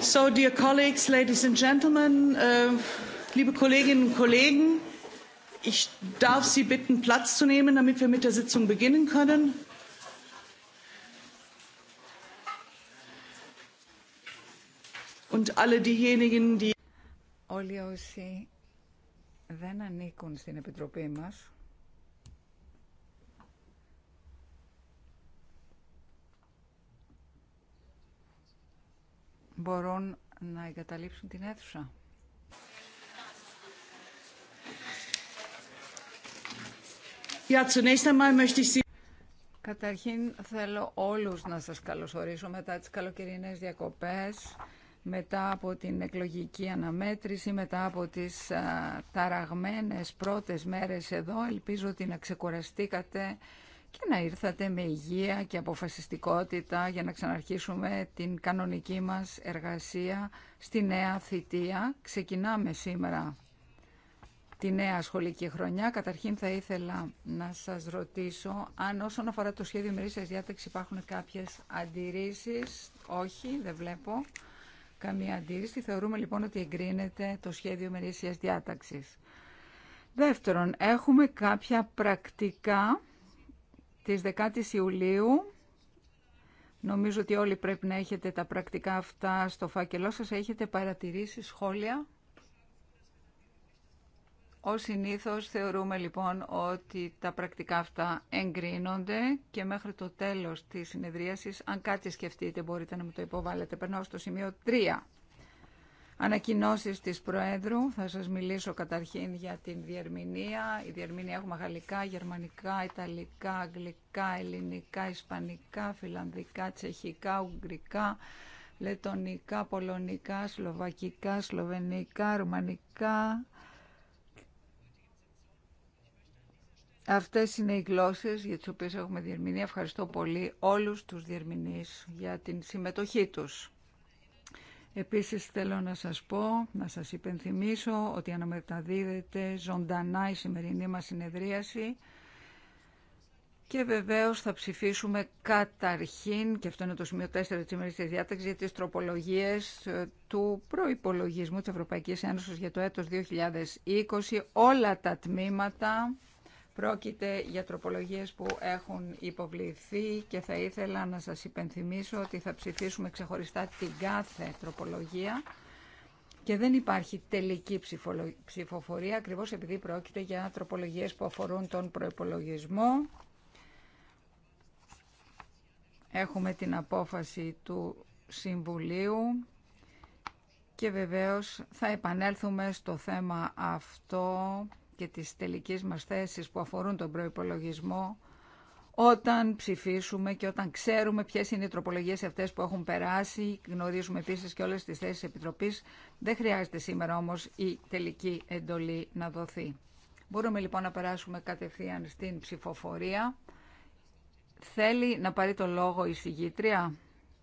So, dear colleagues, ladies and gentlemen, liebe Kolleginnen und Kollegen, ich darf Sie bitten, Platz zu nehmen, damit wir mit der Sitzung beginnen können. Und alle diejenigen, die... Όλοι όσοι δεν ανήκουν στην μπορούν να εγκαταλείψουν την αίθουσα. Καταρχήν θέλω όλους να σας καλωσορίσω μετά τις καλοκαιρινές διακοπές, μετά από την εκλογική αναμέτρηση, μετά από τις ταραγμένες πρώτες μέρες εδώ. Ελπίζω ότι να ξεκουραστήκατε και να ήρθατε με υγεία και αποφασιστικότητα για να ξαναρχίσουμε την κανονική μας εργασία στη νέα θητεία. Ξεκινάμε σήμερα τη νέα σχολική χρονιά. Καταρχήν θα ήθελα να σας ρωτήσω αν όσον αφορά το σχέδιο μερίσιας διάταξη υπάρχουν κάποιες αντιρρήσεις. Όχι, δεν βλέπω καμία αντίρρηση. Θεωρούμε λοιπόν ότι εγκρίνεται το σχέδιο μερίσιας διάταξης. Δεύτερον, έχουμε κάποια πρακτικά της 10ης Ιουλίου. Νομίζω ότι όλοι πρέπει να έχετε τα πρακτικά αυτά στο φάκελό σας. Έχετε παρατηρήσει σχόλια. Ως συνήθως θεωρούμε λοιπόν ότι τα πρακτικά αυτά εγκρίνονται και μέχρι το τέλος της συνεδρίασης, αν κάτι σκεφτείτε μπορείτε να μου το υποβάλλετε. Περνάω στο σημείο 3. Ανακοινώσεις της Προέδρου. Θα σας μιλήσω καταρχήν για την διερμηνία. Η διερμηνία έχουμε γαλλικά, γερμανικά, ιταλικά, αγγλικά, ελληνικά, ισπανικά, φιλανδικά, τσεχικά, ουγγρικά, λετονικά, πολωνικά, σλοβακικά, σλοβενικά, ρουμανικά. Αυτές είναι οι γλώσσες για τις οποίες έχουμε διερμηνία. Ευχαριστώ πολύ όλους τους διερμηνείς για την συμμετοχή τους. Επίσης θέλω να σας πω, να σας υπενθυμίσω ότι αναμεταδίδεται ζωντανά η σημερινή μας συνεδρίαση και βεβαίως θα ψηφίσουμε καταρχήν, και αυτό είναι το σημείο 4 της σημερινής της διάταξης, για τις τροπολογίες ε, του προϋπολογισμού της Ευρωπαϊκής Ένωσης για το έτος 2020, όλα τα τμήματα Πρόκειται για τροπολογίες που έχουν υποβληθεί και θα ήθελα να σας υπενθυμίσω ότι θα ψηφίσουμε ξεχωριστά την κάθε τροπολογία και δεν υπάρχει τελική ψηφοφορία ακριβώς επειδή πρόκειται για τροπολογίες που αφορούν τον προϋπολογισμό. Έχουμε την απόφαση του Συμβουλίου και βεβαίως θα επανέλθουμε στο θέμα αυτό και τις τελικές μας θέσεις που αφορούν τον προϋπολογισμό όταν ψηφίσουμε και όταν ξέρουμε ποιες είναι οι τροπολογίες αυτές που έχουν περάσει, γνωρίζουμε επίσης και όλες τις θέσεις Επιτροπής, δεν χρειάζεται σήμερα όμως η τελική εντολή να δοθεί. Μπορούμε λοιπόν να περάσουμε κατευθείαν στην ψηφοφορία. Θέλει να πάρει το λόγο η συγγήτρια.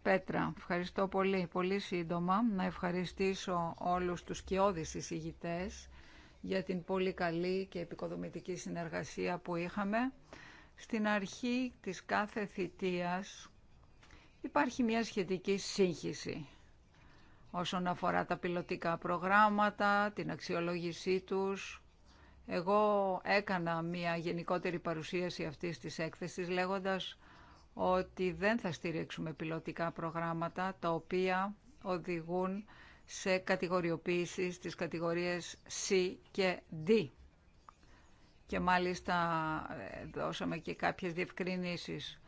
Πέτρα, ευχαριστώ πολύ. Πολύ σύντομα να ευχαριστήσω όλους τους κοιόδης εισηγητές για την πολύ καλή και επικοδομητική συνεργασία που είχαμε. Στην αρχή της κάθε θητείας υπάρχει μια σχετική σύγχυση όσον αφορά τα πιλωτικά προγράμματα, την αξιολόγησή τους. Εγώ έκανα μια γενικότερη παρουσίαση αυτής της έκθεσης λέγοντας ότι δεν θα στηρίξουμε πιλωτικά προγράμματα τα οποία οδηγούν σε κατηγοριοποίηση στις κατηγορίες C και D. Και μάλιστα ε, δώσαμε και κάποιες διευκρινήσεις.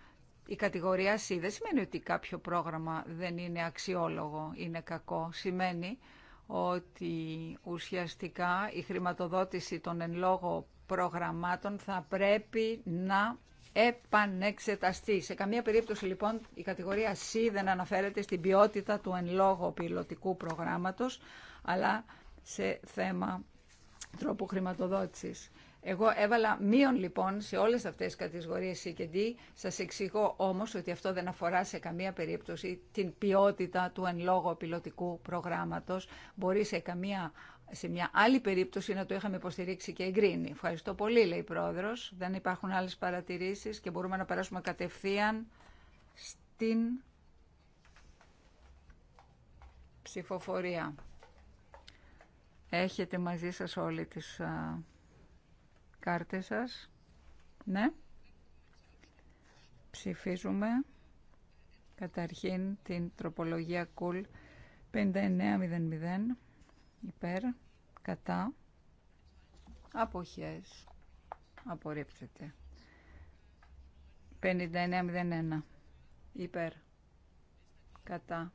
Η κατηγορία C δεν σημαίνει ότι κάποιο πρόγραμμα δεν είναι αξιόλογο, είναι κακό. Σημαίνει ότι ουσιαστικά η χρηματοδότηση των εν λόγω προγραμμάτων θα πρέπει να επανεξεταστεί. Σε καμία περίπτωση λοιπόν η κατηγορία C δεν αναφέρεται στην ποιότητα του εν λόγω πιλωτικού προγράμματος, αλλά σε θέμα τρόπου χρηματοδότησης. Εγώ έβαλα μείον λοιπόν σε όλες αυτές τις κατηγορίες C και D. Σας εξηγώ όμως ότι αυτό δεν αφορά σε καμία περίπτωση την ποιότητα του εν λόγω πιλωτικού προγράμματος. Μπορεί σε καμία σε μια άλλη περίπτωση να το είχαμε υποστηρίξει και εγκρίνει. Ευχαριστώ πολύ, λέει η Δεν υπάρχουν άλλες παρατηρήσεις και μπορούμε να περάσουμε κατευθείαν στην ψηφοφορία. Έχετε μαζί σας όλοι τις κάρτε κάρτες σας. Ναι. Ψηφίζουμε καταρχήν την τροπολογία κουλ cool 5900 υπέρ κατά αποχές απορρίπτεται 5901 υπέρ κατά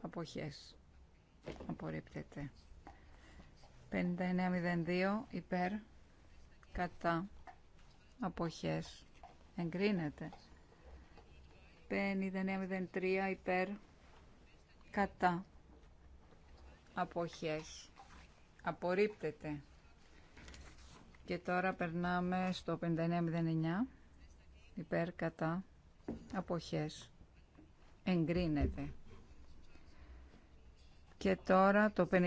αποχές απορρίπτεται 5902 υπέρ κατά αποχές εγκρίνεται 5903 υπέρ κατά αποχές απορρίπτεται. Και τώρα περνάμε στο 5909 υπέρ κατά αποχές εγκρίνεται. Και τώρα το 5906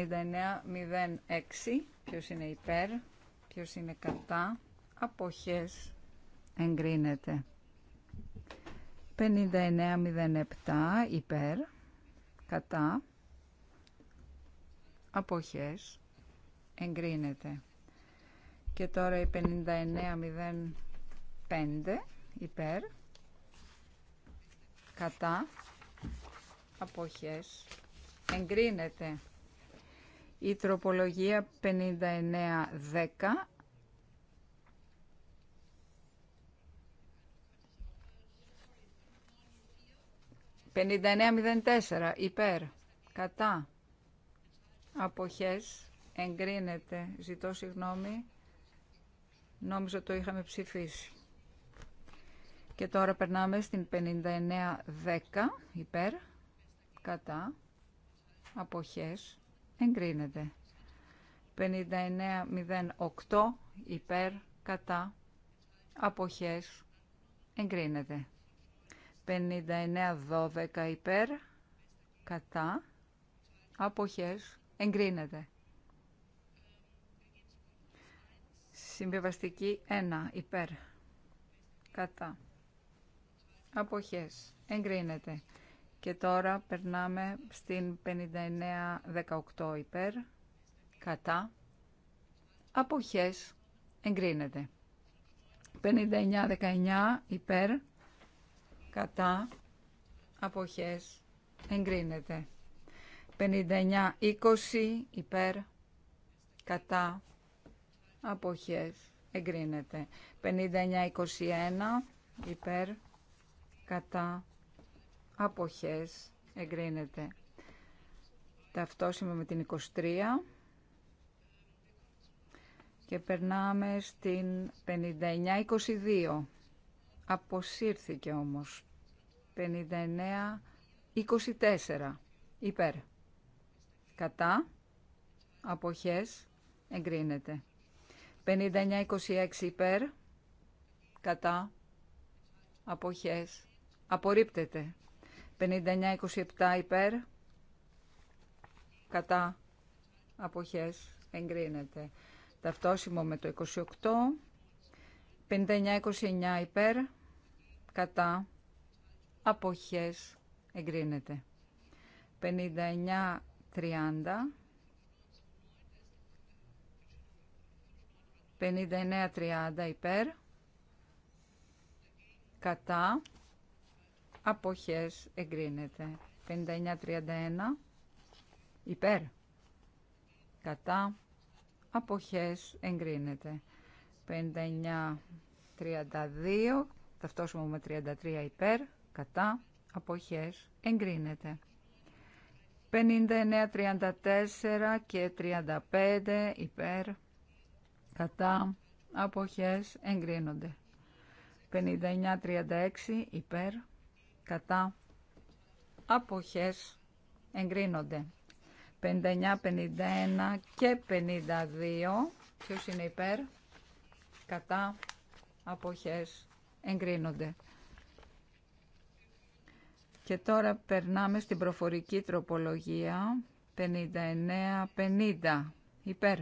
ποιος είναι υπέρ, ποιος είναι κατά αποχές εγκρίνεται. 5907 υπέρ κατά αποχές εγκρίνεται. Και τώρα η 59.05 υπέρ, κατά, αποχές, εγκρίνεται. Η τροπολογία 59.10 59.04 υπέρ, κατά, αποχές, εγκρίνεται. Ζητώ συγγνώμη. Νόμιζα το είχαμε ψηφίσει. Και τώρα περνάμε στην 5910 υπέρ, κατά, αποχές, εγκρίνεται. 5908 υπέρ, κατά, αποχές, εγκρίνεται. 5912 υπέρ, κατά, αποχές, εγκρίνεται. Συμβιβαστική 1 υπέρ. Κατά. Αποχές. Εγκρίνεται. Και τώρα περνάμε στην 59-18 υπέρ. Κατά. Αποχές. Εγκρίνεται. 59-19 υπέρ. Κατά. Αποχές. Εγκρίνεται. 59-20 υπέρ. Κατά αποχές εγκρίνεται. 59-21 υπέρ κατά αποχές εγκρίνεται. Ταυτόσημα με την 23 και περνάμε στην 59-22. Αποσύρθηκε όμως. 59-24 υπέρ. Κατά αποχές εγκρίνεται. 59-26 υπέρ, κατά, αποχές, απορρίπτεται. 59-27 υπέρ, κατά, αποχές, εγκρίνεται. Ταυτόσιμο με το 28, 59-29 υπέρ, κατά, αποχές, εγκρίνεται. 59-30 59,30 30 υπέρ, κατά, αποχές εγκρινεται 59,31 59-31 υπέρ, κατά, αποχές 59,32 59-32, ταυτόσιμο με 33 υπέρ, κατά, αποχές 59,34 και 35 υπέρ, κατά, αποχές, εγκρίνονται. 59-36 υπέρ, κατά, αποχές, εγκρίνονται. 59-51 και 52, ποιος είναι υπέρ, κατά, αποχές, εγκρίνονται. Και τώρα περνάμε στην προφορική τροπολογία 59-50 υπέρ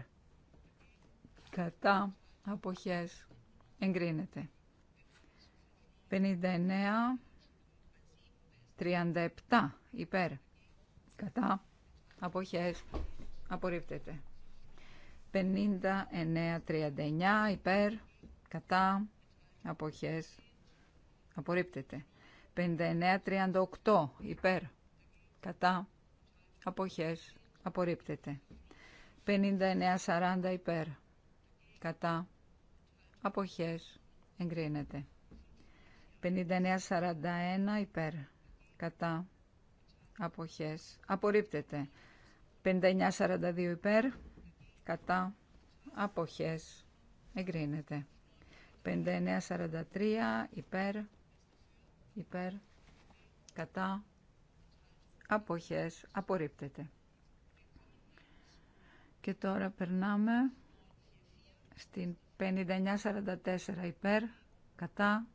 κατά αποχές εγκρίνεται. 59, 37 υπέρ κατά αποχές απορρίπτεται. 59, 39 υπέρ κατά αποχές απορρίπτεται. 59, 38 υπέρ κατά αποχές απορρίπτεται. 59, 40 υπέρ κατά αποχές εγκρίνεται 5941 υπέρ κατά αποχές απορρίπτεται 5942 υπέρ κατά αποχές εγκρίνεται 5943 υπέρ υπέρ κατά αποχές απορρίπτεται και τώρα περνάμε στην 5944 υπέρ, κατά,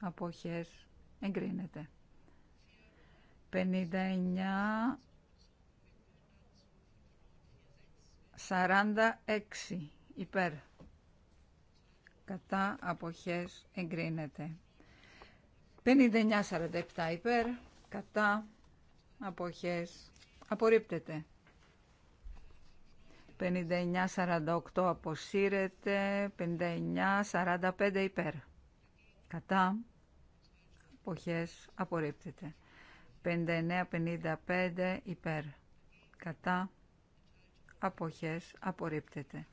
αποχές, εγκρίνεται. 59... 46 υπέρ κατά αποχές εγκρίνεται 59-47 υπέρ κατά αποχές απορρίπτεται 59-48 αποσύρεται, 59-45 υπέρ. Κατά, αποχές, απορρίπτεται. 59-55 υπέρ. Κατά, αποχές, απορρίπτεται.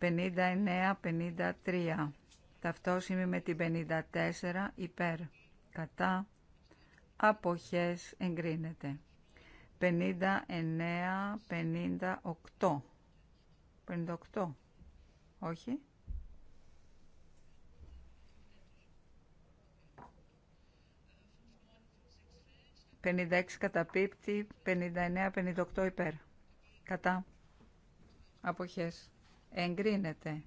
59-53, ταυτόσιμη με την 54 υπέρ. Κατά, αποχές, εγκρίνεται. 59-58 58. Όχι. «56 καταπίπτει, 59-58 υπέρ». Κατά. Αποχές. Εγκρίνεται.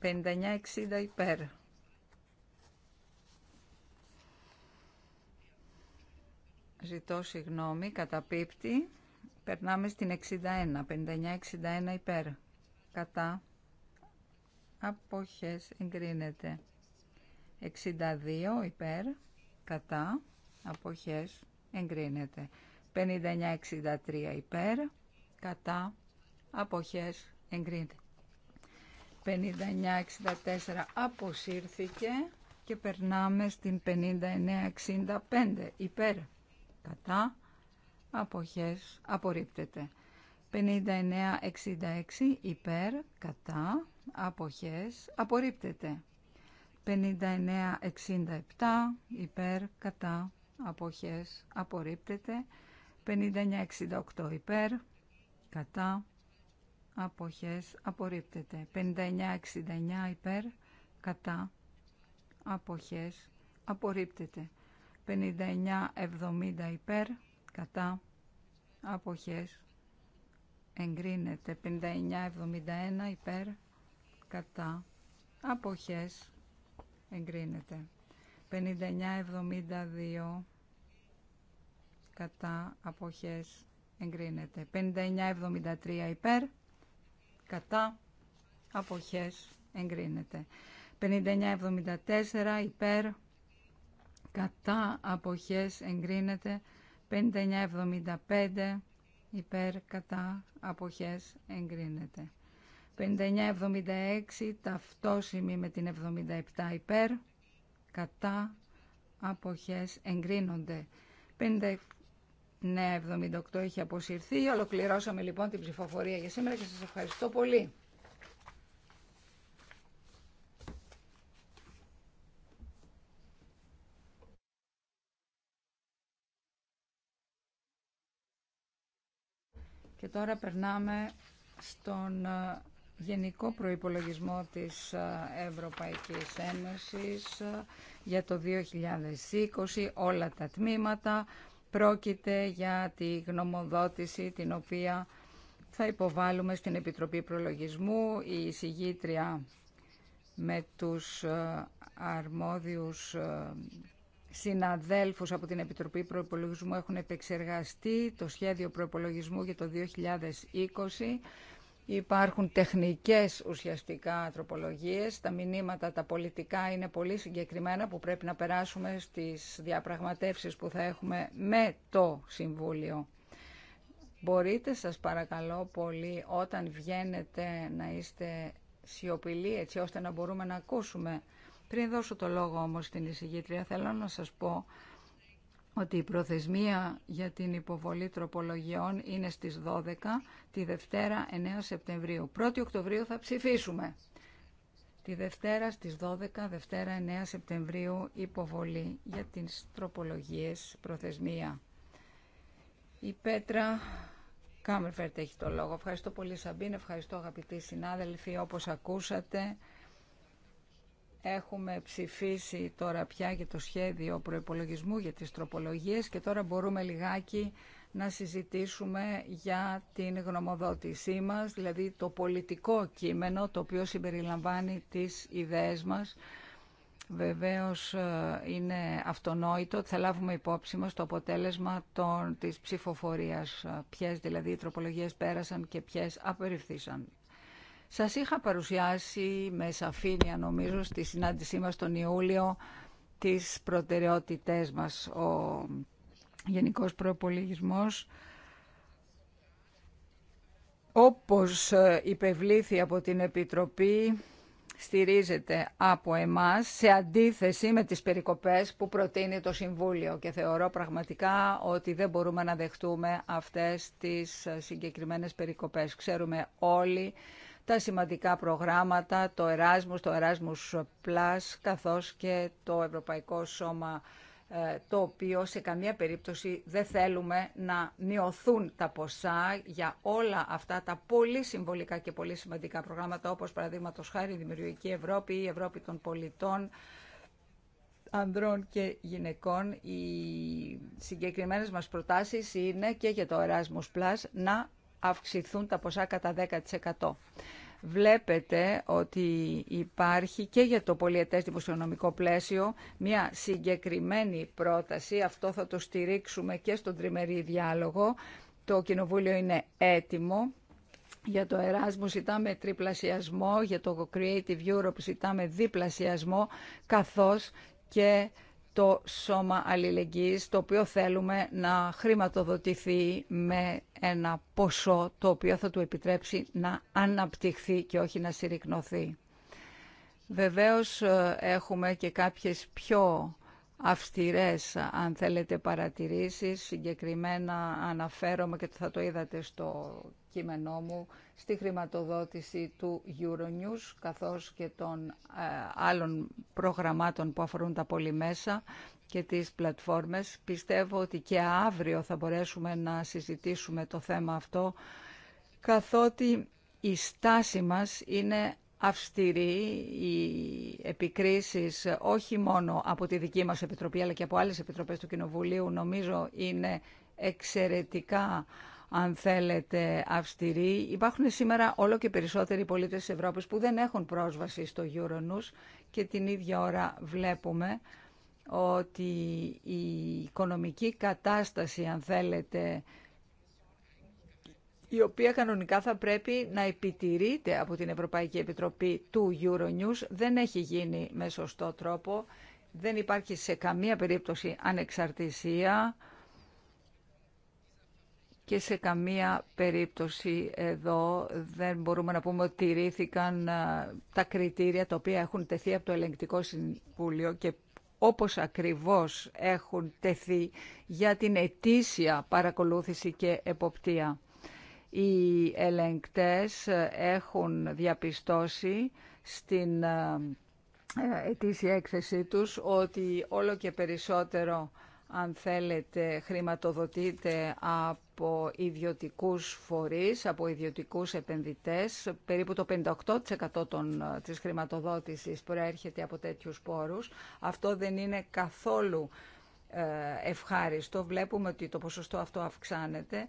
59-60 υπέρ. Ζητώ συγγνώμη, καταπίπτει. Περνάμε στην 61. 59-61 υπέρ. Κατά. Αποχές εγκρίνεται. 62 υπέρ. Κατά. Αποχές εγκρίνεται. 59-63 υπέρ. Κατά. Αποχές εγκρίνεται. 59-64 αποσύρθηκε και περνάμε στην 59-65 υπέρ. Κατά αποχές απορρίπτεται. 59-66 υπέρ, κατά, αποχές απορρίπτεται. 59-67 υπέρ, κατά, αποχές απορρίπτεται. 59-68 υπέρ, κατά, αποχές απορρίπτεται. 59-69 υπέρ, κατά, αποχές απορρίπτεται. 59-70 υπέρ, κατά αποχές εγκρίνεται 59-71 υπέρ κατά αποχές εγκρίνεται 59-72 κατά αποχές εγκρίνεται 59-73 υπέρ κατά αποχές εγκρίνεται 59-74 υπέρ κατά αποχές εγκρίνεται 5975 υπέρ κατά αποχές εγκρίνεται. 5976 ταυτόσημη με την 77 υπέρ κατά αποχές εγκρίνονται. 5978 έχει αποσυρθεί. Ολοκληρώσαμε λοιπόν την ψηφοφορία για σήμερα και σας ευχαριστώ πολύ. Και τώρα περνάμε στον ε, γενικό προϋπολογισμό της ε, Ευρωπαϊκής Ένωσης ε, για το 2020, όλα τα τμήματα. Πρόκειται για τη γνωμοδότηση την οποία θα υποβάλουμε στην Επιτροπή Προλογισμού. Η εισηγήτρια με τους αρμόδιους συναδέλφους από την Επιτροπή Προϋπολογισμού έχουν επεξεργαστεί το σχέδιο προϋπολογισμού για το 2020. Υπάρχουν τεχνικές ουσιαστικά τροπολογίες. Τα μηνύματα, τα πολιτικά είναι πολύ συγκεκριμένα που πρέπει να περάσουμε στις διαπραγματεύσεις που θα έχουμε με το Συμβούλιο. Μπορείτε σας παρακαλώ πολύ όταν βγαίνετε να είστε σιωπηλοί έτσι ώστε να μπορούμε να ακούσουμε πριν δώσω το λόγο όμως στην εισηγήτρια, θέλω να σας πω ότι η προθεσμία για την υποβολή τροπολογιών είναι στις 12 τη Δευτέρα 9 Σεπτεμβρίου. Οκτωβρίου θα ψηφίσουμε. Τη Δευτέρα στις 12, Δευτέρα 9 Σεπτεμβρίου υποβολή για τις τροπολογίες προθεσμία. Η Πέτρα Κάμερφερτ έχει το λόγο. Ευχαριστώ πολύ Σαμπίν, ευχαριστώ αγαπητοί συνάδελφοι όπως ακούσατε. Έχουμε ψηφίσει τώρα πια για το σχέδιο προϋπολογισμού για τις τροπολογίες και τώρα μπορούμε λιγάκι να συζητήσουμε για την γνωμοδότησή μας, δηλαδή το πολιτικό κείμενο το οποίο συμπεριλαμβάνει τις ιδέες μας. Βεβαίως ε, είναι αυτονόητο ότι θα λάβουμε υπόψη μας το αποτέλεσμα των, της ψηφοφορίας, ποιες δηλαδή οι τροπολογίες πέρασαν και ποιες απεριφθήσαν. Σας είχα παρουσιάσει με σαφήνεια νομίζω στη συνάντησή μας τον Ιούλιο τις προτεραιότητές μας. Ο Γενικός Προπολογισμός όπως ε, υπευλήθη από την Επιτροπή στηρίζεται από εμάς σε αντίθεση με τις περικοπές που προτείνει το Συμβούλιο και θεωρώ πραγματικά ότι δεν μπορούμε να δεχτούμε αυτές τις ε, συγκεκριμένες περικοπές. Ξέρουμε όλοι τα σημαντικά προγράμματα, το Erasmus, το Erasmus Plus, καθώς και το Ευρωπαϊκό Σώμα, ε, το οποίο σε καμία περίπτωση δεν θέλουμε να μειωθούν τα ποσά για όλα αυτά τα πολύ συμβολικά και πολύ σημαντικά προγράμματα, όπως παραδείγματο χάρη η Δημιουργική Ευρώπη, η Ευρώπη των Πολιτών, ανδρών και γυναικών. Οι συγκεκριμένες μας προτάσεις είναι και για το Erasmus Plus να αυξηθούν τα ποσά κατά 10%. Βλέπετε ότι υπάρχει και για το πολιετές δημοσιονομικό πλαίσιο μια συγκεκριμένη πρόταση. Αυτό θα το στηρίξουμε και στον τριμερή διάλογο. Το Κοινοβούλιο είναι έτοιμο. Για το Erasmus ζητάμε τριπλασιασμό, για το Creative Europe ζητάμε διπλασιασμό, καθώς και το σώμα αλληλεγγύης, το οποίο θέλουμε να χρηματοδοτηθεί με ένα ποσό το οποίο θα του επιτρέψει να αναπτυχθεί και όχι να συρρυκνωθεί. Βεβαίως ε, έχουμε και κάποιες πιο αυστηρές, αν θέλετε, παρατηρήσεις. Συγκεκριμένα αναφέρομαι και θα το είδατε στο κείμενό μου στη χρηματοδότηση του Euronews καθώς και των ε, άλλων προγραμμάτων που αφορούν τα πολυμέσα και τις πλατφόρμες. Πιστεύω ότι και αύριο θα μπορέσουμε να συζητήσουμε το θέμα αυτό καθότι η στάση μας είναι αυστηρή οι επικρίσεις όχι μόνο από τη δική μας Επιτροπή αλλά και από άλλες Επιτροπές του Κοινοβουλίου νομίζω είναι εξαιρετικά αν θέλετε, αυστηρή. Υπάρχουν σήμερα όλο και περισσότεροι πολίτες της Ευρώπης που δεν έχουν πρόσβαση στο Euronews και την ίδια ώρα βλέπουμε ότι η οικονομική κατάσταση, αν θέλετε, η οποία κανονικά θα πρέπει να επιτηρείται από την Ευρωπαϊκή Επιτροπή του Euronews, δεν έχει γίνει με σωστό τρόπο, δεν υπάρχει σε καμία περίπτωση ανεξαρτησία και σε καμία περίπτωση εδώ δεν μπορούμε να πούμε ότι τηρήθηκαν ε, τα κριτήρια τα οποία έχουν τεθεί από το Ελεγκτικό Συμβούλιο και όπως ακριβώς έχουν τεθεί για την ετήσια παρακολούθηση και εποπτεία. Οι ελεγκτές έχουν διαπιστώσει στην ε, ε, ετήσια έκθεσή τους ότι όλο και περισσότερο αν θέλετε, χρηματοδοτείται από ιδιωτικούς φορείς, από ιδιωτικούς επενδυτές. Περίπου το 58% των, ε, της χρηματοδότησης προέρχεται από τέτοιους πόρους. Αυτό δεν είναι καθόλου ε, ευχάριστο. Βλέπουμε ότι το ποσοστό αυτό αυξάνεται.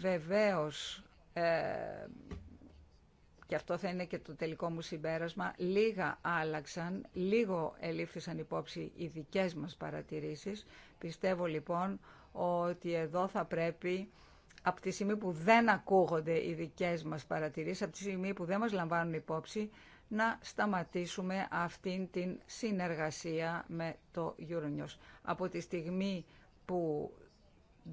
Βεβαίως, ε, και αυτό θα είναι και το τελικό μου συμπέρασμα, λίγα άλλαξαν, λίγο ελήφθησαν υπόψη οι δικές μας παρατηρήσεις. Πιστεύω λοιπόν ότι εδώ θα πρέπει από τη στιγμή που δεν ακούγονται οι δικές μας παρατηρήσεις, από τη στιγμή που δεν μας λαμβάνουν υπόψη, να σταματήσουμε αυτήν την συνεργασία με το Euronews. Από τη στιγμή που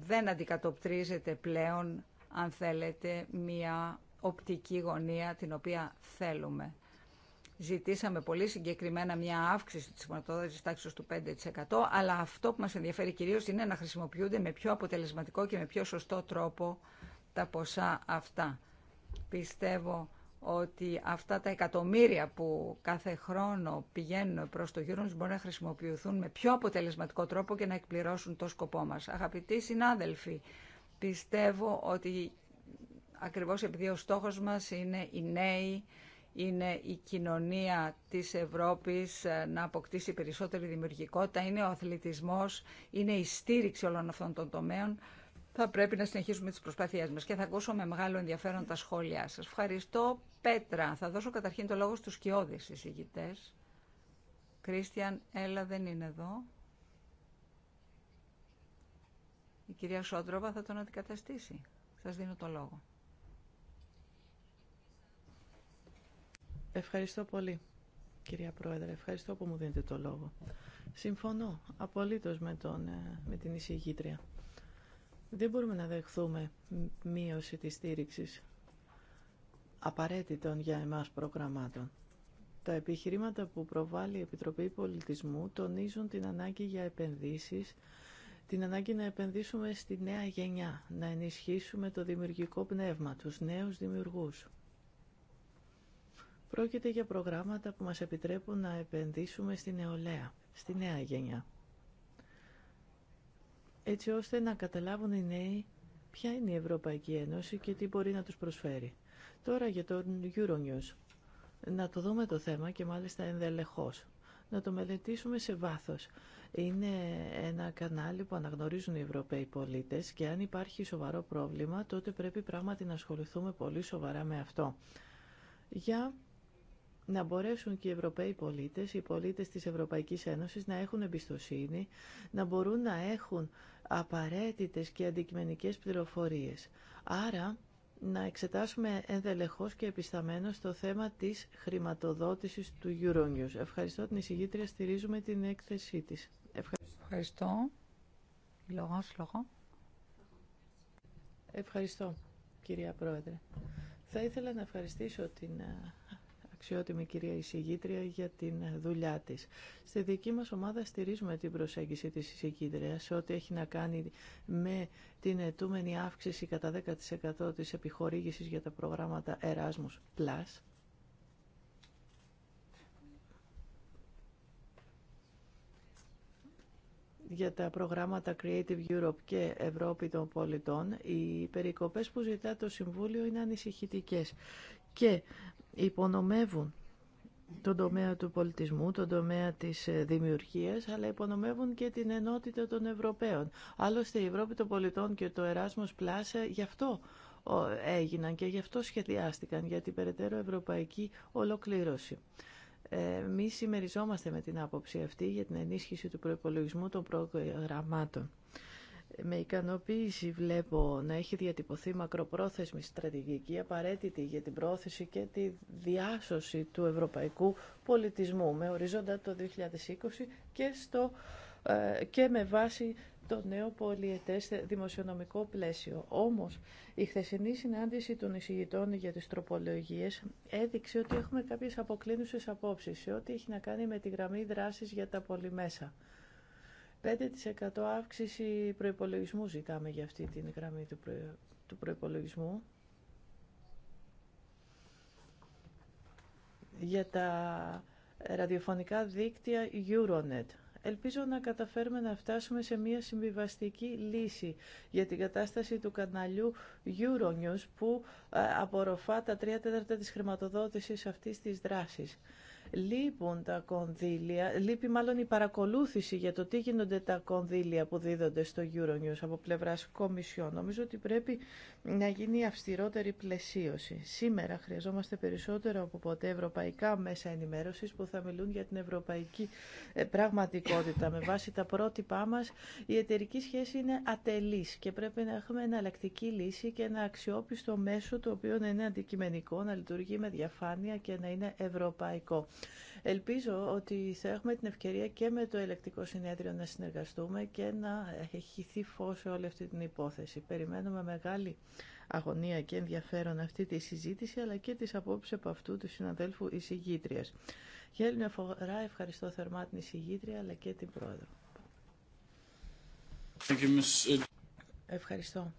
δεν αντικατοπτρίζεται πλέον, αν θέλετε, μια οπτική γωνία την οποία θέλουμε. Ζητήσαμε πολύ συγκεκριμένα μια αύξηση της χρηματοδότησης τάξης του 5%, αλλά αυτό που μας ενδιαφέρει κυρίως είναι να χρησιμοποιούνται με πιο αποτελεσματικό και με πιο σωστό τρόπο τα ποσά αυτά. Πιστεύω ότι αυτά τα εκατομμύρια που κάθε χρόνο πηγαίνουν προς το γύρο μπορούν να χρησιμοποιηθούν με πιο αποτελεσματικό τρόπο και να εκπληρώσουν το σκοπό μας. Αγαπητοί συνάδελφοι, πιστεύω ότι ακριβώς επειδή ο στόχος μας είναι οι νέοι, είναι η κοινωνία της Ευρώπης ε, να αποκτήσει περισσότερη δημιουργικότητα, είναι ο αθλητισμός, είναι η στήριξη όλων αυτών των τομέων. Θα πρέπει να συνεχίσουμε τις προσπάθειές μας και θα ακούσω με μεγάλο ενδιαφέρον τα σχόλιά σας. Ευχαριστώ, Πέτρα. Θα δώσω καταρχήν το λόγο στους κοιόδες εισηγητές. Κρίστιαν, έλα, δεν είναι εδώ. Η κυρία Σόντροβα θα τον αντικαταστήσει. Σας δίνω το λόγο. Ευχαριστώ πολύ, κυρία Πρόεδρε. Ευχαριστώ που μου δίνετε το λόγο. Συμφωνώ απολύτως με, τον, ε, με την εισηγήτρια. Δεν μπορούμε να δεχθούμε μείωση της στήριξης απαραίτητων για εμάς προγραμμάτων. Τα επιχειρήματα που προβάλλει η Επιτροπή Πολιτισμού τονίζουν την ανάγκη για επενδύσεις, την ανάγκη να επενδύσουμε στη νέα γενιά, να ενισχύσουμε το δημιουργικό πνεύμα, τους νέους δημιουργούς. Πρόκειται για προγράμματα που μας επιτρέπουν να επενδύσουμε στη νεολαία, στη νέα γενιά. Έτσι ώστε να καταλάβουν οι νέοι ποια είναι η Ευρωπαϊκή Ένωση και τι μπορεί να τους προσφέρει. Τώρα για το Euronews. Να το δούμε το θέμα και μάλιστα ενδελεχώς. Να το μελετήσουμε σε βάθος. Είναι ένα κανάλι που αναγνωρίζουν οι Ευρωπαίοι πολίτες και αν υπάρχει σοβαρό πρόβλημα τότε πρέπει πράγματι να ασχοληθούμε πολύ σοβαρά με αυτό. Για να μπορέσουν και οι Ευρωπαίοι πολίτες, οι πολίτες της Ευρωπαϊκής Ένωσης να έχουν εμπιστοσύνη, να μπορούν να έχουν απαραίτητες και αντικειμενικές πληροφορίες. Άρα, να εξετάσουμε ενδελεχώς και επισταμένως το θέμα της χρηματοδότησης του Euronews. Ευχαριστώ την εισηγήτρια, στηρίζουμε την έκθεσή της. Ευχαριστώ. Ευχαριστώ. Λόγω, Ευχαριστώ, κυρία Πρόεδρε. Θα ήθελα να ευχαριστήσω την αξιότιμη κυρία εισηγήτρια για την δουλειά Στη δική μας ομάδα στηρίζουμε την προσέγγιση της εισηγήτριας σε ό,τι έχει να κάνει με την ετούμενη αύξηση κατά 10% της επιχορήγησης για τα προγράμματα Erasmus+. Plus. για τα προγράμματα Creative Europe και Ευρώπη των πολιτών, οι περικοπές που ζητά το Συμβούλιο είναι ανησυχητικές και υπονομεύουν τον τομέα του πολιτισμού, τον τομέα της ε, δημιουργίας, αλλά υπονομεύουν και την ενότητα των Ευρωπαίων. Άλλωστε η Ευρώπη των πολιτών και το Erasmus πλάσε, γι' αυτό έγιναν και γι' αυτό σχεδιάστηκαν για την περαιτέρω ευρωπαϊκή ολοκλήρωση. Ε, Εμεί συμμεριζόμαστε με την άποψη αυτή για την ενίσχυση του προπολογισμού των προγραμμάτων. Με ικανοποίηση βλέπω να έχει διατυπωθεί μακροπρόθεσμη στρατηγική απαραίτητη για την πρόθεση και τη διάσωση του ευρωπαϊκού πολιτισμού με οριζόντα το 2020 και, στο, ε, και με βάση το νέο πολιετές δημοσιονομικό πλαίσιο. Όμως, η χθεσινή συνάντηση των εισηγητών για τις τροπολογίες έδειξε ότι έχουμε κάποιες αποκλίνουσες απόψεις σε ό,τι έχει να κάνει με τη γραμμή δράσης για τα πολυμέσα. 5% αύξηση προϋπολογισμού ζητάμε για αυτή την γραμμή του, προ... προϋπολογισμού. Για τα ραδιοφωνικά δίκτυα Euronet. Ελπίζω να καταφέρουμε να φτάσουμε σε μια συμβιβαστική λύση για την κατάσταση του καναλιού Euronews που ε, απορροφά τα 3 τέταρτα της χρηματοδότησης αυτής της δράσης λείπουν τα κονδύλια, λείπει μάλλον η παρακολούθηση για το τι γίνονται τα κονδύλια που δίδονται στο Euronews από πλευράς κομισιών. Νομίζω ότι πρέπει να γίνει αυστηρότερη πλαισίωση. Σήμερα χρειαζόμαστε περισσότερο από ποτέ ευρωπαϊκά μέσα ενημέρωσης που θα μιλούν για την ευρωπαϊκή ε, πραγματικότητα. Με βάση τα πρότυπά μας η εταιρική σχέση είναι ατελής και πρέπει να έχουμε εναλλακτική λύση και ένα αξιόπιστο μέσο το οποίο να είναι αντικειμενικό, να λειτουργεί με διαφάνεια και να είναι ευρωπαϊκό. Ελπίζω ότι θα έχουμε την ευκαιρία και με το ελεκτικό συνέδριο να συνεργαστούμε και να χυθεί φως σε όλη αυτή την υπόθεση. Περιμένουμε μεγάλη αγωνία και ενδιαφέρον αυτή τη συζήτηση, αλλά και τις απόψεις από αυτού του συναδέλφου εισηγήτριας. Για άλλη μια φορά ευχαριστώ θερμά την εισηγήτρια, αλλά και την πρόεδρο. Ευχαριστώ.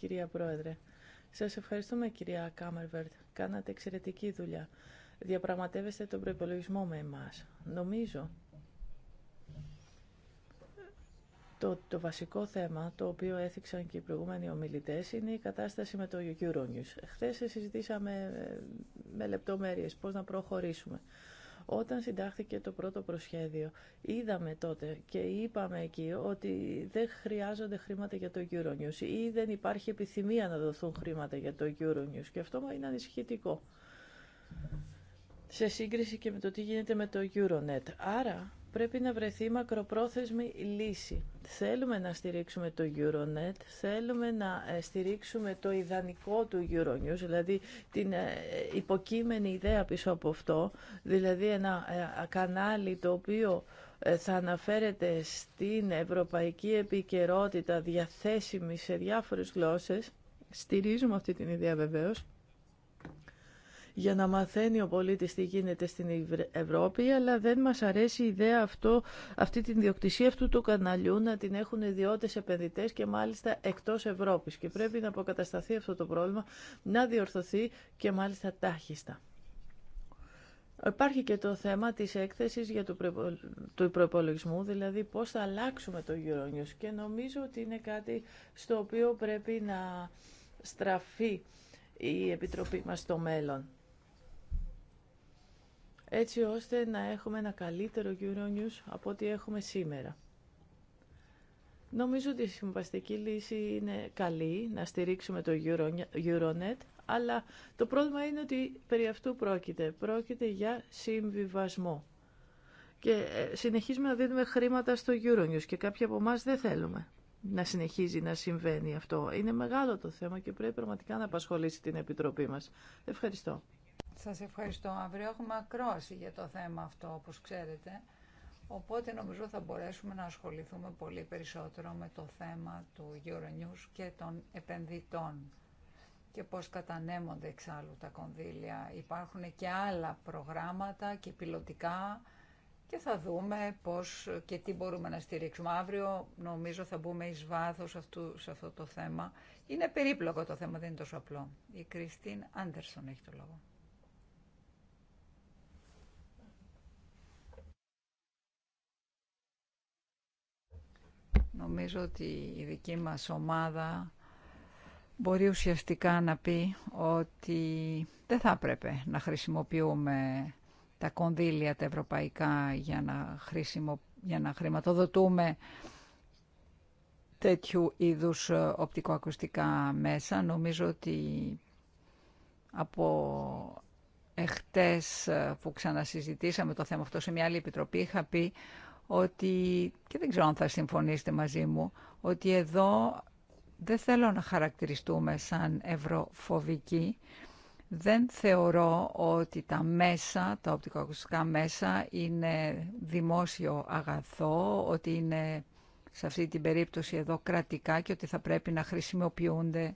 Κυρία Πρόεδρε, σας ευχαριστούμε κυρία Κάμερβερτ. Κάνατε εξαιρετική δουλειά διαπραγματεύεστε τον προϋπολογισμό με εμάς. Νομίζω το, το βασικό θέμα το οποίο έθιξαν και οι προηγούμενοι ομιλητές είναι η κατάσταση με το Euronews. Χθες συζητήσαμε ε, με λεπτομέρειες πώς να προχωρήσουμε. Όταν συντάχθηκε το πρώτο προσχέδιο, είδαμε τότε και είπαμε εκεί ότι δεν χρειάζονται χρήματα για το Euronews ή δεν υπάρχει επιθυμία να δοθούν χρήματα για το Euronews και αυτό είναι ανησυχητικό σε σύγκριση και με το τι γίνεται με το Euronet. Άρα πρέπει να βρεθεί μακροπρόθεσμη λύση. Θέλουμε να στηρίξουμε το Euronet, θέλουμε να ε, στηρίξουμε το ιδανικό του Euronews, δηλαδή την ε, υποκείμενη ιδέα πίσω από αυτό, δηλαδή ένα ε, κανάλι το οποίο θα αναφέρεται στην ευρωπαϊκή επικαιρότητα διαθέσιμη σε διάφορες γλώσσες. Στηρίζουμε αυτή την ιδέα βεβαίως για να μαθαίνει ο πολίτης τι γίνεται στην Ευρώπη, αλλά δεν μας αρέσει η ιδέα αυτό, αυτή την διοκτησία αυτού του καναλιού να την έχουν ιδιώτες επενδυτές και μάλιστα εκτός Ευρώπης. Και πρέπει να αποκατασταθεί αυτό το πρόβλημα, να διορθωθεί και μάλιστα τάχιστα. Υπάρχει και το θέμα της έκθεσης για του προπολογισμού, δηλαδή πώς θα αλλάξουμε το Euronews και νομίζω ότι είναι κάτι στο οποίο πρέπει να στραφεί η Επιτροπή μας στο μέλλον έτσι ώστε να έχουμε ένα καλύτερο Euronews από ό,τι έχουμε σήμερα. Νομίζω ότι η συμβαστική λύση είναι καλή, να στηρίξουμε το Euronet, αλλά το πρόβλημα είναι ότι περί αυτού πρόκειται. Πρόκειται για συμβιβασμό. Και ε, συνεχίζουμε να δίνουμε χρήματα στο Euronews και κάποιοι από εμά δεν θέλουμε να συνεχίζει να συμβαίνει αυτό. Είναι μεγάλο το θέμα και πρέπει πραγματικά να απασχολήσει την Επιτροπή μας. Ευχαριστώ. Σας ευχαριστώ. Αύριο έχουμε ακρόαση για το θέμα αυτό, όπως ξέρετε. Οπότε νομίζω θα μπορέσουμε να ασχοληθούμε πολύ περισσότερο με το θέμα του Euronews και των επενδυτών και πώς κατανέμονται εξάλλου τα κονδύλια. Υπάρχουν και άλλα προγράμματα και πιλωτικά και θα δούμε πώς και τι μπορούμε να στηρίξουμε. Αύριο νομίζω θα μπούμε εις βάθος σε αυτό το θέμα. Είναι περίπλοκο το θέμα, δεν είναι τόσο απλό. Η Κριστίν Άντερσον έχει το λόγο. Νομίζω ότι η δική μας ομάδα μπορεί ουσιαστικά να πει ότι δεν θα έπρεπε να χρησιμοποιούμε τα κονδύλια τα ευρωπαϊκά για να, χρησιμο... για να χρηματοδοτούμε τέτοιου είδους ε, οπτικοακουστικά μέσα. Νομίζω ότι από εχτες ε, που ξανασυζητήσαμε το θέμα αυτό σε μια άλλη επιτροπή είχα πει ότι, και δεν ξέρω αν θα συμφωνήσετε μαζί μου, ότι εδώ δεν θέλω να χαρακτηριστούμε σαν ευρωφοβικοί. Δεν θεωρώ ότι τα μέσα, τα οπτικοακουστικά μέσα είναι δημόσιο αγαθό, ότι είναι σε αυτή την περίπτωση εδώ κρατικά και ότι θα πρέπει να χρησιμοποιούνται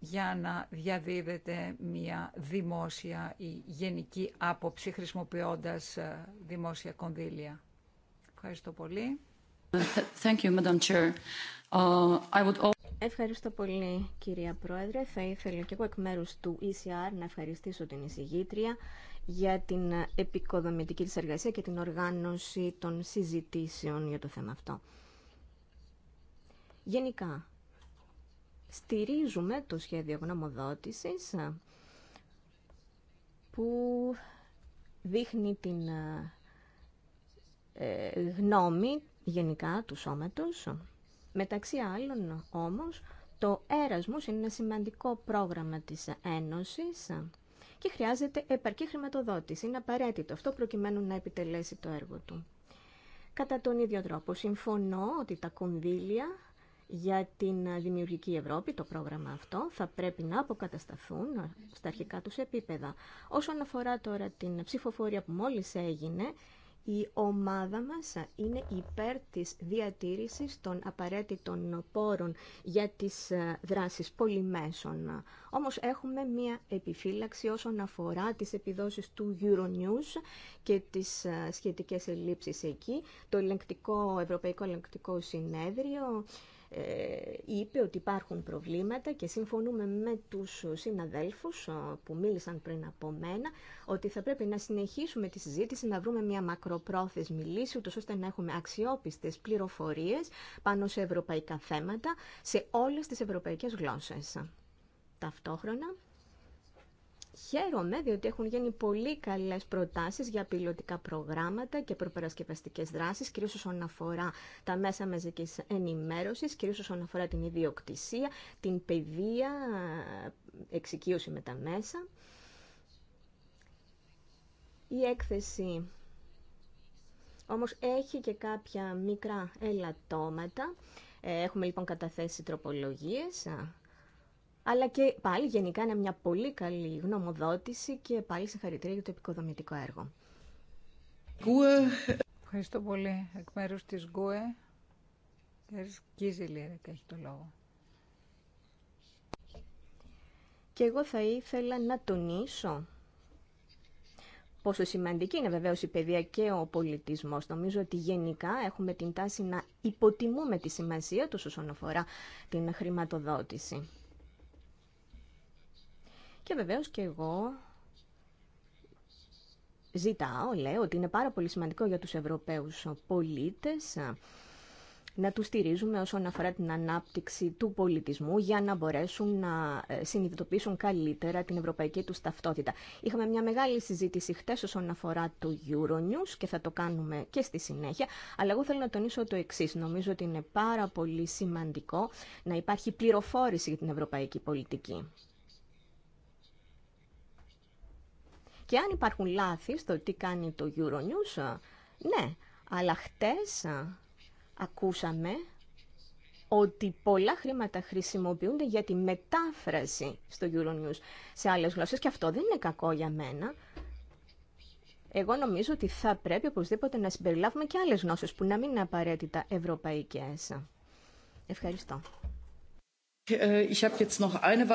για να διαδίδεται μια δημόσια ή γενική άποψη χρησιμοποιώντας ε, δημόσια κονδύλια. Ευχαριστώ πολύ. Thank you, Madam Chair. Uh, Ευχαριστώ πολύ, κυρία Πρόεδρε. Θα ήθελα και εγώ εκ μέρους του ECR να ευχαριστήσω την εισηγήτρια για την επικοδομητική της εργασία και την οργάνωση των συζητήσεων για το θέμα αυτό. Γενικά, στηρίζουμε το σχέδιο γνωμοδότησης ε, που δείχνει την ε, ε, γνώμη γενικά του σώματος. Μεταξύ άλλων όμως, το Έρασμος είναι ένα σημαντικό πρόγραμμα της Ένωσης και χρειάζεται επαρκή χρηματοδότηση. Είναι απαραίτητο αυτό προκειμένου να επιτελέσει το έργο του. Κατά τον ίδιο τρόπο, συμφωνώ ότι τα κονδύλια για την Δημιουργική Ευρώπη, το πρόγραμμα αυτό, θα πρέπει να αποκατασταθούν στα αρχικά τους επίπεδα. Όσον αφορά τώρα την ψηφοφορία που μόλις έγινε, η ομάδα μας είναι υπέρ της διατήρησης των απαραίτητων πόρων για τις ε, δράσεις πολυμέσων. Όμως έχουμε μία επιφύλαξη όσον αφορά τις επιδόσεις του Euronews και τις ε, σχετικές ελλείψεις εκεί. Το ελεγκτικό, Ευρωπαϊκό Ελεγκτικό Συνέδριο ε, είπε ότι υπάρχουν προβλήματα και συμφωνούμε με τους συναδέλφους που μίλησαν πριν από μένα ότι θα πρέπει να συνεχίσουμε τη συζήτηση, να βρούμε μια μακροπρόθεσμη λύση ούτως ώστε να έχουμε αξιόπιστες πληροφορίες πάνω σε ευρωπαϊκά θέματα σε όλες τις ευρωπαϊκές γλώσσες. Ταυτόχρονα Χαίρομαι διότι έχουν γίνει πολύ καλές προτάσεις για πιλωτικά προγράμματα και προπερασκευαστικές δράσεις, κυρίως όσον αφορά τα μέσα μαζικής ενημέρωσης, κυρίως όσον αφορά την ιδιοκτησία, την παιδεία, εξοικείωση με τα μέσα. Η έκθεση όμως έχει και κάποια μικρά ελαττώματα. Ε, έχουμε λοιπόν καταθέσει τροπολογίες αλλά και πάλι γενικά είναι μια πολύ καλή γνωμοδότηση και πάλι συγχαρητήρια για το επικοδομητικό έργο. Ευχαριστώ πολύ. Εκ μέρους της ΓΚΟΕ, και έχει το λόγο. Και εγώ θα ήθελα να τονίσω πόσο σημαντική είναι βεβαίως η παιδεία και ο πολιτισμός. Νομίζω ότι γενικά έχουμε την τάση να υποτιμούμε τη σημασία του όσον αφορά την χρηματοδότηση. Και βεβαίως και εγώ ζητάω, λέω ότι είναι πάρα πολύ σημαντικό για τους Ευρωπαίους πολίτες να τους στηρίζουμε όσον αφορά την ανάπτυξη του πολιτισμού για να μπορέσουν να ε, συνειδητοποιήσουν καλύτερα την ευρωπαϊκή τους ταυτότητα. Είχαμε μια μεγάλη συζήτηση χτες όσον αφορά το Euronews και θα το κάνουμε και στη συνέχεια, αλλά εγώ θέλω να τονίσω το εξή. Νομίζω ότι είναι πάρα πολύ σημαντικό να υπάρχει πληροφόρηση για την ευρωπαϊκή πολιτική. Και αν υπάρχουν λάθη στο τι κάνει το Euronews, ναι, αλλά χτες ακούσαμε ότι πολλά χρήματα χρησιμοποιούνται για τη μετάφραση στο Euronews σε άλλες γλώσσες και αυτό δεν είναι κακό για μένα. Εγώ νομίζω ότι θα πρέπει οπωσδήποτε να συμπεριλάβουμε και άλλες γνώσεις που να μην είναι απαραίτητα ευρωπαϊκές. Ευχαριστώ. Ε, ε,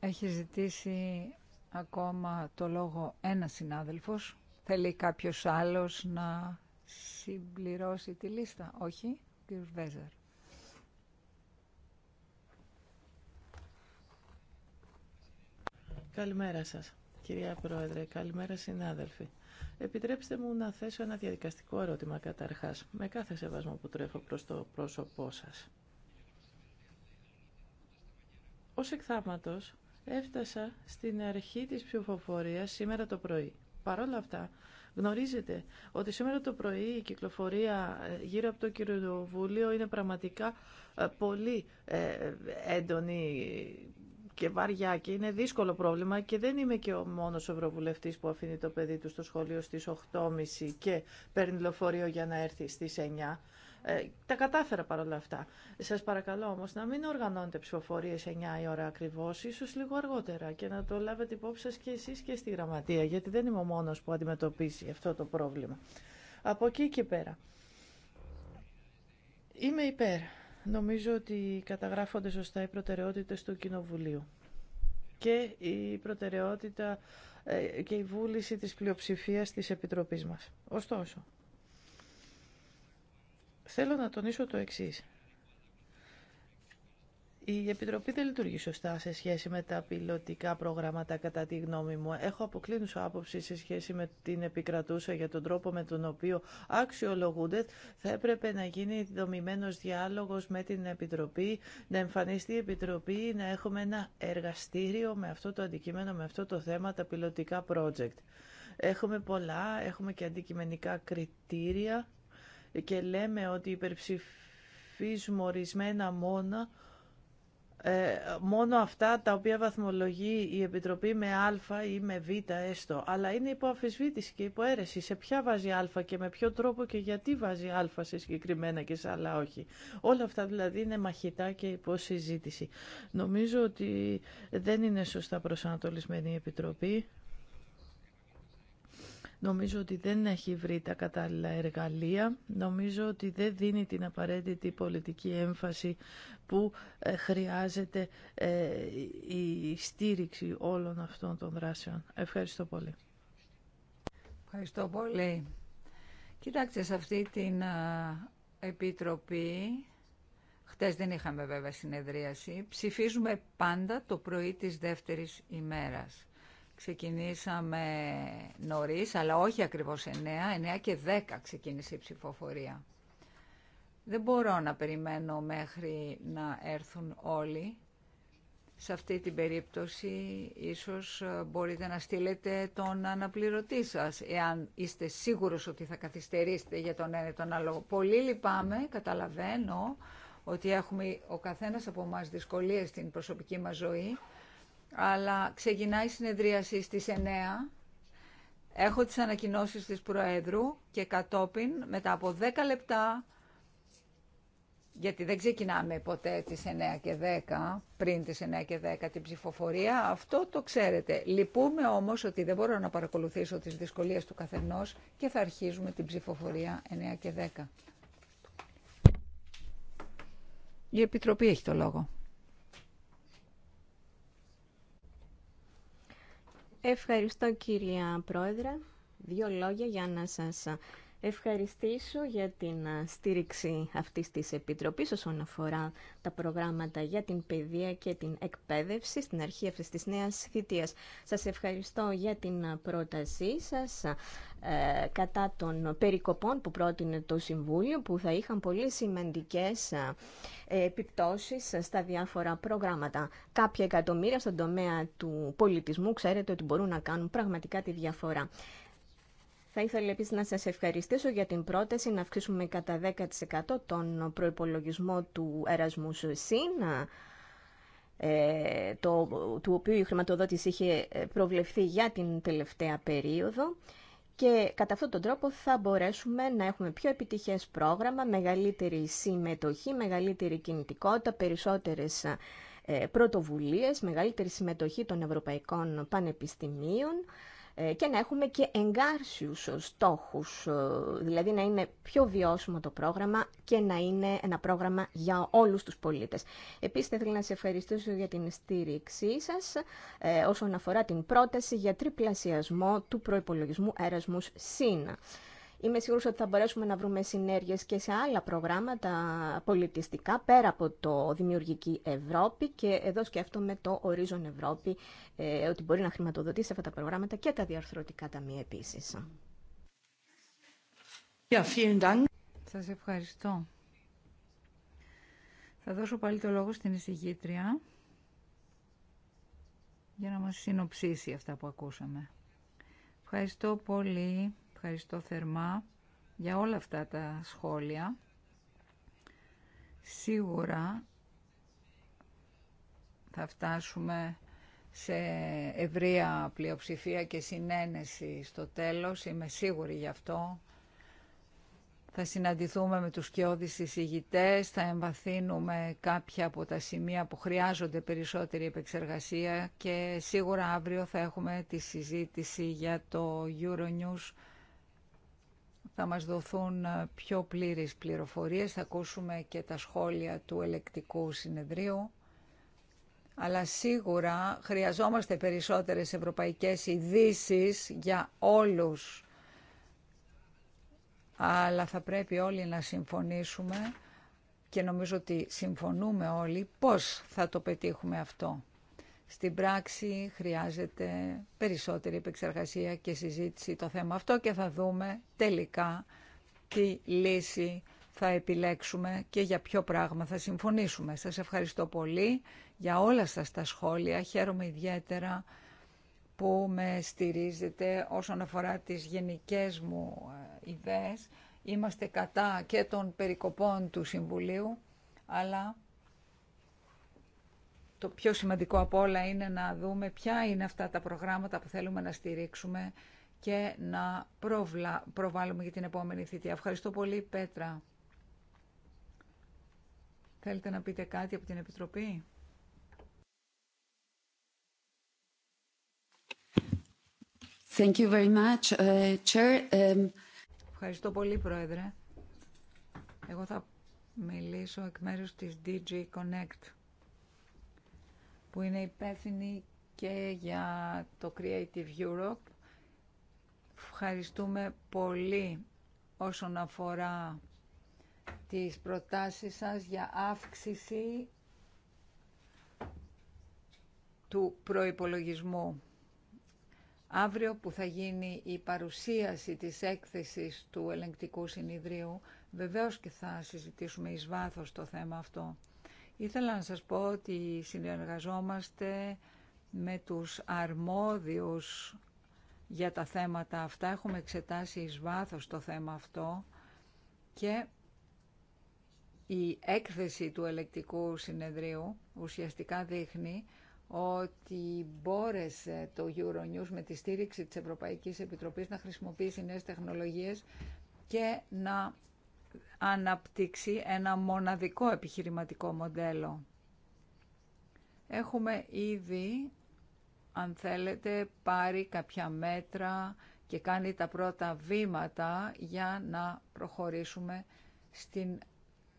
Έχει ζητήσει ακόμα το λόγο ένα συνάδελφος. Θέλει κάποιος άλλος να συμπληρώσει τη λίστα. Όχι, κύριος Βέζερ. Καλημέρα σας, κυρία Πρόεδρε. Καλημέρα, συνάδελφοι. Επιτρέψτε μου να θέσω ένα διαδικαστικό ερώτημα καταρχάς, με κάθε σεβασμό που τρέφω προς το πρόσωπό σας. Ως εκθάματος, Έφτασα στην αρχή της ψηφοφορίας σήμερα το πρωί. Παρ' όλα αυτά, γνωρίζετε ότι σήμερα το πρωί η κυκλοφορία ε, γύρω από το κυριοβουλίο είναι πραγματικά ε, πολύ ε, έντονη και βαριά και είναι δύσκολο πρόβλημα και δεν είμαι και ο μόνος ευρωβουλευτής που αφήνει το παιδί του στο σχολείο στις 8.30 και παίρνει λεωφορείο για να έρθει στις 9.00. Ε, τα κατάφερα παρόλα αυτά. Σα παρακαλώ όμω να μην οργανώνετε ψηφοφορίες 9 η ώρα ακριβώ, ίσω λίγο αργότερα και να το λάβετε υπόψη σα και εσεί και στη γραμματεία, γιατί δεν είμαι ο μόνος που αντιμετωπίζει αυτό το πρόβλημα. Από εκεί και πέρα. Είμαι υπέρ. Νομίζω ότι καταγράφονται σωστά οι προτεραιότητες του Κοινοβουλίου και η προτεραιότητα ε, και η βούληση της πλειοψηφίας της Επιτροπής μας. Ωστόσο, Θέλω να τονίσω το εξή. Η Επιτροπή δεν λειτουργεί σωστά σε σχέση με τα πιλωτικά προγράμματα, κατά τη γνώμη μου. Έχω αποκλίνουσα άποψη σε σχέση με την επικρατούσα για τον τρόπο με τον οποίο αξιολογούνται. Θα έπρεπε να γίνει δομημένο διάλογο με την Επιτροπή, να εμφανιστεί η Επιτροπή, να έχουμε ένα εργαστήριο με αυτό το αντικείμενο, με αυτό το θέμα, τα πιλωτικά project. Έχουμε πολλά, έχουμε και αντικειμενικά κριτήρια και λέμε ότι υπερψηφίζουμε ορισμένα μόνα, ε, μόνο αυτά τα οποία βαθμολογεί η Επιτροπή με α ή με β έστω. Αλλά είναι υπό και υπό Σε ποια βάζει α και με ποιο τρόπο και γιατί βάζει α σε συγκεκριμένα και σε άλλα όχι. Όλα αυτά δηλαδή είναι μαχητά και υπό συζήτηση. Νομίζω ότι δεν είναι σωστά προσανατολισμένη η Επιτροπή. Νομίζω ότι δεν έχει βρει τα κατάλληλα εργαλεία. Νομίζω ότι δεν δίνει την απαραίτητη πολιτική έμφαση που ε, χρειάζεται ε, η στήριξη όλων αυτών των δράσεων. Ευχαριστώ πολύ. Ευχαριστώ πολύ. Κοιτάξτε, σε αυτή την Επιτροπή, χτες δεν είχαμε βέβαια συνεδρίαση, ψηφίζουμε πάντα το πρωί της δεύτερης ημέρας. Ξεκινήσαμε νωρίς, αλλά όχι ακριβώς 9, 9 και 10 ξεκίνησε η ψηφοφορία. Δεν μπορώ να περιμένω μέχρι να έρθουν όλοι. Σε αυτή την περίπτωση ίσως ε, μπορείτε να στείλετε τον αναπληρωτή σας εάν είστε σίγουρος ότι θα καθυστερήσετε για τον ένα ή τον άλλο. Πολύ λυπάμαι, καταλαβαίνω ότι έχουμε ο καθένας από εμά δυσκολίες στην προσωπική μας ζωή αλλά ξεκινάει η συνεδρίαση στις 9. Έχω τις ανακοινώσεις της Προέδρου και κατόπιν μετά από 10 λεπτά, γιατί δεν ξεκινάμε ποτέ τις 9 και 10, πριν τις 9 και 10 την ψηφοφορία, αυτό το ξέρετε. Λυπούμε όμως ότι δεν μπορώ να παρακολουθήσω τις δυσκολίες του καθενός και θα αρχίζουμε την ψηφοφορία 9 και 10. Η Επιτροπή έχει το λόγο. Ευχαριστώ κυρία Πρόεδρε. Δύο λόγια για να σας ευχαριστήσω για την στήριξη αυτής της Επιτροπής όσον αφορά τα προγράμματα για την παιδεία και την εκπαίδευση στην αρχή αυτής της νέας θητείας. Σας ευχαριστώ για την πρότασή σας ε, κατά των περικοπών που πρότεινε το Συμβούλιο που θα είχαν πολύ σημαντικές επιπτώσεις στα διάφορα προγράμματα. Κάποια εκατομμύρια στον τομέα του πολιτισμού ξέρετε ότι μπορούν να κάνουν πραγματικά τη διαφορά. Θα ήθελα επίσης να σας ευχαριστήσω για την πρόταση να αυξήσουμε κατά 10% τον προϋπολογισμό του Erasmus ΣΥΝ, ε, το, του οποίου η χρηματοδότηση είχε προβλεφθεί για την τελευταία περίοδο. Και κατά αυτόν τον τρόπο θα μπορέσουμε να έχουμε πιο επιτυχές πρόγραμμα, μεγαλύτερη συμμετοχή, μεγαλύτερη κινητικότητα, περισσότερες ε, πρωτοβουλίες, μεγαλύτερη συμμετοχή των ευρωπαϊκών πανεπιστημίων ε, και να έχουμε και εγκάρσιους στόχους, ε, δηλαδή να είναι πιο βιώσιμο το πρόγραμμα και να είναι ένα πρόγραμμα για όλους τους πολίτες. Επίσης, θέλω να σε ευχαριστήσω για την στήριξή σας ε, όσον αφορά την πρόταση για τριπλασιασμό του προϋπολογισμού έρασμους ΣΥΝΑ. Είμαι σίγουρη ότι θα μπορέσουμε να βρούμε συνέργειες και σε άλλα προγράμματα πολιτιστικά πέρα από το Δημιουργική Ευρώπη και εδώ σκέφτομαι το Ορίζον Ευρώπη ε, ότι μπορεί να χρηματοδοτήσει αυτά τα προγράμματα και τα διαρθρωτικά ταμεία επίσης. Σα ευχαριστώ. Θα δώσω πάλι το λόγο στην εισηγήτρια για να μας συνοψίσει αυτά που ακούσαμε. Ευχαριστώ πολύ ευχαριστώ θερμά για όλα αυτά τα σχόλια. Σίγουρα θα φτάσουμε σε ευρεία πλειοψηφία και συνένεση στο τέλος. Είμαι σίγουρη γι' αυτό. Θα συναντηθούμε με τους κοιόδης εισηγητές, θα εμβαθύνουμε κάποια από τα σημεία που χρειάζονται περισσότερη επεξεργασία και σίγουρα αύριο θα έχουμε τη συζήτηση για το Euronews θα μας δοθούν ε, πιο πλήρεις πληροφορίες, θα ακούσουμε και τα σχόλια του ελεκτικού συνεδρίου. Αλλά σίγουρα χρειαζόμαστε περισσότερες ευρωπαϊκές ειδήσει για όλους. Αλλά θα πρέπει όλοι να συμφωνήσουμε και νομίζω ότι συμφωνούμε όλοι πώς θα το πετύχουμε αυτό. Στην πράξη χρειάζεται περισσότερη επεξεργασία και συζήτηση το θέμα αυτό και θα δούμε τελικά τι λύση θα επιλέξουμε και για ποιο πράγμα θα συμφωνήσουμε. Σας ευχαριστώ πολύ για όλα σας τα σχόλια. Χαίρομαι ιδιαίτερα που με στηρίζετε όσον αφορά τις γενικές μου ε, ιδέες. Είμαστε κατά και των περικοπών του Συμβουλίου, αλλά το πιο σημαντικό από όλα είναι να δούμε ποια είναι αυτά τα προγράμματα που θέλουμε να στηρίξουμε και να προβλα... προβάλλουμε για την επόμενη θητεία. Ευχαριστώ πολύ, Πέτρα. Θέλετε να πείτε κάτι από την Επιτροπή? Thank you very much, uh, Chair. Um, Ευχαριστώ πολύ, Πρόεδρε. Εγώ θα μιλήσω εκ μέρους της DG Connect που είναι υπεύθυνη και για το Creative Europe. Ευχαριστούμε πολύ όσον αφορά τις προτάσεις σας για αύξηση του προϋπολογισμού. Αύριο που θα γίνει η παρουσίαση της έκθεσης του ελεγκτικού Συνειδρίου, βεβαίως και θα συζητήσουμε εις βάθος το θέμα αυτό. Ήθελα να σας πω ότι συνεργαζόμαστε με τους αρμόδιους για τα θέματα αυτά. Έχουμε εξετάσει εις βάθος το θέμα αυτό και η έκθεση του ελεκτικού συνεδρίου ουσιαστικά δείχνει ότι μπόρεσε το Euronews με τη στήριξη της Ευρωπαϊκής Επιτροπής να χρησιμοποιήσει νέες τεχνολογίες και να αναπτύξει ένα μοναδικό επιχειρηματικό μοντέλο. Έχουμε ήδη, αν θέλετε, πάρει κάποια μέτρα και κάνει τα πρώτα βήματα για να προχωρήσουμε στην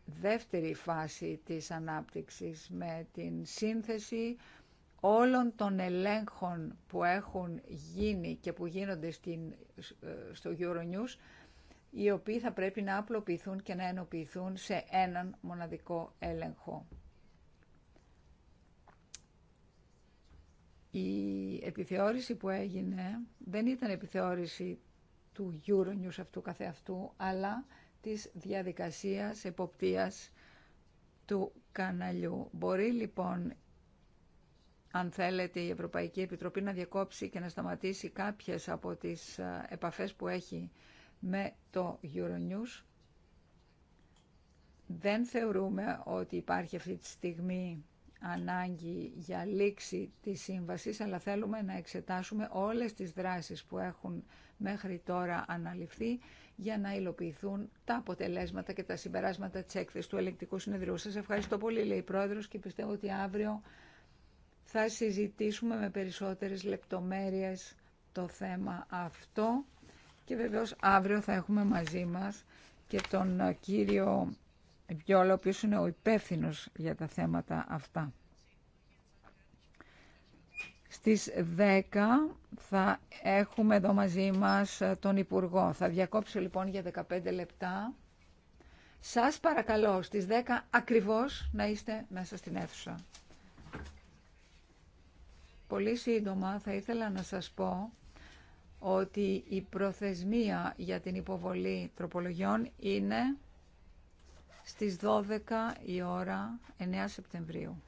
δεύτερη φάση της ανάπτυξης με την σύνθεση όλων των ελέγχων που έχουν γίνει και που γίνονται στην, ε, στο Euronews οι οποίοι θα πρέπει να απλοποιηθούν και να ενοποιηθούν σε έναν μοναδικό έλεγχο. Η επιθεώρηση που έγινε δεν ήταν επιθεώρηση του Euronews αυτού καθεαυτού, αλλά της διαδικασίας εποπτείας του καναλιού. Μπορεί λοιπόν, αν θέλετε, η Ευρωπαϊκή Επιτροπή να διακόψει και να σταματήσει κάποιες από τις ε, επαφές που έχει με το Euronews. Δεν θεωρούμε ότι υπάρχει αυτή τη στιγμή ανάγκη για λήξη της σύμβασης, αλλά θέλουμε να εξετάσουμε όλες τις δράσεις που έχουν μέχρι τώρα αναλυφθεί για να υλοποιηθούν τα αποτελέσματα και τα συμπεράσματα της έκθεσης του ελεκτικού συνεδρίου. Σας ευχαριστώ πολύ, λέει η Πρόεδρος, και πιστεύω ότι αύριο θα συζητήσουμε με περισσότερες λεπτομέρειες το θέμα αυτό. Και βεβαίως αύριο θα έχουμε μαζί μας και τον ε, κύριο Βιόλα, ο οποίος είναι ο υπεύθυνο για τα θέματα αυτά. Στις 10 θα έχουμε εδώ μαζί μας ε, τον Υπουργό. Θα διακόψω λοιπόν για 15 λεπτά. Σας παρακαλώ στις 10 ακριβώς να είστε μέσα στην αίθουσα. Πολύ σύντομα θα ήθελα να σας πω ότι η προθεσμία για την υποβολή τροπολογιών είναι στις 12 η ώρα 9 Σεπτεμβρίου.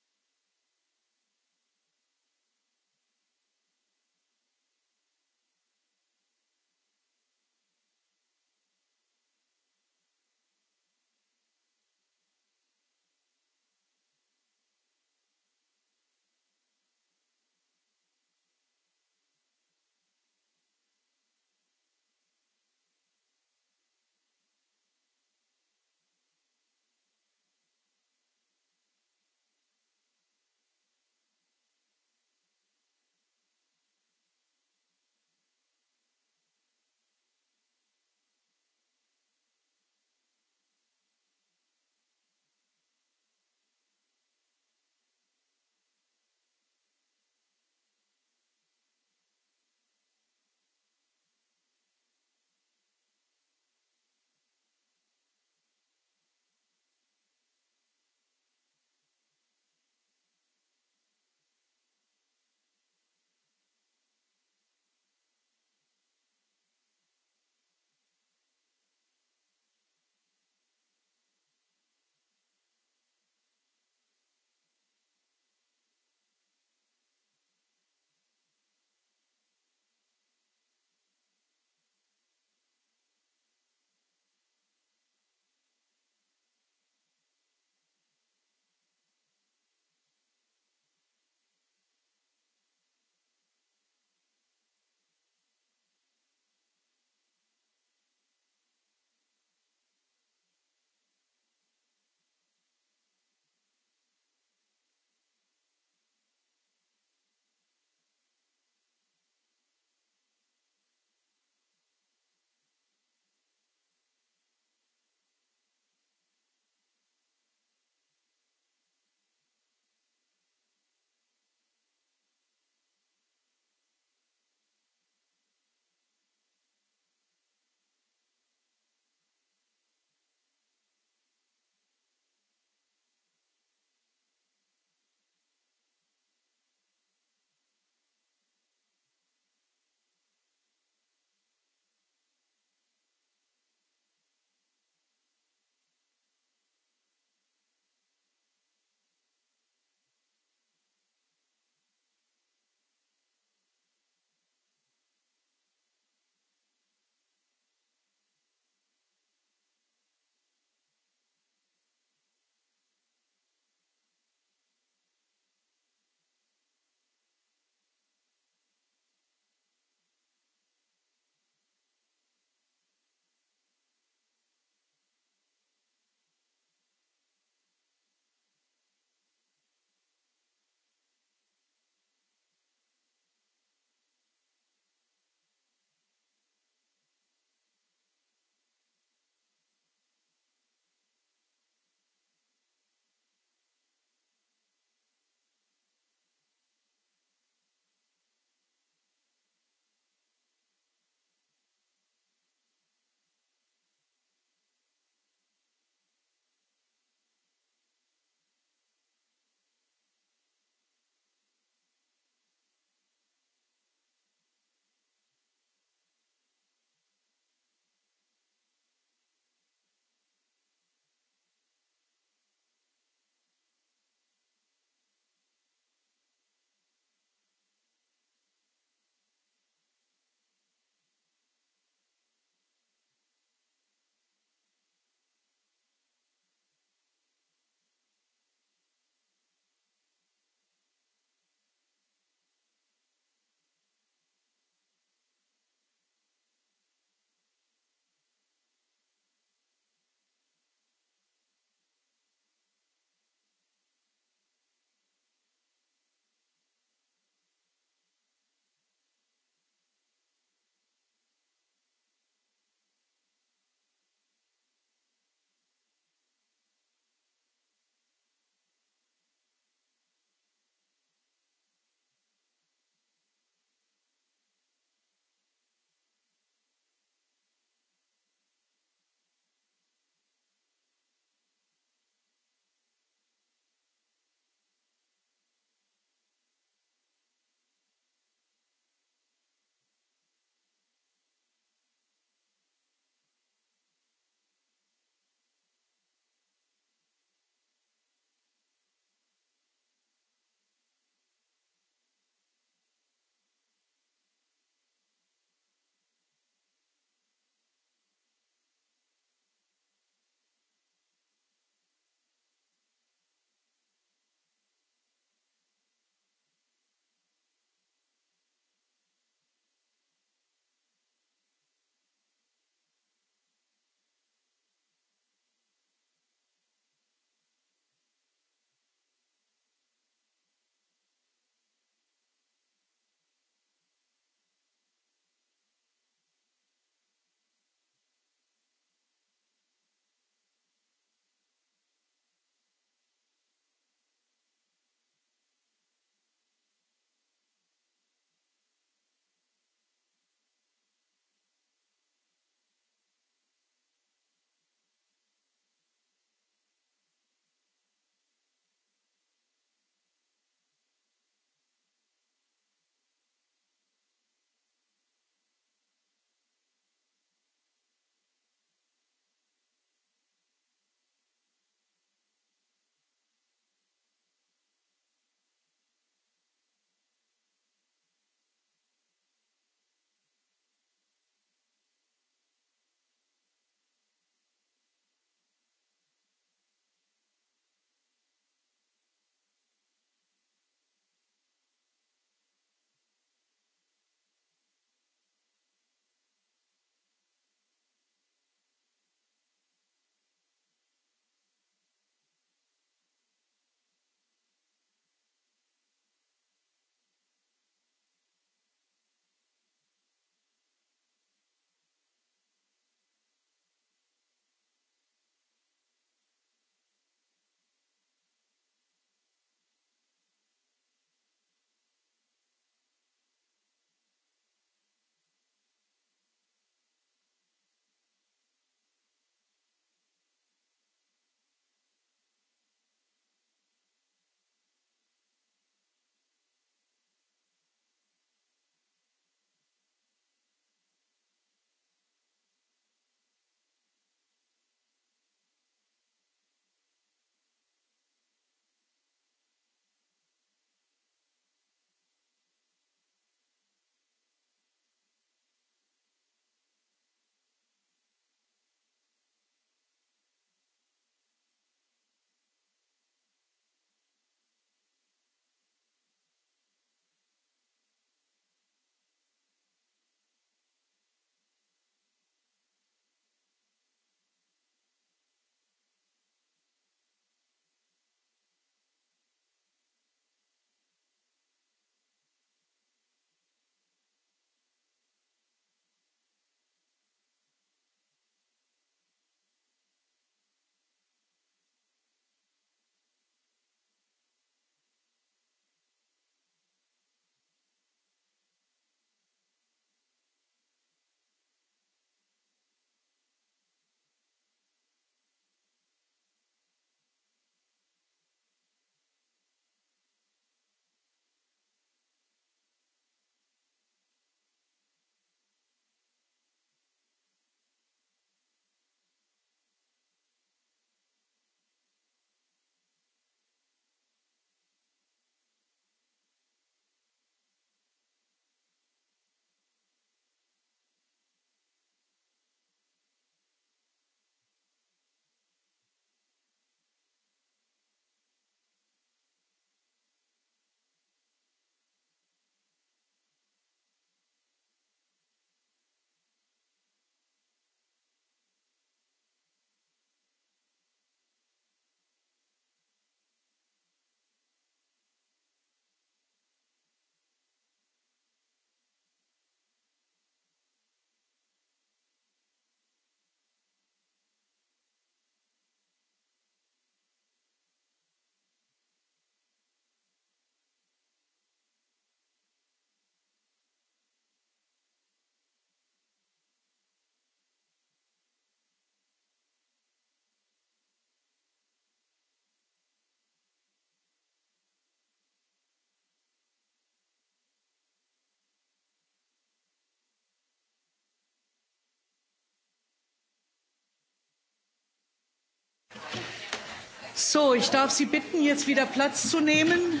So, ich darf Sie bitten, jetzt wieder Platz zu nehmen.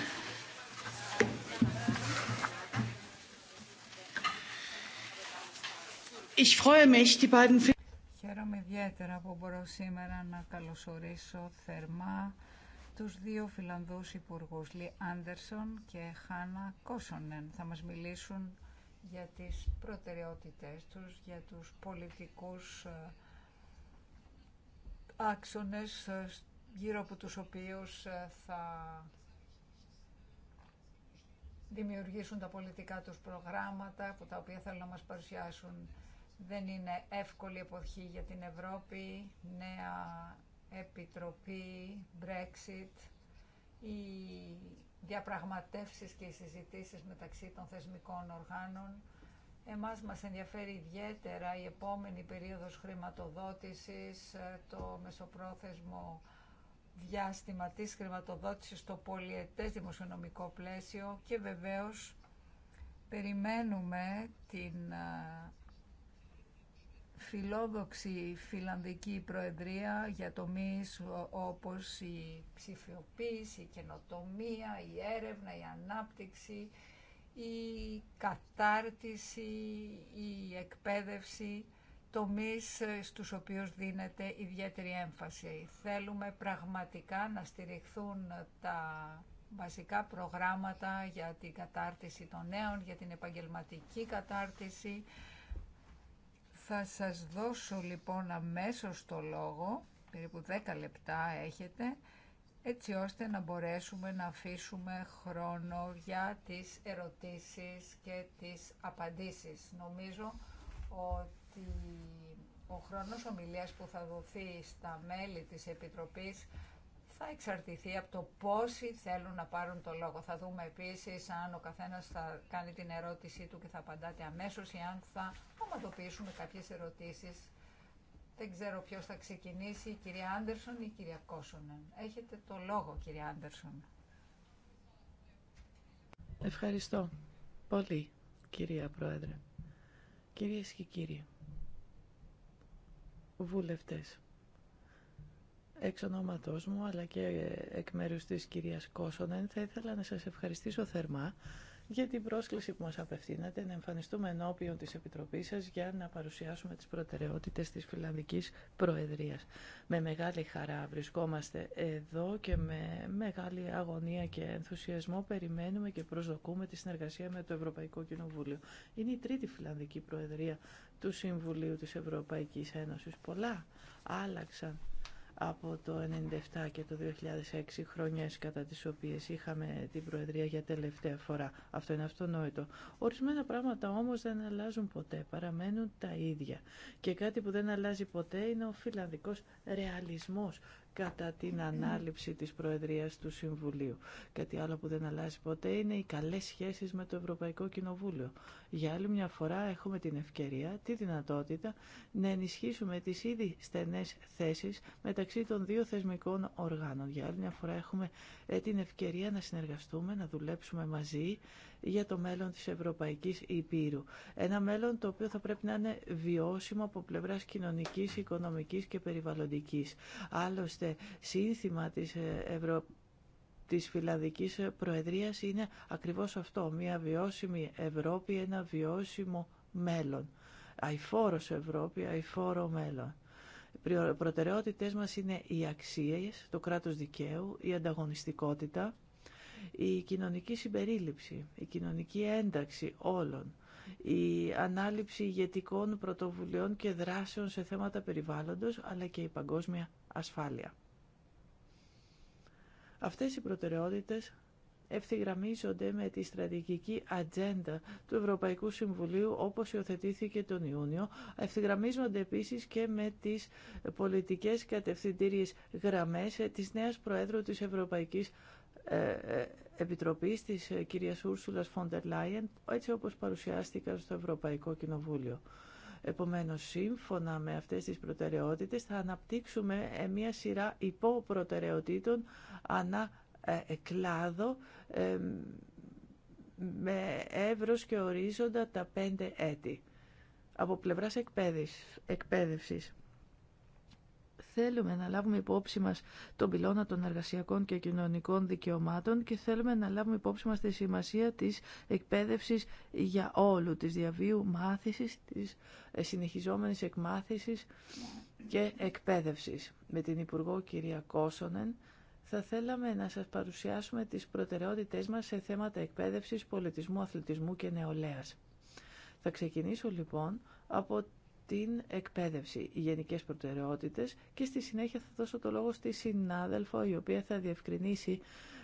Ich freue mich, die beiden Χαίρομαι ιδιαίτερα που μπορώ σήμερα να καλωσορίσω θερμά τους δύο Φιλανδούς Υπουργούς, Λι Άντερσον και Χάνα Κόσονεν. Θα μας μιλήσουν για τις προτεραιότητές τους, για τους πολιτικούς ε, άξονες ε, γύρω από τους οποίους ε, θα δημιουργήσουν τα πολιτικά τους προγράμματα που τα οποία θέλουν να μας παρουσιάσουν. Δεν είναι εύκολη εποχή για την Ευρώπη, νέα επιτροπή, Brexit, οι διαπραγματεύσεις και οι συζητήσεις μεταξύ των θεσμικών οργάνων. Εμάς μας ενδιαφέρει ιδιαίτερα η επόμενη περίοδος χρηματοδότησης, ε, το μεσοπρόθεσμο διάστημα της χρηματοδότησης στο πολυετές δημοσιονομικό πλαίσιο και βεβαίως περιμένουμε την φιλόδοξη φιλανδική προεδρία για τομείς όπως η ψηφιοποίηση, η καινοτομία, η έρευνα, η ανάπτυξη, η κατάρτιση, η εκπαίδευση τομείς ε, στους οποίους δίνεται ιδιαίτερη έμφαση. Θέλουμε πραγματικά να στηριχθούν ε, τα βασικά προγράμματα για την κατάρτιση των νέων, για την επαγγελματική κατάρτιση. Θα σας δώσω λοιπόν αμέσως το λόγο, περίπου 10 λεπτά έχετε, έτσι ώστε να μπορέσουμε να αφήσουμε χρόνο για τις ερωτήσεις και τις απαντήσεις. Νομίζω ότι ότι ο χρόνος ομιλίας που θα δοθεί στα μέλη της Επιτροπής θα εξαρτηθεί από το πόσοι θέλουν να πάρουν το λόγο. Θα δούμε επίσης αν ο καθένας θα κάνει την ερώτησή του και θα απαντάτε αμέσως ή αν θα ομαδοποιήσουμε κάποιες ερωτήσεις. Δεν ξέρω ποιος θα ξεκινήσει, η κυρία Άντερσον ή η κυρία Κόσονεν. Έχετε το λόγο κυρία Άντερσον. Ευχαριστώ πολύ κυρία Πρόεδρε. Κυρίες και κύριοι βουλευτές. Εξ ονόματός μου αλλά και εκ μέρους της κυρίας Κόσονεν θα ήθελα να σας ευχαριστήσω θερμά για την πρόσκληση που μας απευθύνατε να εμφανιστούμε ενώπιον της Επιτροπής σας για να παρουσιάσουμε τις προτεραιότητες της Φιλανδικής Προεδρίας. Με μεγάλη χαρά βρισκόμαστε εδώ και με μεγάλη αγωνία και ενθουσιασμό περιμένουμε και προσδοκούμε τη συνεργασία με το Ευρωπαϊκό Κοινοβούλιο. Είναι η τρίτη Φιλανδική Προεδρία του Συμβουλίου της Ευρωπαϊκής Ένωσης. Πολλά άλλαξαν από το 1997 και το 2006 χρονιές κατά τις οποίες είχαμε την Προεδρία για τελευταία φορά. Αυτό είναι αυτονόητο. Ορισμένα πράγματα όμως δεν αλλάζουν ποτέ, παραμένουν τα ίδια. Και κάτι που δεν αλλάζει ποτέ είναι ο φιλανδικός ρεαλισμός κατά την ανάληψη της Προεδρίας του Συμβουλίου. Κάτι άλλο που δεν αλλάζει ποτέ είναι οι καλές σχέσεις με το Ευρωπαϊκό Κοινοβούλιο. Για άλλη μια φορά έχουμε την ευκαιρία, τη δυνατότητα να ενισχύσουμε τις ήδη στενές θέσεις μεταξύ των δύο θεσμικών οργάνων. Για άλλη μια φορά έχουμε ε, την ευκαιρία να συνεργαστούμε, να δουλέψουμε μαζί για το μέλλον της Ευρωπαϊκής Υπήρου. Ένα μέλλον το οποίο θα πρέπει να είναι βιώσιμο από πλευράς κοινωνικής, οικονομικής και περιβαλλοντικής. Άλλωστε, σύνθημα της ε, Ευρωπαϊκής της Προεδρίας είναι ακριβώς αυτό, μια βιώσιμη Ευρώπη, ένα βιώσιμο μέλλον. Αϊφόρος Ευρώπη, αϊφόρο μέλλον. Οι προτεραιότητες μας είναι οι αξίες, το κράτος δικαίου, η ανταγωνιστικότητα, η κοινωνική συμπερίληψη, η κοινωνική ένταξη όλων, η ανάληψη ηγετικών πρωτοβουλειών και δράσεων σε θέματα περιβάλλοντος, αλλά και η παγκόσμια ασφάλεια. Αυτές οι προτεραιότητες ευθυγραμμίζονται με τη στρατηγική ατζέντα του Ευρωπαϊκού Συμβουλίου όπως υιοθετήθηκε τον Ιούνιο. Ευθυγραμμίζονται επίσης και με τις πολιτικές κατευθυντήριες γραμμές της νέας Προέδρου της Ευρωπαϊκής ε, ε, Επιτροπής της ε, κυρίας Ούρσουλας Φόντερ Λάιεν, έτσι όπως παρουσιάστηκαν στο Ευρωπαϊκό Κοινοβούλιο. Επομένως, σύμφωνα με αυτές τις προτεραιότητες, θα αναπτύξουμε μια σειρά υποπροτεραιοτήτων ανά κλάδο με εύρος και ορίζοντα τα πέντε έτη από πλευράς εκπαίδευσης θέλουμε να λάβουμε υπόψη μας τον πυλώνα των εργασιακών και κοινωνικών δικαιωμάτων και θέλουμε να λάβουμε υπόψη μας τη σημασία της εκπαίδευσης για όλου, της διαβίου μάθησης, της ε, συνεχιζόμενης εκμάθησης και εκπαίδευσης. Με την Υπουργό κυρία Κόσονεν θα θέλαμε να σας παρουσιάσουμε τις προτεραιότητές μας σε θέματα εκπαίδευσης, πολιτισμού, αθλητισμού και νεολαίας. Θα ξεκινήσω λοιπόν από την εκπαίδευση, οι γενικές προτεραιότητες και στη συνέχεια θα δώσω το λόγο στη συνάδελφο η οποία θα διευκρινίσει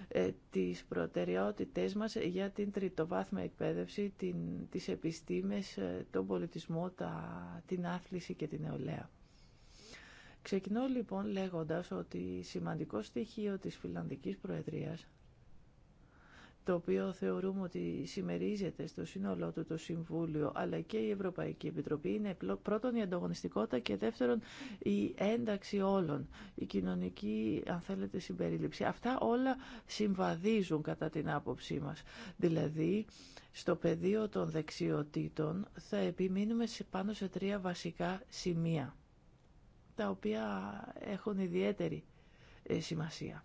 ε, τις προτεραιότητες μας για την τριτοβάθμια εκπαίδευση, την, τις επιστήμες, ε, τον πολιτισμό, τα, την άθληση και την νεολαία. Ξεκινώ λοιπόν λέγοντας ότι σημαντικό στοιχείο της Φιλανδικής Προεδρίας το οποίο θεωρούμε ότι συμμερίζεται στο σύνολό του το Συμβούλιο αλλά και η Ευρωπαϊκή Επιτροπή είναι πρώτον η ανταγωνιστικότητα και δεύτερον η ένταξη όλων, η κοινωνική αν θέλετε συμπερίληψη. Αυτά όλα συμβαδίζουν κατά την άποψή μας. Δηλαδή στο πεδίο των δεξιοτήτων θα επιμείνουμε πάνω σε τρία βασικά σημεία τα οποία έχουν ιδιαίτερη ε, σημασία.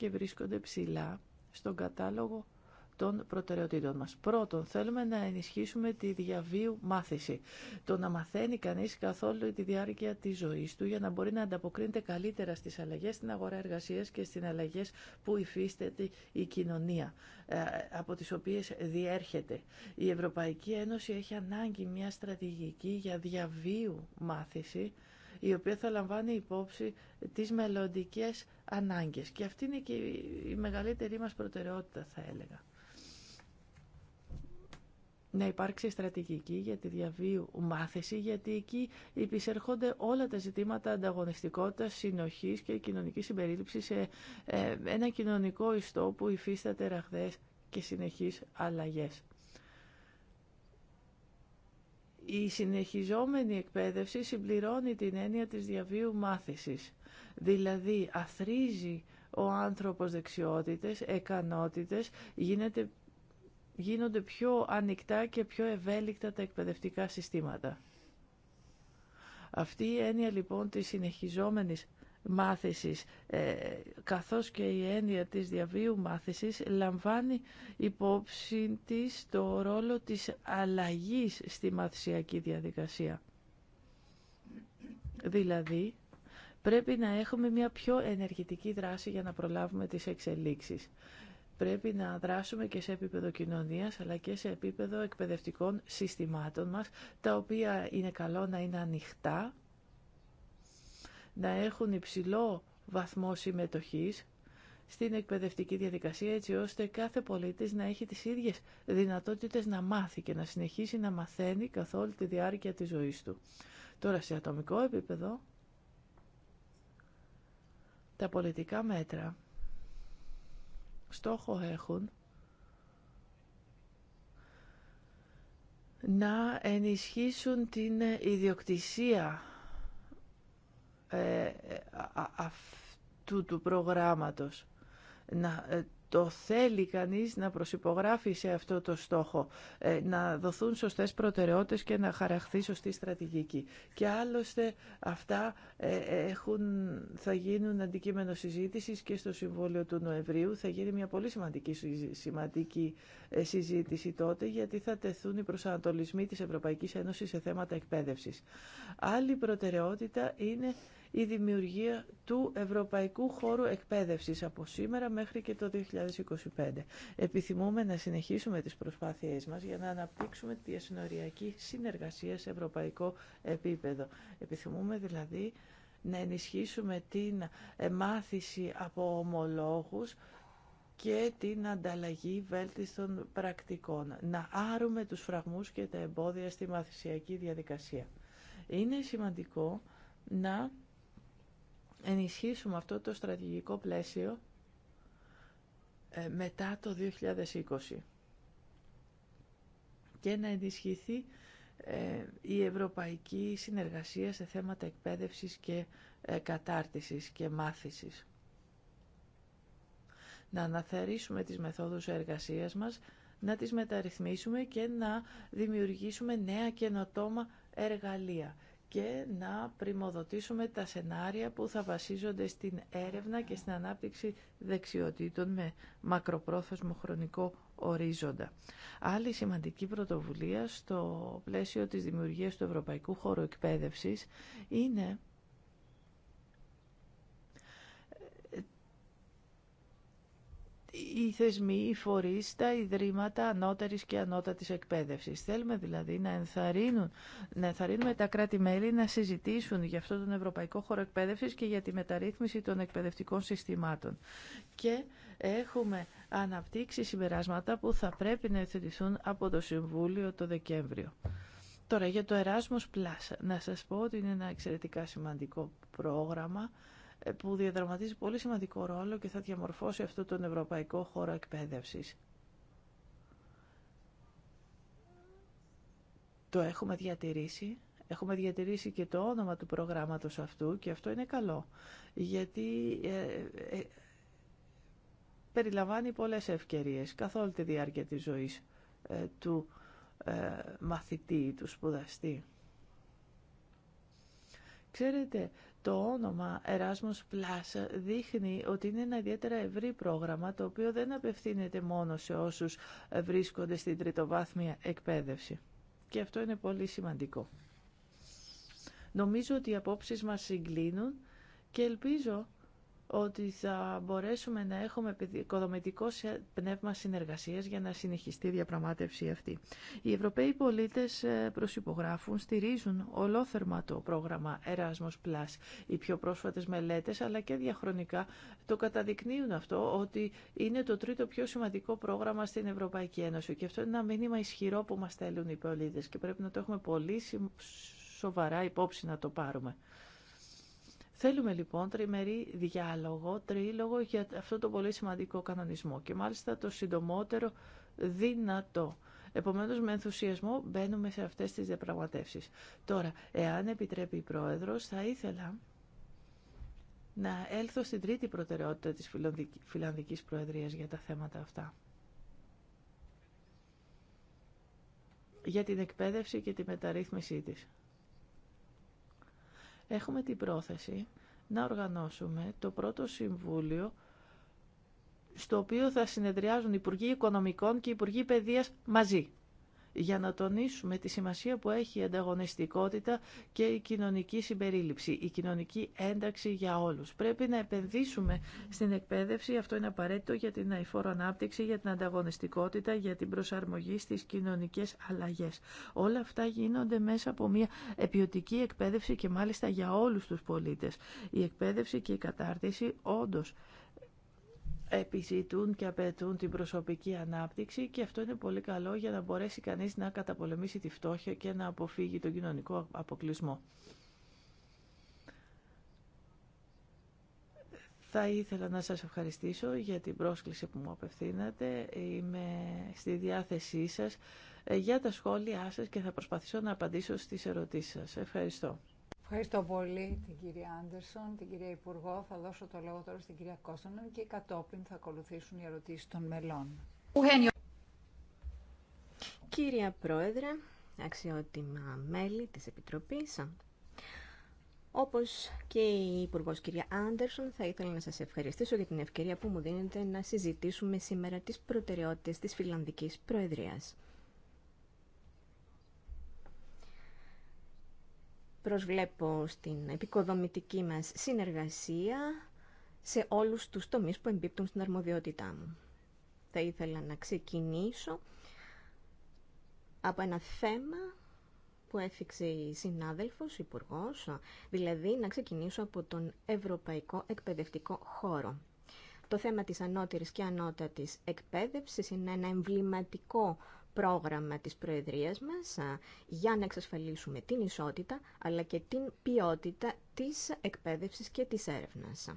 και βρίσκονται ψηλά στον κατάλογο των προτεραιοτήτων μας. Πρώτον, θέλουμε να ενισχύσουμε τη διαβίου μάθηση. Το να μαθαίνει κανείς καθόλου τη διάρκεια της ζωής του για να μπορεί να ανταποκρίνεται καλύτερα στις αλλαγές στην αγορά εργασίας και στις αλλαγές που υφίσταται η κοινωνία, ε, από τις οποίες διέρχεται. Η Ευρωπαϊκή Ένωση έχει ανάγκη μια στρατηγική για διαβίου μάθηση, η οποία θα λαμβάνει υπόψη τις μελλοντικέ ανάγκες. Και αυτή είναι και η μεγαλύτερη μας προτεραιότητα, θα έλεγα. Να υπάρξει στρατηγική για τη διαβίου μάθηση, γιατί εκεί υπησέρχονται όλα τα ζητήματα ανταγωνιστικότητας, συνοχής και κοινωνικής συμπερίληψης σε ε, ένα κοινωνικό ιστό που υφίσταται ραχδές και συνεχείς αλλαγές. Η συνεχιζόμενη εκπαίδευση συμπληρώνει την έννοια της διαβίου μάθησης, δηλαδή αθρίζει ο άνθρωπος δεξιότητες, εκανότητες, γίνεται, γίνονται πιο ανοιχτά και πιο ευέλικτα τα εκπαιδευτικά συστήματα. Αυτή η έννοια λοιπόν της συνεχιζόμενης μάθησης ε, καθώς και η έννοια της διαβίου μάθησης λαμβάνει υπόψη της το ρόλο της αλλαγής στη μαθησιακή διαδικασία. Δηλαδή, πρέπει να έχουμε μια πιο ενεργητική δράση για να προλάβουμε τις εξελίξεις. Πρέπει να δράσουμε και σε επίπεδο κοινωνίας, αλλά και σε επίπεδο εκπαιδευτικών συστημάτων μας, τα οποία είναι καλό να είναι ανοιχτά να έχουν υψηλό βαθμό συμμετοχής στην εκπαιδευτική διαδικασία έτσι ώστε κάθε πολίτης να έχει τις ίδιες δυνατότητες να μάθει και να συνεχίσει να μαθαίνει καθ' όλη τη διάρκεια της ζωής του. Τώρα σε ατομικό επίπεδο τα πολιτικά μέτρα στόχο έχουν να ενισχύσουν την ιδιοκτησία ε, αυτού του προγράμματος. Να ε, το θέλει κανείς να προσυπογράφει σε αυτό το στόχο, ε, να δοθούν σωστές προτεραιότητες και να χαραχθεί σωστή στρατηγική. Και άλλωστε αυτά έχουν, θα γίνουν αντικείμενο συζήτησης και στο Συμβόλαιο του Νοεμβρίου. Θα γίνει μια πολύ σημαντική, σημαντική συζήτηση τότε, γιατί θα τεθούν οι προσανατολισμοί της Ευρωπαϊκής Ένωσης σε θέματα εκπαίδευσης. Άλλη προτεραιότητα είναι η δημιουργία του Ευρωπαϊκού Χώρου Εκπαίδευσης από σήμερα μέχρι και το 2025. Επιθυμούμε να συνεχίσουμε τις προσπάθειές μας για να αναπτύξουμε τη διασυνοριακή συνεργασία σε ευρωπαϊκό επίπεδο. Επιθυμούμε δηλαδή να ενισχύσουμε την μάθηση από ομολόγους και την ανταλλαγή βέλτιστων πρακτικών. Να άρουμε τους φραγμούς και τα εμπόδια στη μαθησιακή διαδικασία. Είναι σημαντικό να ενισχύσουμε αυτό το στρατηγικό πλαίσιο ε, μετά το 2020 και να ενισχυθεί ε, η ευρωπαϊκή συνεργασία σε θέματα εκπαίδευσης και ε, κατάρτισης και μάθησης. Να αναθερήσουμε τις μεθόδους εργασίας μας, να τις μεταρρυθμίσουμε και να δημιουργήσουμε νέα καινοτόμα εργαλεία και να πρημοδοτήσουμε τα σενάρια που θα βασίζονται στην έρευνα και στην ανάπτυξη δεξιοτήτων με μακροπρόθεσμο χρονικό ορίζοντα. Άλλη σημαντική πρωτοβουλία στο πλαίσιο της δημιουργίας του Ευρωπαϊκού Χώρου Εκπαίδευσης είναι οι θεσμοί, οι φορείς, τα ιδρύματα ανώτερης και ανώτατης εκπαίδευσης. Θέλουμε δηλαδή να, ενθαρρύνουν, να ενθαρρύνουμε τα κράτη-μέλη να συζητήσουν για αυτόν τον ευρωπαϊκό χώρο εκπαίδευσης και για τη μεταρρύθμιση των εκπαιδευτικών συστημάτων. Και έχουμε αναπτύξει συμπεράσματα που θα πρέπει να ευθετηθούν από το Συμβούλιο το Δεκέμβριο. Τώρα για το Erasmus Plus, να σας πω ότι είναι ένα εξαιρετικά σημαντικό πρόγραμμα που διαδραματίζει πολύ σημαντικό ρόλο και θα διαμορφώσει αυτό τον ευρωπαϊκό χώρο εκπαίδευσης. Το έχουμε διατηρήσει. Έχουμε διατηρήσει και το όνομα του προγράμματος αυτού και αυτό είναι καλό, γιατί ε, ε, περιλαμβάνει πολλές ευκαιρίες καθ' όλη τη διάρκεια της ζωής ε, του μαθητή, του σπουδαστή. Ξέρετε, το όνομα Erasmus Plus δείχνει ότι είναι ένα ιδιαίτερα ευρύ πρόγραμμα το οποίο δεν απευθύνεται μόνο σε όσους βρίσκονται στην τριτοβάθμια εκπαίδευση. Και αυτό είναι πολύ σημαντικό. Νομίζω ότι οι απόψεις μας συγκλίνουν και ελπίζω ότι θα μπορέσουμε να έχουμε οικοδομητικό πνεύμα συνεργασίας για να συνεχιστεί η διαπραγμάτευση αυτή. Οι Ευρωπαίοι πολίτες ε, προσυπογράφουν, στηρίζουν ολόθερμα το πρόγραμμα Erasmus Plus. Οι πιο πρόσφατες μελέτες αλλά και διαχρονικά το καταδεικνύουν αυτό ότι είναι το τρίτο πιο σημαντικό πρόγραμμα στην Ευρωπαϊκή Ένωση και αυτό είναι ένα μήνυμα ισχυρό που μας στέλνουν οι πολίτες και πρέπει να το έχουμε πολύ σοβαρά υπόψη να το πάρουμε. Θέλουμε λοιπόν τριμερή διάλογο, τρίλογο για αυτό το πολύ σημαντικό κανονισμό και μάλιστα το συντομότερο δυνατό. Επομένως με ενθουσιασμό μπαίνουμε σε αυτές τις διαπραγματεύσεις. Τώρα, εάν επιτρέπει η Πρόεδρος, θα ήθελα να έλθω στην τρίτη προτεραιότητα της Φιλανδικής Προεδρίας για τα θέματα αυτά. Για την εκπαίδευση και τη μεταρρύθμιση της έχουμε την πρόθεση να οργανώσουμε το πρώτο συμβούλιο στο οποίο θα συνεδριάζουν Υπουργοί Οικονομικών και Υπουργοί Παιδείας μαζί για να τονίσουμε τη σημασία που έχει η ανταγωνιστικότητα και η κοινωνική συμπερίληψη, η κοινωνική ένταξη για όλους. Πρέπει να επενδύσουμε στην εκπαίδευση, αυτό είναι απαραίτητο για την αηφόρο ανάπτυξη, για την ανταγωνιστικότητα, για την προσαρμογή στις κοινωνικές αλλαγές. Όλα αυτά γίνονται μέσα από μια επιωτική εκπαίδευση και μάλιστα για όλους τους πολίτες. Η εκπαίδευση και η κατάρτιση όντως επιζητούν και απαιτούν την προσωπική ανάπτυξη και αυτό είναι πολύ καλό για να μπορέσει κανείς να καταπολεμήσει τη φτώχεια και να αποφύγει τον κοινωνικό αποκλεισμό. Θα ήθελα να σας ευχαριστήσω για την πρόσκληση που μου απευθύνατε. Είμαι στη διάθεσή σας ε, για τα σχόλιά σας και θα προσπαθήσω να απαντήσω στις ερωτήσεις σας. Ευχαριστώ. Ευχαριστώ πολύ την κυρία Άντερσον, την κυρία Υπουργό. Θα δώσω το λόγο τώρα στην κυρία Κώστανον και κατόπιν θα ακολουθήσουν οι ερωτήσει των μελών. Κύρια Πρόεδρε, αξιότιμα μέλη της Επιτροπής, όπως και η Υπουργό κυρία Άντερσον, θα ήθελα να σας ευχαριστήσω για την ευκαιρία που μου δίνετε να συζητήσουμε σήμερα τις προτεραιότητες της Φιλανδικής Προεδρίας. Προσβλέπω στην επικοδομητική μας συνεργασία σε όλους τους τομείς που εμπίπτουν στην αρμοδιότητά μου. Θα ήθελα να ξεκινήσω από ένα θέμα που έφυξε η συνάδελφος, υπουργός, δηλαδή να ξεκινήσω από τον Ευρωπαϊκό Εκπαιδευτικό Χώρο. Το θέμα της ανώτερης και ανώτατης εκπαίδευσης είναι ένα εμβληματικό πρόγραμμα της Προεδρίας μας για να εξασφαλίσουμε την ισότητα αλλά και την ποιότητα της εκπαίδευσης και της έρευνας.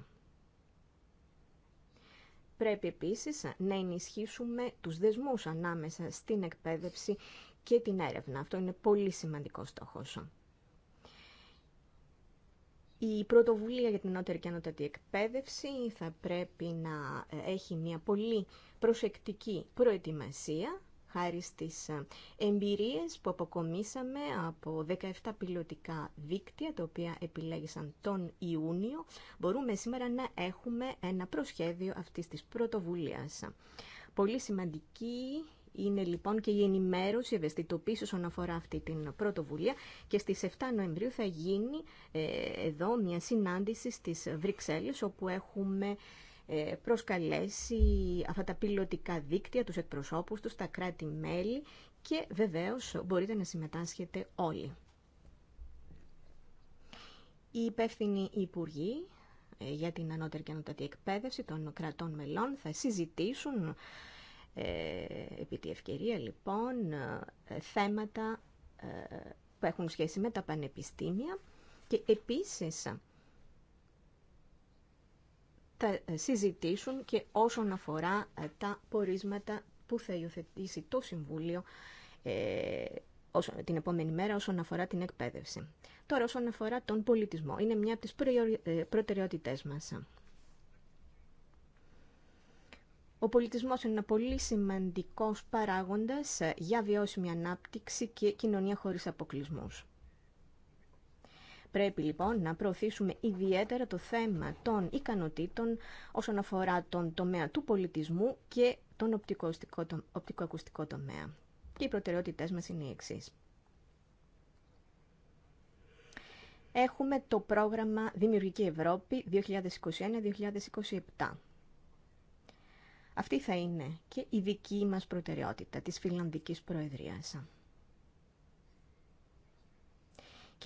Πρέπει επίσης να ενισχύσουμε τους δεσμούς ανάμεσα στην εκπαίδευση και την έρευνα. Αυτό είναι πολύ σημαντικό στόχος. Η πρωτοβουλία για την νότερη και ανώτατη εκπαίδευση θα πρέπει να έχει μια πολύ προσεκτική προετοιμασία χάρη στις ε, εμπειρίες που αποκομίσαμε από 17 πιλωτικά δίκτυα, τα οποία επιλέγησαν τον Ιούνιο, μπορούμε σήμερα να έχουμε ένα προσχέδιο αυτής της πρωτοβουλίας. Πολύ σημαντική είναι λοιπόν και η ενημέρωση, η ευαισθητοποίηση όσον αφορά αυτή την πρωτοβουλία και στις 7 Νοεμβρίου θα γίνει ε, εδώ μια συνάντηση στις Βρυξέλλες όπου έχουμε ε, προσκαλέσει αυτά τα πιλωτικά δίκτυα, τους εκπροσώπους τους, τα κράτη-μέλη και βεβαίως μπορείτε να συμμετάσχετε όλοι. Οι υπεύθυνοι υπουργοί ε, για την ανώτερη και ανώτατη εκπαίδευση των κρατών μελών θα συζητήσουν ε, επί τη ευκαιρία λοιπόν θέματα που έχουν σχέση με τα πανεπιστήμια και επίσης θα ε, συζητήσουν και όσον αφορά ε, τα πορίσματα που θα υιοθετήσει το Συμβούλιο ε, την επόμενη μέρα όσον αφορά την εκπαίδευση. Τώρα όσον αφορά τον πολιτισμό, είναι μια από τις προτεραιότητές μας. Ο πολιτισμός είναι ένα πολύ σημαντικός παράγοντας για βιώσιμη ανάπτυξη και κοινωνία χωρίς αποκλεισμούς. Πρέπει λοιπόν να προωθήσουμε ιδιαίτερα το θέμα των ικανοτήτων όσον αφορά τον τομέα του πολιτισμού και τον οπτικοακουστικό τομέα. Και οι προτεραιότητές μας είναι οι εξής. Έχουμε το πρόγραμμα Δημιουργική Ευρώπη 2021-2027. Αυτή θα είναι και η δική μας προτεραιότητα της Φιλανδικής Προεδρίας.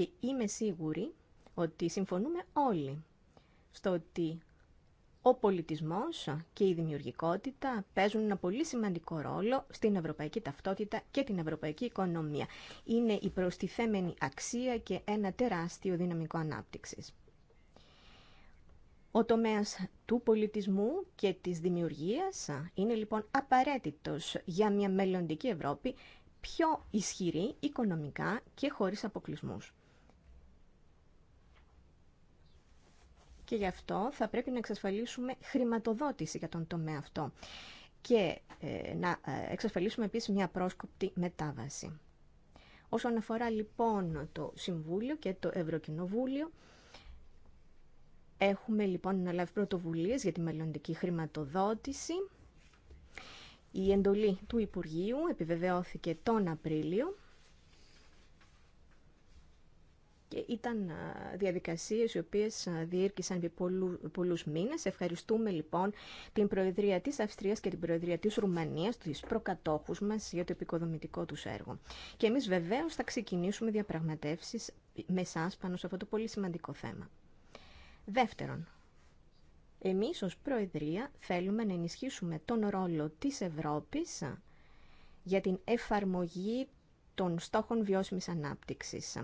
Και είμαι σίγουρη ότι συμφωνούμε όλοι στο ότι ο πολιτισμός και η δημιουργικότητα παίζουν ένα πολύ σημαντικό ρόλο στην ευρωπαϊκή ταυτότητα και την ευρωπαϊκή οικονομία. Είναι η προστιθέμενη αξία και ένα τεράστιο δυναμικό ανάπτυξης. Ο τομέας του πολιτισμού και της δημιουργίας είναι λοιπόν απαραίτητος για μια μελλοντική Ευρώπη πιο ισχυρή οικονομικά και χωρίς αποκλεισμούς. και γι' αυτό θα πρέπει να εξασφαλίσουμε χρηματοδότηση για τον τομέα αυτό και ε, να ε, εξασφαλίσουμε επίσης μια πρόσκοπτη μετάβαση. Όσον αφορά λοιπόν το Συμβούλιο και το Ευρωκοινοβούλιο, έχουμε λοιπόν να λάβει πρωτοβουλίες για τη μελλοντική χρηματοδότηση. Η εντολή του Υπουργείου επιβεβαιώθηκε τον Απρίλιο ήταν διαδικασίες οι οποίες διήρκησαν για πολλού, πολλούς μήνες. Ευχαριστούμε λοιπόν την Προεδρία της Αυστρίας και την Προεδρία της Ρουμανίας, τους προκατόχους μας για το επικοδομητικό τους έργο. Και εμείς βεβαίως θα ξεκινήσουμε διαπραγματεύσεις με εσά πάνω σε αυτό το πολύ σημαντικό θέμα. Δεύτερον, εμείς ως Προεδρία θέλουμε να ενισχύσουμε τον ρόλο της Ευρώπης για την εφαρμογή των στόχων βιώσιμης ανάπτυξης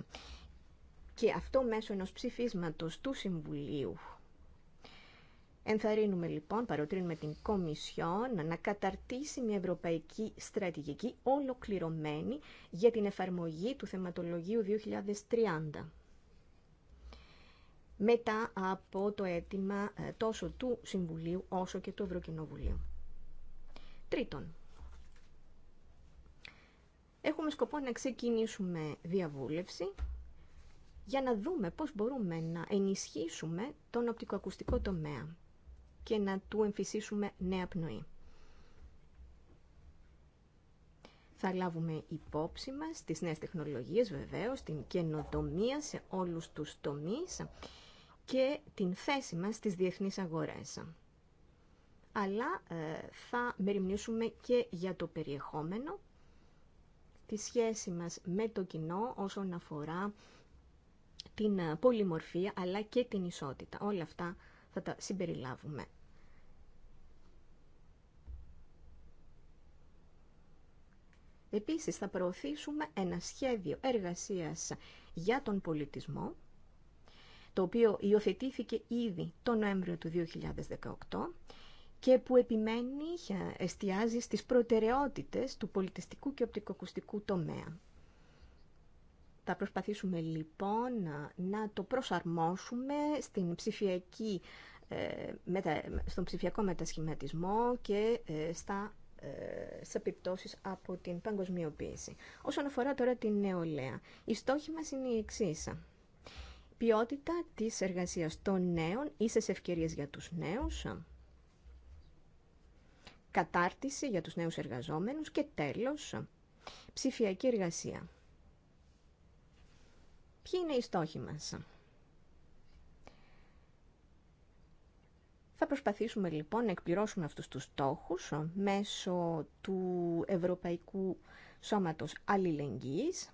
και αυτό μέσω ενός ψηφίσματος του Συμβουλίου. Ενθαρρύνουμε λοιπόν, παροτρύνουμε την Κομισιόν να καταρτήσει μια ευρωπαϊκή στρατηγική ολοκληρωμένη για την εφαρμογή του θεματολογίου 2030 μετά από το αίτημα ε, τόσο του Συμβουλίου όσο και του Ευρωκοινοβουλίου. Τρίτον, έχουμε σκοπό να ξεκινήσουμε διαβούλευση για να δούμε πώς μπορούμε να ενισχύσουμε τον οπτικοακουστικό τομέα και να του εμφυσίσουμε νέα πνοή. Θα λάβουμε υπόψη μας τις νέες τεχνολογίες βεβαίως, την καινοτομία σε όλους τους τομείς και την θέση μας στις διεθνείς αγορές. Αλλά ε, θα μεριμνήσουμε και για το περιεχόμενο, τη σχέση μας με το κοινό όσον αφορά την ε, πολυμορφία αλλά και την ισότητα. Όλα αυτά θα τα συμπεριλάβουμε. Επίσης θα προωθήσουμε ένα σχέδιο εργασίας για τον πολιτισμό, το οποίο υιοθετήθηκε ήδη το Νοέμβριο του 2018 και που επιμένει, ε, εστιάζει στις προτεραιότητες του πολιτιστικού και οπτικοκουστικού τομέα. Θα προσπαθήσουμε λοιπόν να το προσαρμόσουμε στην ψηφιακή, ε, στον ψηφιακό μετασχηματισμό και ε, στα ε, σε από την παγκοσμιοποίηση. Όσον αφορά τώρα την νεολαία, η στόχη μας είναι η εξή. Ποιότητα της εργασίας των νέων, ίσες ευκαιρίες για τους νέους, κατάρτιση για τους νέους εργαζόμενους και τέλος, ψηφιακή εργασία. Ποιοι είναι οι στόχοι μας. Θα προσπαθήσουμε λοιπόν να εκπληρώσουμε αυτούς τους στόχους μέσω του Ευρωπαϊκού Σώματος Αλληλεγγύης.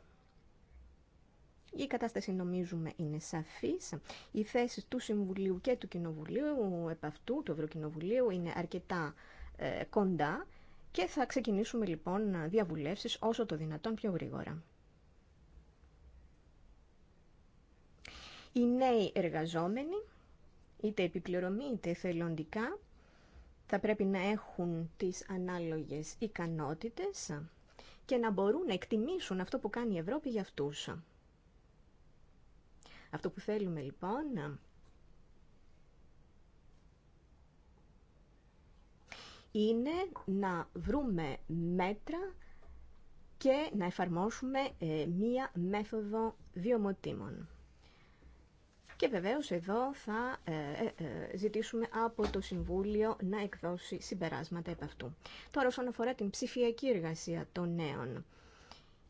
Η κατάσταση νομίζουμε είναι σαφής. Οι θέση του Συμβουλίου και του Κοινοβουλίου επ' αυτού, του Ευρωκοινοβουλίου, είναι αρκετά ε, κοντά και θα ξεκινήσουμε λοιπόν διαβουλεύσεις όσο το δυνατόν πιο γρήγορα. οι νέοι εργαζόμενοι, είτε επιπληρωμή είτε εθελοντικά, θα πρέπει να έχουν τις ανάλογες ικανότητες και να μπορούν να εκτιμήσουν αυτό που κάνει η Ευρώπη για αυτούς. Αυτό που θέλουμε λοιπόν είναι να βρούμε μέτρα και να εφαρμόσουμε ε, μία μέθοδο βιομοτήμων. Και βεβαίως εδώ θα ε, ε, ε, ζητήσουμε από το Συμβούλιο να εκδώσει συμπεράσματα επ' αυτού. Τώρα όσον αφορά την ψηφιακή εργασία των νέων.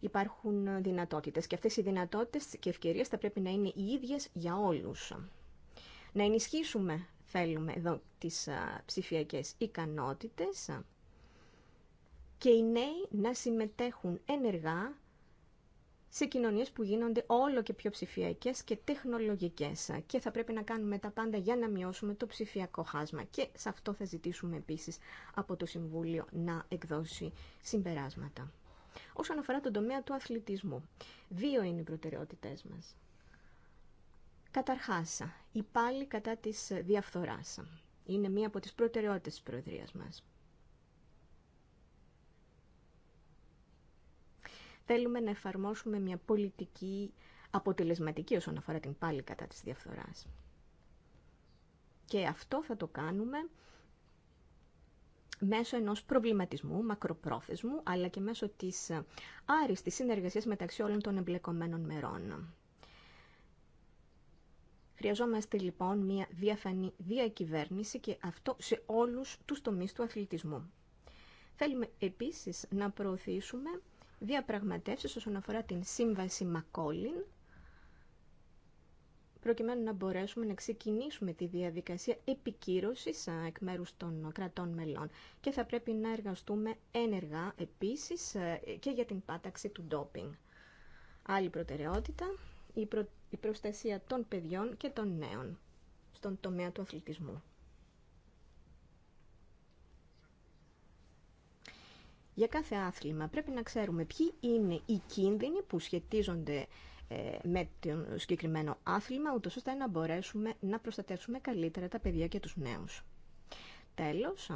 Υπάρχουν δυνατότητες και αυτές οι δυνατότητες και ευκαιρίες θα πρέπει να είναι οι ίδιες για όλους. Να ενισχύσουμε, θέλουμε, εδώ τις ψηφιακές ικανότητες και οι νέοι να συμμετέχουν ενεργά σε κοινωνίες που γίνονται όλο και πιο ψηφιακέ και τεχνολογικές και θα πρέπει να κάνουμε τα πάντα για να μειώσουμε το ψηφιακό χάσμα και σε αυτό θα ζητήσουμε επίση από το Συμβούλιο να εκδώσει συμπεράσματα. Όσον αφορά τον τομέα του αθλητισμού, δύο είναι οι προτεραιότητές μας. Καταρχάς, η πάλι κατά της διαφθοράς. Είναι μία από τι προτεραιότητε τη προεδρία μα. Θέλουμε να εφαρμόσουμε μια πολιτική αποτελεσματική όσον αφορά την πάλη κατά της διαφθοράς. Και αυτό θα το κάνουμε μέσω ενός προβληματισμού, μακροπρόθεσμου, αλλά και μέσω της άριστης συνεργασίας μεταξύ όλων των εμπλεκομένων μερών. Χρειαζόμαστε λοιπόν μια διαφανή διακυβέρνηση και αυτό σε όλους τους τομείς του αθλητισμού. Θέλουμε επίσης να προωθήσουμε διαπραγματεύσεις όσον αφορά την σύμβαση Μακόλιν προκειμένου να μπορέσουμε να ξεκινήσουμε τη διαδικασία επικύρωσης εκ μέρους των κρατών μελών και θα πρέπει να εργαστούμε ένεργα επίσης και για την πάταξη του ντόπινγκ. Άλλη προτεραιότητα, η, η προστασία των παιδιών και των νέων στον τομέα του αθλητισμού. για κάθε άθλημα πρέπει να ξέρουμε ποιοι είναι οι κίνδυνοι που σχετίζονται ε, με το συγκεκριμένο άθλημα, ούτως ώστε να μπορέσουμε να προστατεύσουμε καλύτερα τα παιδιά και τους νέους. Τέλος,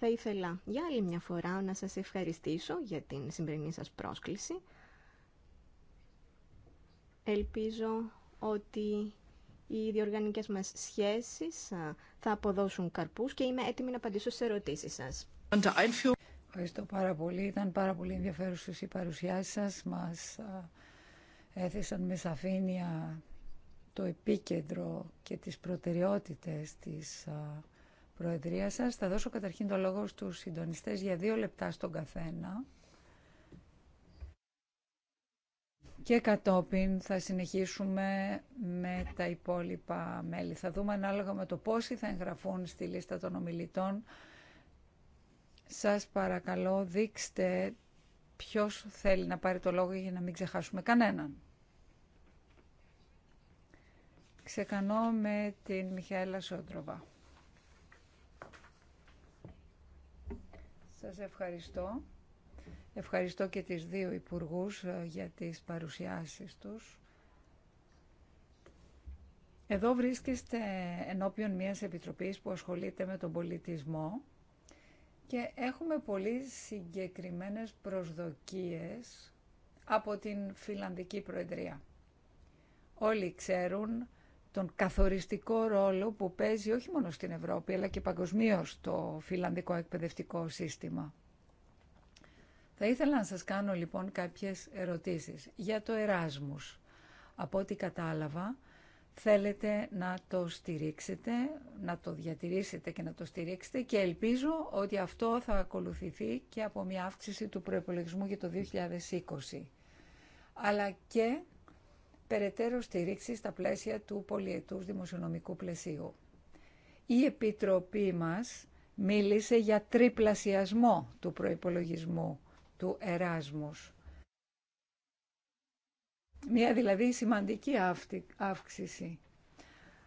θα ήθελα για άλλη μια φορά να σας ευχαριστήσω για την σημερινή σας πρόσκληση. Ελπίζω ότι οι διοργανικές μας σχέσεις ε, θα αποδώσουν καρπούς και είμαι έτοιμη να απαντήσω σε ερωτήσεις σας. Ευχαριστώ πάρα πολύ. Ήταν πάρα πολύ ενδιαφέρουσες οι παρουσιάσεις σας. Μας έθεσαν με σαφήνεια το επίκεντρο και τις προτεραιότητες της Προεδρίας σας. Θα δώσω καταρχήν το λόγο στους συντονιστές για δύο λεπτά στον καθένα. Και κατόπιν θα συνεχίσουμε με τα υπόλοιπα μέλη. Θα δούμε ανάλογα με το πόσοι θα εγγραφούν στη λίστα των ομιλητών σας παρακαλώ δείξτε ποιος θέλει να πάρει το λόγο για να μην ξεχάσουμε κανέναν. Ξεκανώ με την Μιχαέλα Σόντροβα. Σας ευχαριστώ. Ευχαριστώ και τις δύο υπουργούς ε, για τις παρουσιάσεις τους. Εδώ βρίσκεστε ενώπιον μιας επιτροπής που ασχολείται με τον πολιτισμό και έχουμε πολύ συγκεκριμένες προσδοκίες από την Φιλανδική Προεδρία. Όλοι ξέρουν τον καθοριστικό ρόλο που παίζει όχι μόνο στην Ευρώπη αλλά και παγκοσμίως το φιλανδικό εκπαιδευτικό σύστημα. Θα ήθελα να σας κάνω λοιπόν κάποιες ερωτήσεις για το Εράσμους. Από ό,τι κατάλαβα, θέλετε να το στηρίξετε, να το διατηρήσετε και να το στηρίξετε και ελπίζω ότι αυτό θα ακολουθηθεί και από μια αύξηση του προϋπολογισμού για το 2020 αλλά και περαιτέρω στηρίξη στα πλαίσια του πολιετούς δημοσιονομικού πλαισίου. Η Επιτροπή μας μίλησε για τριπλασιασμό του προϋπολογισμού του Εράσμους. Μια δηλαδή σημαντική αύξηση.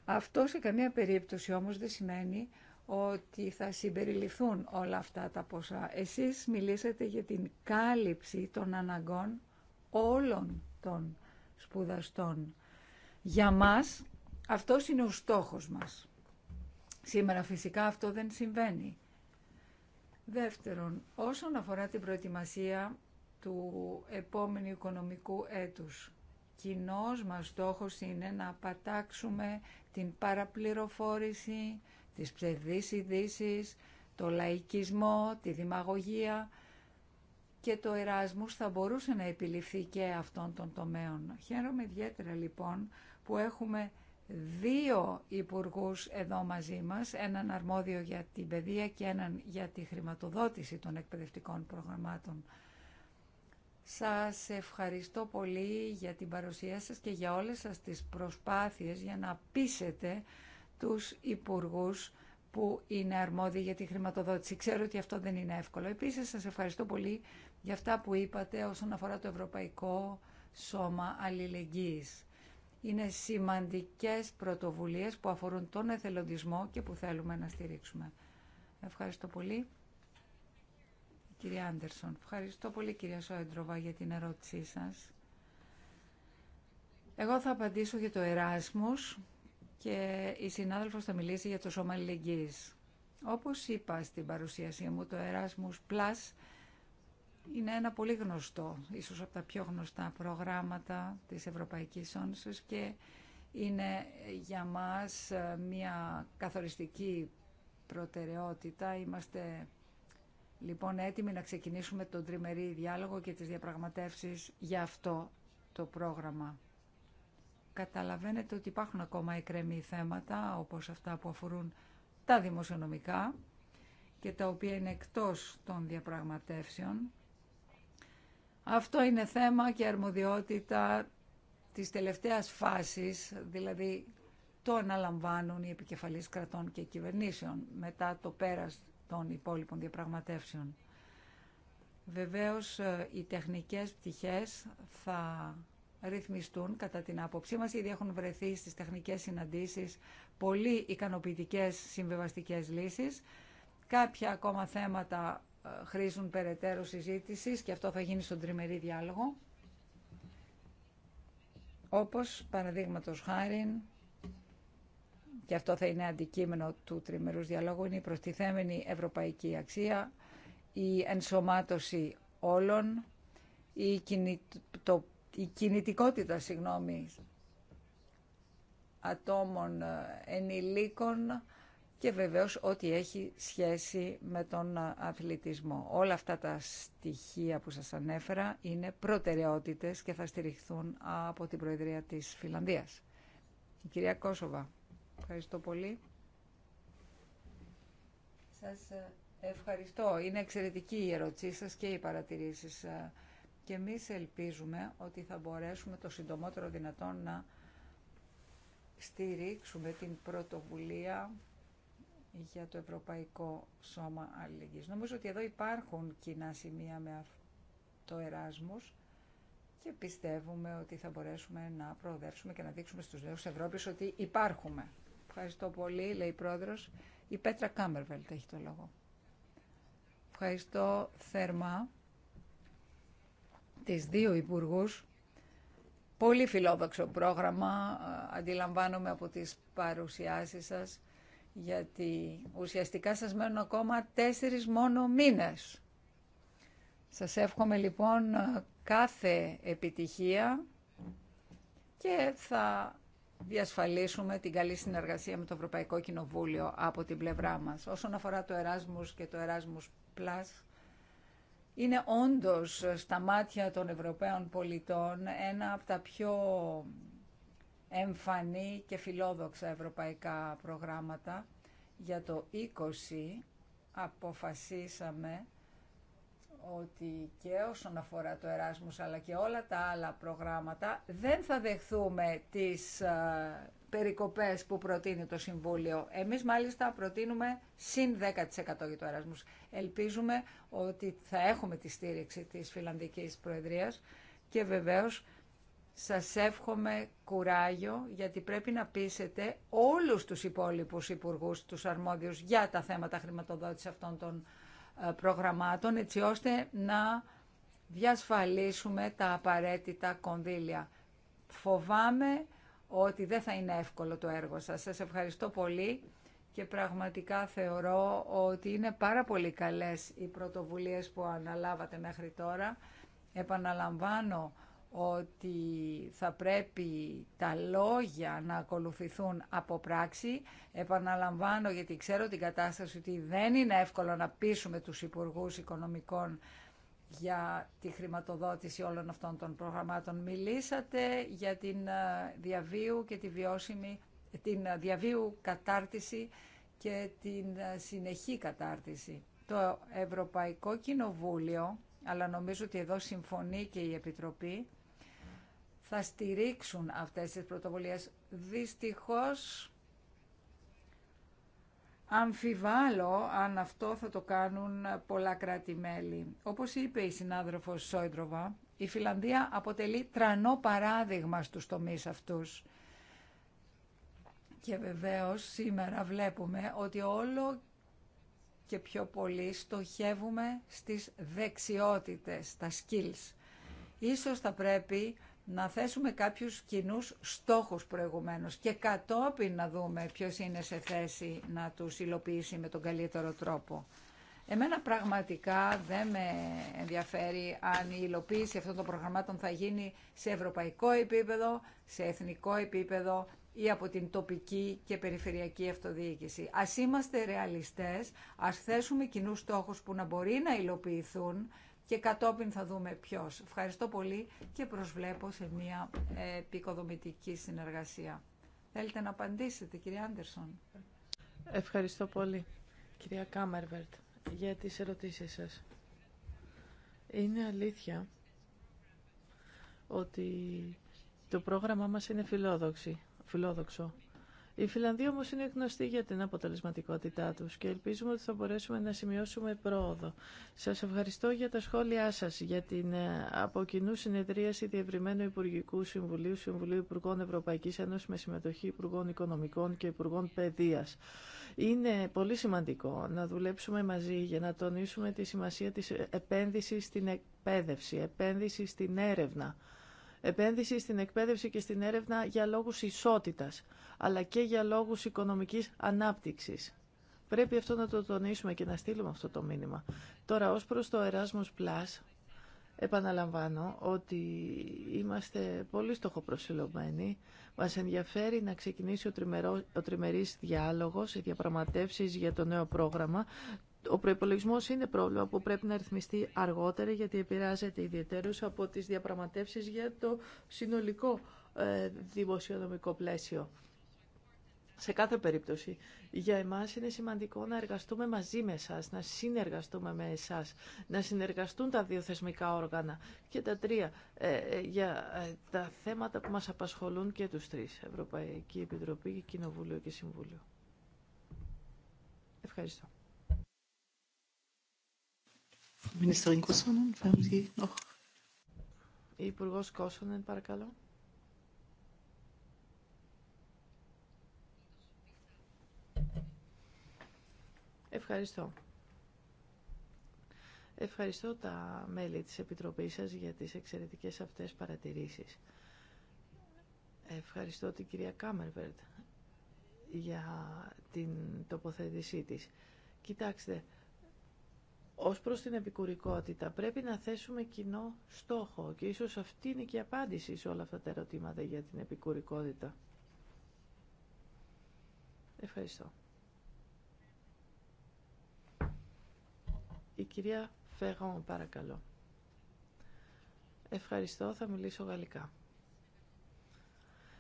Αυτό σε καμία περίπτωση όμως δεν σημαίνει ότι θα συμπεριληφθούν όλα αυτά τα ποσά. Εσείς μιλήσατε για την κάλυψη των αναγκών όλων των σπουδαστών. Για μας αυτό είναι ο στόχος μας. Σήμερα φυσικά αυτό δεν συμβαίνει. Δεύτερον, όσον αφορά την προετοιμασία του επόμενου οικονομικού έτους, κοινός μας στόχος είναι να πατάξουμε την παραπληροφόρηση, τις ψευδείς ειδήσει, το λαϊκισμό, τη δημαγωγία και το Εράσμους θα μπορούσε να επιληφθεί και αυτών των τομέων. Χαίρομαι ιδιαίτερα λοιπόν που έχουμε δύο υπουργούς εδώ μαζί μας, έναν αρμόδιο για την παιδεία και έναν για τη χρηματοδότηση των εκπαιδευτικών προγραμμάτων. Σας ευχαριστώ πολύ για την παρουσία σας και για όλες σας τις προσπάθειες για να πείσετε τους υπουργούς που είναι αρμόδιοι για τη χρηματοδότηση. Ξέρω ότι αυτό δεν είναι εύκολο. Επίσης, σας ευχαριστώ πολύ για αυτά που είπατε όσον αφορά το Ευρωπαϊκό Σώμα Αλληλεγγύης. Είναι σημαντικές πρωτοβουλίες που αφορούν τον εθελοντισμό και που θέλουμε να στηρίξουμε. Ευχαριστώ πολύ. Κυρία Άντερσον, ευχαριστώ πολύ κυρία Σόεντροβα για την ερώτησή σας. Εγώ θα απαντήσω για το Εράσμους και η συνάδελφος θα μιλήσει για το Σώμα Αλληλεγγύης. Όπως είπα στην παρουσίασή μου, το Erasmus Plus είναι ένα πολύ γνωστό, ίσως από τα πιο γνωστά προγράμματα της Ευρωπαϊκής Ένωσης και είναι για μας ε, μια καθοριστική προτεραιότητα. Είμαστε λοιπόν έτοιμοι να ξεκινήσουμε τον τριμερή διάλογο και τις διαπραγματεύσεις για αυτό το πρόγραμμα. Καταλαβαίνετε ότι υπάρχουν ακόμα εκρεμή θέματα, όπως αυτά που αφορούν τα δημοσιονομικά και τα οποία είναι εκτός των διαπραγματεύσεων. Αυτό είναι θέμα και αρμοδιότητα της τελευταίας φάσης, δηλαδή το αναλαμβάνουν οι επικεφαλείς κρατών και κυβερνήσεων μετά το πέρας των υπόλοιπων διαπραγματεύσεων. Βεβαίως ε, οι τεχνικές πτυχές θα ρυθμιστούν κατά την άποψή μας, ήδη έχουν βρεθεί στις τεχνικές συναντήσεις πολύ ικανοποιητικές συμβεβαστικές λύσεις. Κάποια ακόμα θέματα ε, χρήζουν περαιτέρω συζήτηση και αυτό θα γίνει στον τριμερή διάλογο. Όπως παραδείγματος χάρη και αυτό θα είναι αντικείμενο του τριμερούς διαλόγου, είναι η προστιθέμενη ευρωπαϊκή αξία, η ενσωμάτωση όλων, η, η κινητικότητα ατόμων ε, ενηλίκων και βεβαίως ό,τι έχει σχέση με τον ε, αθλητισμό. Όλα αυτά τα στοιχεία που σας ανέφερα είναι προτεραιότητες και θα στηριχθούν από την Προεδρία της Φιλανδίας. Η κυρία Κόσοβα. Ευχαριστώ πολύ. Σας ε, ευχαριστώ. Είναι εξαιρετική η ερώτησή σας και οι παρατηρήσεις. Ε, και εμείς ελπίζουμε ότι θα μπορέσουμε το συντομότερο δυνατόν να στηρίξουμε την πρωτοβουλία για το Ευρωπαϊκό Σώμα Αλληλεγγύης. Νομίζω ότι εδώ υπάρχουν κοινά σημεία με το Εράσμος και πιστεύουμε ότι θα μπορέσουμε να προοδεύσουμε και να δείξουμε στους νέους Ευρώπης ότι υπάρχουμε. Ευχαριστώ πολύ, λέει η πρόεδρος. Η Πέτρα Κάμερβελτ έχει το λόγο. Ευχαριστώ θερμά τις δύο υπουργούς. Πολύ φιλόδοξο πρόγραμμα, αντιλαμβάνομαι από τις παρουσιάσεις σας, γιατί ουσιαστικά σας μένουν ακόμα τέσσερις μόνο μήνες. Σας εύχομαι λοιπόν κάθε επιτυχία και θα διασφαλίσουμε την καλή συνεργασία με το Ευρωπαϊκό Κοινοβούλιο από την πλευρά μας. Όσον αφορά το Erasmus και το Erasmus Plus, είναι όντως στα μάτια των Ευρωπαίων πολιτών ένα από τα πιο εμφανή και φιλόδοξα ευρωπαϊκά προγράμματα. Για το 20 αποφασίσαμε ότι και όσον αφορά το Εράσμους αλλά και όλα τα άλλα προγράμματα δεν θα δεχθούμε τις ε, περικοπές που προτείνει το Συμβούλιο. Εμείς μάλιστα προτείνουμε συν 10% για το Εράσμους. Ελπίζουμε ότι θα έχουμε τη στήριξη της Φιλανδικής Προεδρίας και βεβαίως σας εύχομαι κουράγιο γιατί πρέπει να πείσετε όλους τους υπόλοιπους υπουργούς, τους αρμόδιους για τα θέματα χρηματοδότηση αυτών των ε, προγραμμάτων έτσι ώστε να διασφαλίσουμε τα απαραίτητα κονδύλια. Φοβάμαι ότι δεν θα είναι εύκολο το έργο σας. Σας ευχαριστώ πολύ και πραγματικά θεωρώ ότι είναι πάρα πολύ καλές οι πρωτοβουλίες που αναλάβατε μέχρι τώρα. Επαναλαμβάνω ότι θα πρέπει τα λόγια να ακολουθηθούν από πράξη. Επαναλαμβάνω γιατί ξέρω την κατάσταση ότι δεν είναι εύκολο να πείσουμε τους Υπουργούς Οικονομικών για τη χρηματοδότηση όλων αυτών των προγραμμάτων. Μιλήσατε για την ε, διαβίου και τη βιώσιμη, την ε, διαβίου κατάρτιση και την ε, συνεχή κατάρτιση. Το Ευρωπαϊκό Κοινοβούλιο, αλλά νομίζω ότι εδώ συμφωνεί και η Επιτροπή, θα στηρίξουν αυτές τις πρωτοβουλίες. Δυστυχώς αμφιβάλλω αν αυτό θα το κάνουν πολλά κράτη-μέλη. Όπως είπε η συνάδελφος Σόιντροβα, η Φιλανδία αποτελεί τρανό παράδειγμα στους τομείς αυτούς. Και βεβαίως σήμερα βλέπουμε ότι όλο και πιο πολύ στοχεύουμε στις δεξιότητες, τα skills. Ίσως θα πρέπει να θέσουμε κάποιους κοινού στόχους προηγουμένως και κατόπιν να δούμε ποιος είναι σε θέση να τους υλοποιήσει με τον καλύτερο τρόπο. Εμένα πραγματικά δεν με ενδιαφέρει αν η υλοποίηση αυτών των προγραμμάτων θα γίνει σε ευρωπαϊκό επίπεδο, σε εθνικό επίπεδο ή από την τοπική και περιφερειακή αυτοδιοίκηση. Ας είμαστε ρεαλιστές, ας θέσουμε κοινούς στόχους που να μπορεί να υλοποιηθούν και κατόπιν θα δούμε ποιος. Ευχαριστώ πολύ και προσβλέπω σε μια επικοδομητική συνεργασία. Θέλετε να απαντήσετε, κυρία Άντερσον. Ευχαριστώ πολύ, κυρία Κάμερβερτ, για τις ερωτήσεις σας. Είναι αλήθεια ότι το πρόγραμμά μας είναι φιλόδοξο. Η Φιλανδοί όμω είναι γνωστή για την αποτελεσματικότητά του και ελπίζουμε ότι θα μπορέσουμε να σημειώσουμε πρόοδο. Σα ευχαριστώ για τα σχόλιά σα για την ε, από κοινού συνεδρίαση Διευρυμένου Υπουργικού Συμβουλίου, Συμβουλίου Υπουργών Ευρωπαϊκή Ένωση με συμμετοχή Υπουργών Οικονομικών και Υπουργών Παιδεία. Είναι πολύ σημαντικό να δουλέψουμε μαζί για να τονίσουμε τη σημασία τη επένδυση στην εκπαίδευση, επένδυση στην έρευνα. Επένδυση στην εκπαίδευση και στην έρευνα για λόγους ισότητας, αλλά και για λόγους οικονομικής ανάπτυξης. Πρέπει αυτό να το τονίσουμε και να στείλουμε αυτό το μήνυμα. Τώρα, ως προς το Erasmus Plus, επαναλαμβάνω ότι είμαστε πολύ στοχοπροσυλλομένοι. Μας ενδιαφέρει να ξεκινήσει ο, τριμερό, ο τριμερής διάλογος, οι διαπραγματεύσεις για το νέο πρόγραμμα. Ο προπολογισμό είναι πρόβλημα που πρέπει να ρυθμιστεί αργότερα γιατί επηρεάζεται ιδιαίτερω από τι διαπραγματεύσει για το συνολικό ε, δημοσιονομικό πλαίσιο. Σε κάθε περίπτωση, για εμάς είναι σημαντικό να εργαστούμε μαζί με εσάς, να συνεργαστούμε με εσάς, να συνεργαστούν τα δύο θεσμικά όργανα και τα τρία ε, ε, για τα θέματα που μας απασχολούν και τους τρεις, Ευρωπαϊκή Επιτροπή, Κοινοβούλιο και Συμβούλιο. Ευχαριστώ. Ministerin haben Sie noch? Η Υπουργό Κόσονεν, παρακαλώ. Ευχαριστώ. Ευχαριστώ τα μέλη της Επιτροπής σας για τις εξαιρετικές αυτές παρατηρήσεις. Ευχαριστώ την κυρία Κάμερβερτ για την τοποθέτησή της. Κοιτάξτε, ως προς την επικουρικότητα πρέπει να θέσουμε κοινό στόχο και ίσως αυτή είναι και η απάντηση σε όλα αυτά τα ερωτήματα για την επικουρικότητα. Ευχαριστώ. Η κυρία Φεγόν, παρακαλώ. Ευχαριστώ, θα μιλήσω γαλλικά.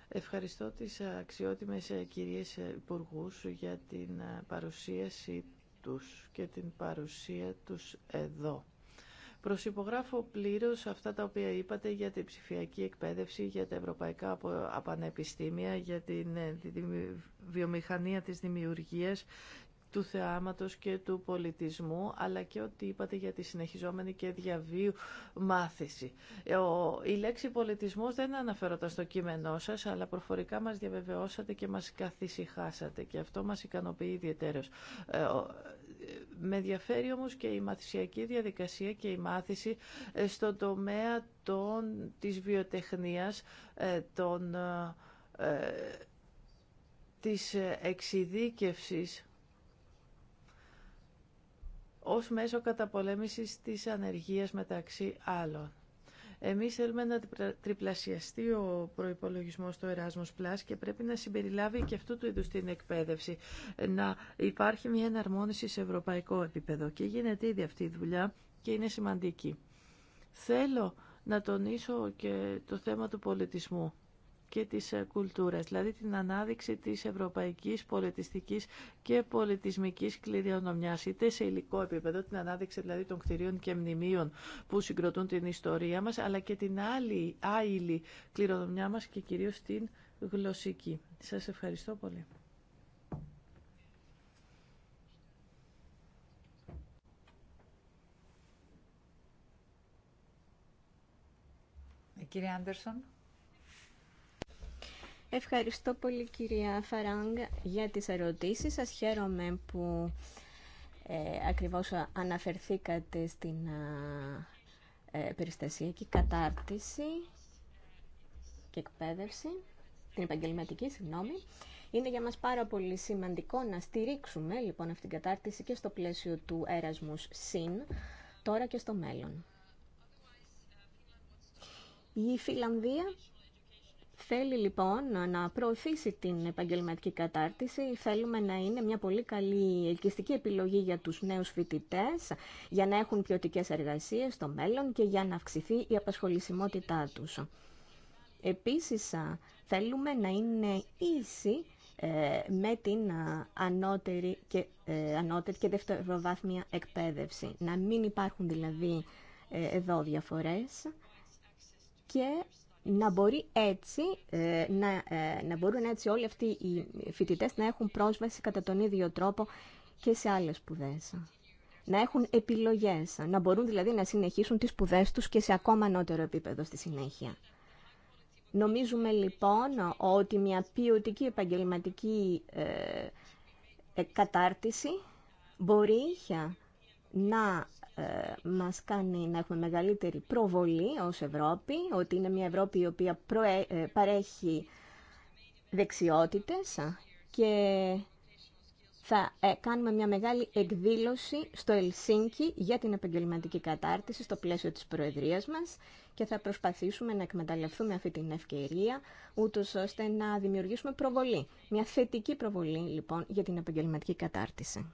Ευχαριστώ τις αξιότιμες ε, κυρίες ε, υπουργού για την ε, παρουσίαση τους και την παρουσία τους εδώ. Προσυπογράφω πλήρως αυτά τα οποία είπατε για την ψηφιακή εκπαίδευση, για τα ευρωπαϊκά πανεπιστήμια, για την ε, βιομηχανία της δημιουργίας, του θεάματος και του πολιτισμού, αλλά και ό,τι είπατε για τη συνεχιζόμενη και διαβίου μάθηση. Η λέξη πολιτισμός δεν αναφέρονταν στο κείμενό σας, αλλά προφορικά μας διαβεβαιώσατε και μας καθησυχάσατε και αυτό μας ικανοποιεί ιδιαίτερως. Ε, με ενδιαφέρει όμως και η μαθησιακή διαδικασία και η μάθηση ε, στον τομέα των, της βιοτεχνίας, ε, των, ε, της εξειδίκευσης ως μέσο καταπολέμησης της ανεργίας μεταξύ άλλων. Εμείς θέλουμε να τριπλασιαστεί ο προϋπολογισμός στο Erasmus Plus και πρέπει να συμπεριλάβει και αυτού του είδους την εκπαίδευση. Να υπάρχει μια εναρμόνιση σε ευρωπαϊκό επίπεδο και γίνεται ήδη αυτή η δουλειά και είναι σημαντική. Θέλω να τονίσω και το θέμα του πολιτισμού και της ε, κουλτούρας, δηλαδή την ανάδειξη της ευρωπαϊκής πολιτιστικής και πολιτισμικής κληρονομιάς, είτε σε υλικό επίπεδο, την ανάδειξη δηλαδή των κτηρίων και μνημείων που συγκροτούν την ιστορία μας, αλλά και την άλλη άειλη κληρονομιά μας και κυρίως την γλωσσική. Σας ευχαριστώ πολύ. Ε, κύριε Άντερσον. Ευχαριστώ πολύ κυρία Φαράγκ για τις ερωτήσεις σας. Χαίρομαι που ε, ακριβώς αναφερθήκατε στην ε, περιστασιακή κατάρτιση και εκπαίδευση, την επαγγελματική, συγγνώμη. Είναι για μας πάρα πολύ σημαντικό να στηρίξουμε λοιπόν αυτήν την κατάρτιση και στο πλαίσιο του έρασμους ΣΥΝ, τώρα και στο μέλλον. Η Φιλανδία Θέλει λοιπόν να προωθήσει την επαγγελματική κατάρτιση. Θέλουμε να είναι μια πολύ καλή ελκυστική επιλογή για τους νέους φοιτητέ, για να έχουν ποιοτικέ εργασίες στο μέλλον και για να αυξηθεί η απασχολησιμότητά τους. Επίσης, θέλουμε να είναι ίση ε, με την ανώτερη και, ε, ανώτερη και δευτεροβάθμια εκπαίδευση. Να μην υπάρχουν δηλαδή ε, εδώ διαφορές και να, μπορεί έτσι, ε, να, ε, να μπορούν έτσι όλοι αυτοί οι φοιτητές να έχουν πρόσβαση κατά τον ίδιο τρόπο και σε άλλες σπουδέ. Να έχουν επιλογές, να μπορούν δηλαδή να συνεχίσουν τις σπουδέ τους και σε ακόμα ανώτερο επίπεδο στη συνέχεια. Νομίζουμε λοιπόν ότι μια ποιοτική επαγγελματική ε, κατάρτιση μπορεί να ε, μας κάνει να έχουμε μεγαλύτερη προβολή ως Ευρώπη, ότι είναι μια Ευρώπη η οποία ε, παρέχει δεξιότητες και θα ε, κάνουμε μια μεγάλη εκδήλωση στο Ελσίνκι για την επαγγελματική κατάρτιση στο πλαίσιο της Προεδρίας μας και θα προσπαθήσουμε να εκμεταλλευτούμε αυτή την ευκαιρία ούτως ώστε να δημιουργήσουμε προβολή. Μια θετική προβολή λοιπόν για την επαγγελματική κατάρτιση.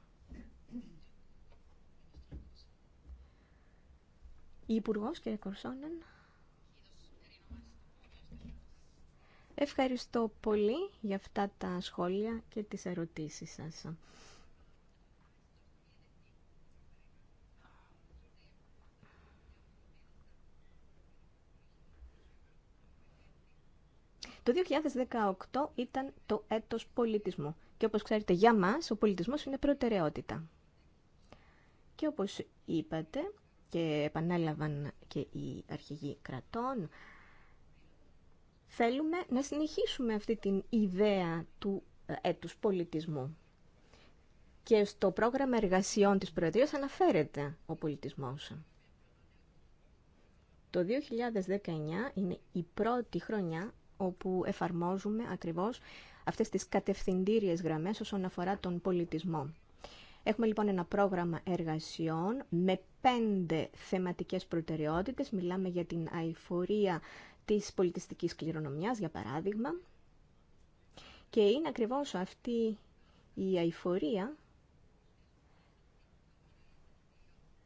η Κορσόνεν. Ευχαριστώ πολύ για αυτά τα σχόλια και τις ερωτήσεις σας. Το 2018 ήταν το έτος πολιτισμού και όπως ξέρετε για μας ο πολιτισμός είναι προτεραιότητα. Και όπως είπατε, και επανέλαβαν και οι αρχηγοί κρατών. Θέλουμε να συνεχίσουμε αυτή την ιδέα του ε, έτους πολιτισμού. Και στο πρόγραμμα εργασιών της Προεδρίας αναφέρεται ο πολιτισμός. Το 2019 είναι η πρώτη χρονιά όπου εφαρμόζουμε ακριβώς αυτές τις κατευθυντήριες γραμμές όσον αφορά τον πολιτισμό. Έχουμε λοιπόν ένα πρόγραμμα εργασιών με πέντε θεματικές προτεραιότητες. Μιλάμε για την αηφορία της πολιτιστικής κληρονομιάς, για παράδειγμα. Και είναι ακριβώς αυτή η αηφορία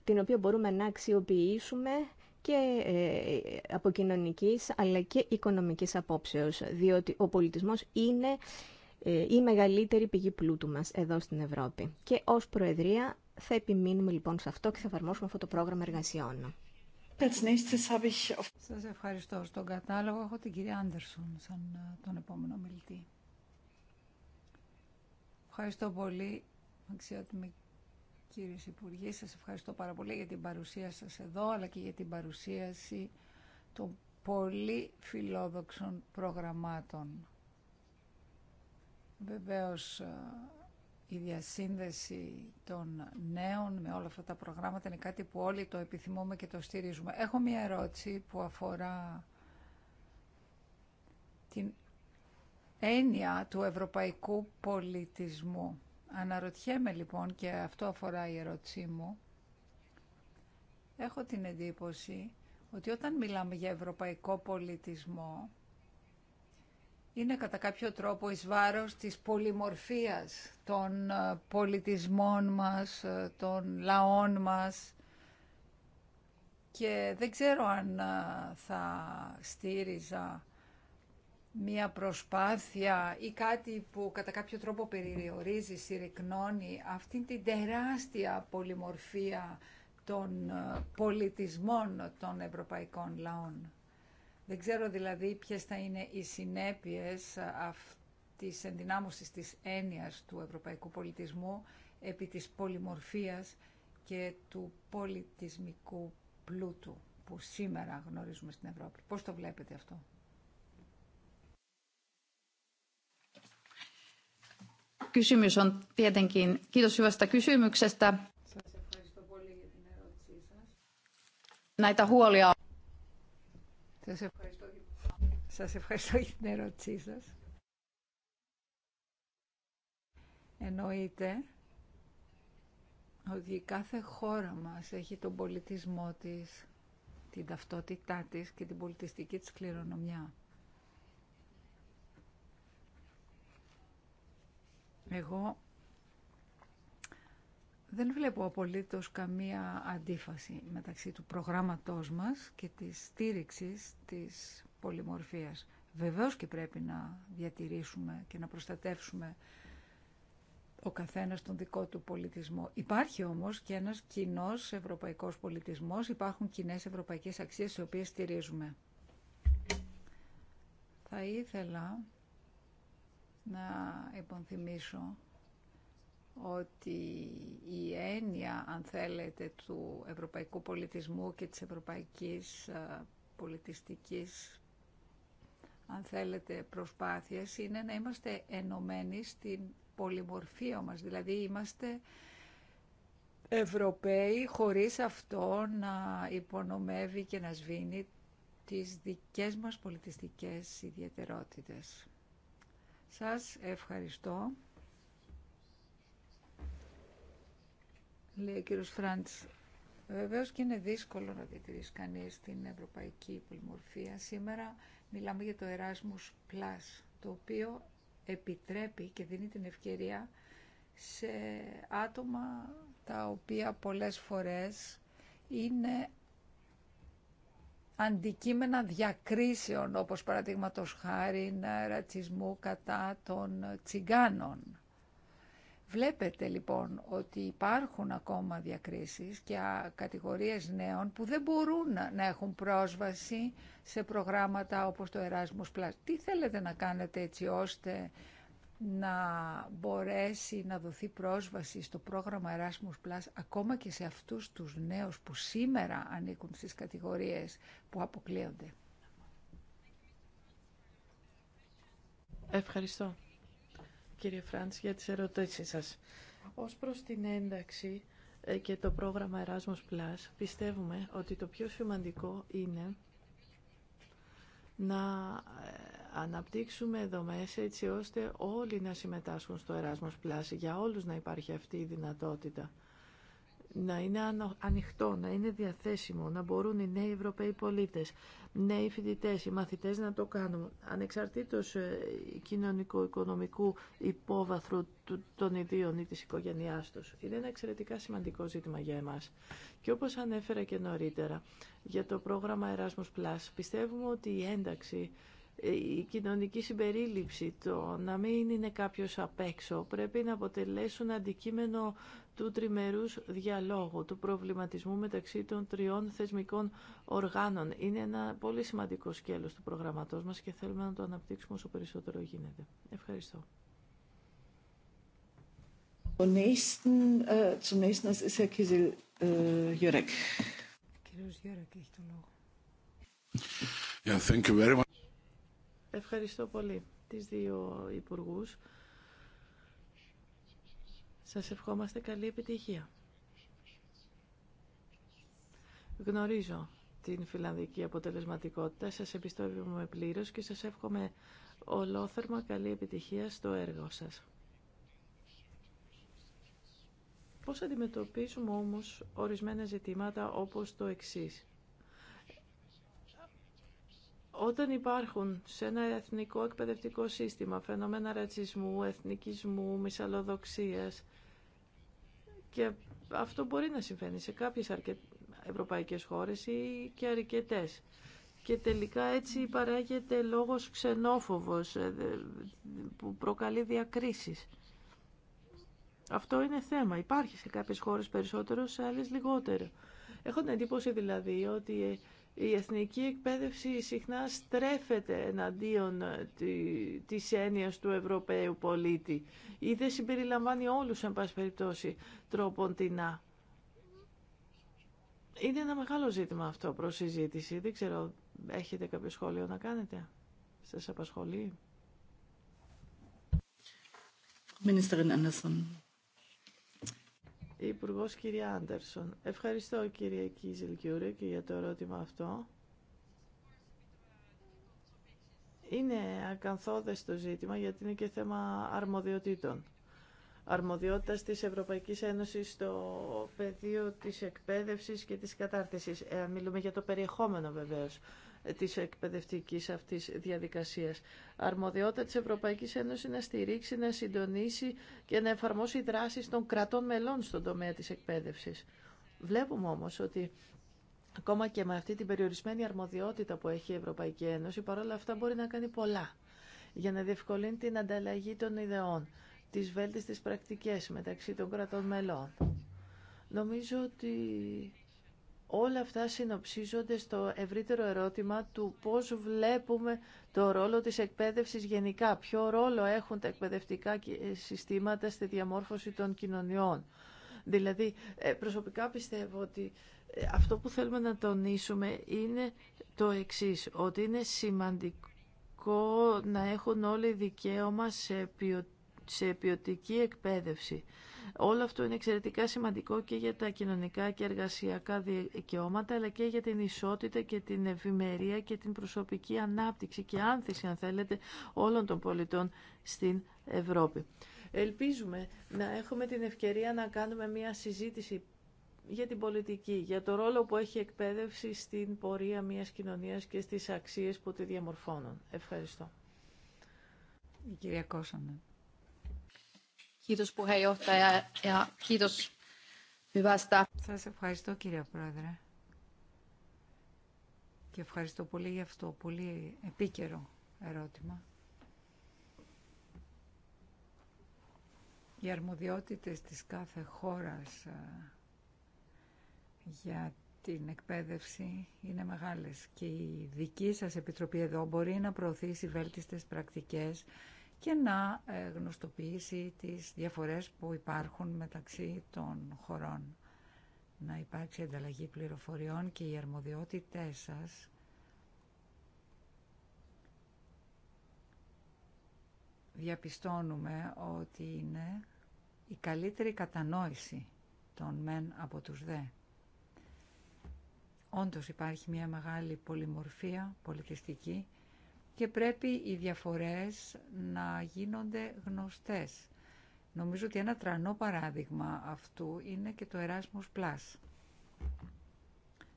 την οποία μπορούμε να αξιοποιήσουμε και ε, από κοινωνικής αλλά και οικονομικής απόψεως, διότι ο πολιτισμός είναι ε, η μεγαλύτερη πηγή πλούτου μας εδώ στην Ευρώπη. Και ως Προεδρία θα επιμείνουμε λοιπόν σε αυτό και θα εφαρμόσουμε αυτό το πρόγραμμα εργασιών. Σας ευχαριστώ. Στον κατάλογο έχω την κυρία Άντερσον σαν ε, τον επόμενο μιλητή. Ευχαριστώ πολύ, αξιότιμη κύριε Υπουργή. Σας ευχαριστώ πάρα πολύ για την παρουσία σας εδώ, αλλά και για την παρουσίαση των πολύ φιλόδοξων προγραμμάτων Βεβαίως ε, η διασύνδεση των νέων με όλα αυτά τα προγράμματα είναι κάτι που όλοι το επιθυμούμε και το στηρίζουμε. Έχω μία ερώτηση που αφορά την έννοια του ευρωπαϊκού πολιτισμού. Αναρωτιέμαι λοιπόν και αυτό αφορά η ερώτησή μου. Έχω την εντύπωση ότι όταν μιλάμε για ευρωπαϊκό πολιτισμό είναι κατά κάποιο τρόπο εις βάρος της πολυμορφίας των ε, πολιτισμών μας, ε, των λαών μας και δεν ξέρω αν ε, θα στήριζα μία προσπάθεια ή κάτι που κατά κάποιο τρόπο περιορίζει, συρρυκνώνει αυτήν την τεράστια πολυμορφία των πολιτισμών των ευρωπαϊκών λαών. Δεν ξέρω δηλαδή ποιες θα είναι οι συνέπειες ε, αυτής ενδυνάμωσης της έννοιας του ευρωπαϊκού πολιτισμού επί της πολυμορφίας και του πολιτισμικού πλούτου που σήμερα γνωρίζουμε στην Ευρώπη. Πώς το βλέπετε αυτό. Kysymys on tietenkin. Kiitos hyvästä kysymyksestä. Näitä huolia σας ευχαριστώ, σας ευχαριστώ για την ερώτησή σας. Εννοείται ότι κάθε χώρα μας έχει τον πολιτισμό της, την ταυτότητά της και την πολιτιστική της κληρονομιά. Εγώ δεν βλέπω απολύτως καμία αντίφαση μεταξύ του προγράμματός μας και της στήριξη της πολυμορφίας. Βεβαίως και πρέπει να διατηρήσουμε και να προστατεύσουμε ο καθένας τον δικό του πολιτισμό. Υπάρχει όμως και ένας κοινό ευρωπαϊκός πολιτισμός, υπάρχουν κοινέ ευρωπαϊκές αξίες τις οποίες στηρίζουμε. Θα ήθελα να υποθυμίσω ότι η έννοια, αν θέλετε, του ευρωπαϊκού πολιτισμού και της ευρωπαϊκής ε, πολιτιστικής, αν θέλετε, προσπάθειας είναι να είμαστε ενωμένοι στην πολυμορφία μας. Δηλαδή είμαστε Ευρωπαίοι χωρίς αυτό να υπονομεύει και να σβήνει τις δικές μας πολιτιστικές ιδιαιτερότητες. Σας ευχαριστώ. λέει ο κύριος Φραντς. Βεβαίως και είναι δύσκολο να διατηρήσει κανείς την ευρωπαϊκή πολυμορφία. Σήμερα μιλάμε για το Erasmus Plus, το οποίο επιτρέπει και δίνει την ευκαιρία σε άτομα τα οποία πολλές φορές είναι αντικείμενα διακρίσεων, όπως παραδείγματο χάρη ρατσισμού κατά των τσιγκάνων. Βλέπετε λοιπόν ότι υπάρχουν ακόμα διακρίσεις και κατηγορίες νέων που δεν μπορούν να έχουν πρόσβαση σε προγράμματα όπως το Erasmus Τι θέλετε να κάνετε έτσι ώστε να μπορέσει να δοθεί πρόσβαση στο πρόγραμμα Erasmus ακόμα και σε αυτούς τους νέους που σήμερα ανήκουν στις κατηγορίες που αποκλείονται. Ευχαριστώ κύριε Φραντς, για τις ερωτήσεις σας. Ως προς την ένταξη ε, και το πρόγραμμα Erasmus Plus, πιστεύουμε ότι το πιο σημαντικό είναι να ε, αναπτύξουμε δομές έτσι ώστε όλοι να συμμετάσχουν στο Erasmus Plus, για όλους να υπάρχει αυτή η δυνατότητα να είναι ανοιχτό, να είναι διαθέσιμο, να μπορούν οι νέοι Ευρωπαίοι πολίτες, νέοι φοιτητές, οι μαθητές να το κάνουν, ανεξαρτήτως ε, κοινωνικο-οικονομικού υπόβαθρου των ιδίων ή της οικογένειάς τους. Είναι ένα εξαιρετικά σημαντικό ζήτημα για εμάς. Και όπως ανέφερα και νωρίτερα, για το πρόγραμμα Erasmus Plus, πιστεύουμε ότι η ένταξη ε, η κοινωνική συμπερίληψη, το να μην είναι κάποιος απ' έξω, πρέπει να αποτελέσουν αντικείμενο του τριμερούς διαλόγου, του προβληματισμού μεταξύ των τριών θεσμικών οργάνων. Είναι ένα πολύ σημαντικό σκέλος του προγραμματός μας και θέλουμε να το αναπτύξουμε όσο περισσότερο γίνεται. Ευχαριστώ. Äh, ist äh, thank you very much. Ευχαριστώ πολύ τις δύο υπουργούς. Σας ευχόμαστε καλή επιτυχία. Γνωρίζω την φιλανδική αποτελεσματικότητα. Σας εμπιστεύομαι πλήρως και σας εύχομαι ολόθερμα καλή επιτυχία στο έργο σας. Πώς αντιμετωπίζουμε όμως ορισμένα ζητήματα όπως το εξής. Όταν υπάρχουν σε ένα εθνικό εκπαιδευτικό σύστημα φαινόμενα ρατσισμού, εθνικισμού, μυσαλλοδοξίας, και αυτό μπορεί να συμβαίνει σε κάποιες αρκε... ευρωπαϊκές χώρες ή και αρκετές. Και τελικά έτσι παράγεται λόγος ξενόφοβος ε, που προκαλεί διακρίσεις. Αυτό είναι θέμα. Υπάρχει σε κάποιες χώρες περισσότερο, σε άλλες λιγότερο. Έχω την εντύπωση δηλαδή ότι η εθνική εκπαίδευση συχνά στρέφεται εναντίον ε, της έννοιας του Ευρωπαίου πολίτη ή δεν συμπεριλαμβάνει όλους, εν πάση περιπτώσει, τρόπον τεινά. Είναι ένα μεγάλο ζήτημα αυτό προς συζήτηση. Δεν ξέρω, έχετε κάποιο σχόλιο να κάνετε. Σας απασχολεί. Ministerin Anderson η Υπουργός κυρία Άντερσον. Ευχαριστώ κύριε Κίζελ για το ερώτημα αυτό. Είναι ακαθόδες το ζήτημα γιατί είναι και θέμα αρμοδιοτήτων. Αρμοδιότητας της Ευρωπαϊκής Ένωσης στο πεδίο της εκπαίδευσης και της κατάρτισης. Ε, μιλούμε για το περιεχόμενο βεβαίως της εκπαιδευτικής αυτής διαδικασίας. Αρμοδιότητα της Ευρωπαϊκής Ένωσης να στηρίξει, να συντονίσει και να εφαρμόσει δράσεις των κρατών μελών στον τομέα της εκπαίδευσης. Βλέπουμε όμως ότι ακόμα και με αυτή την περιορισμένη αρμοδιότητα που έχει η Ευρωπαϊκή Ένωση, παρόλα αυτά μπορεί να κάνει πολλά για να διευκολύνει την ανταλλαγή των ιδεών, τις βέλτιστες πρακτικές μεταξύ των κρατών μελών. Νομίζω ότι Όλα αυτά συνοψίζονται στο ευρύτερο ερώτημα του πώς βλέπουμε το ρόλο της εκπαίδευσης γενικά. Ποιο ρόλο έχουν τα εκπαιδευτικά ε, συστήματα στη διαμόρφωση των κοινωνιών. Δηλαδή, ε, προσωπικά πιστεύω ότι ε, αυτό που θέλουμε να τονίσουμε είναι το εξής, ότι είναι σημαντικό να έχουν όλοι δικαίωμα σε ποιοτική εκπαίδευση. Όλο αυτό είναι εξαιρετικά σημαντικό και για τα κοινωνικά και εργασιακά δικαιώματα, αλλά και για την ισότητα και την ευημερία και την προσωπική ανάπτυξη και άνθηση, αν θέλετε, όλων των πολιτών στην Ευρώπη. Ελπίζουμε να έχουμε την ευκαιρία να κάνουμε μια συζήτηση για την πολιτική, για το ρόλο που έχει εκπαίδευση στην πορεία μιας κοινωνίας και στις αξίες που τη διαμορφώνουν. Ευχαριστώ. κυρία Σα Σας ευχαριστώ κύριε Πρόεδρε. Και ευχαριστώ πολύ για αυτό πολύ επίκαιρο ερώτημα. Οι αρμοδιότητες της κάθε χώρας ε, για την εκπαίδευση είναι μεγάλες και η δική σας επιτροπή εδώ μπορεί να προωθήσει βέλτιστες πρακτικές και να ε, γνωστοποιήσει τις διαφορές που υπάρχουν μεταξύ των χωρών. Να υπάρξει ανταλλαγή πληροφοριών και οι αρμοδιότητές σας διαπιστώνουμε ότι είναι η καλύτερη κατανόηση των μεν από τους δε. Όντως υπάρχει μια μεγάλη πολυμορφία πολιτιστική και πρέπει οι διαφορές να γίνονται γνωστές. Νομίζω ότι ένα τρανό παράδειγμα αυτού είναι και το Erasmus Plus.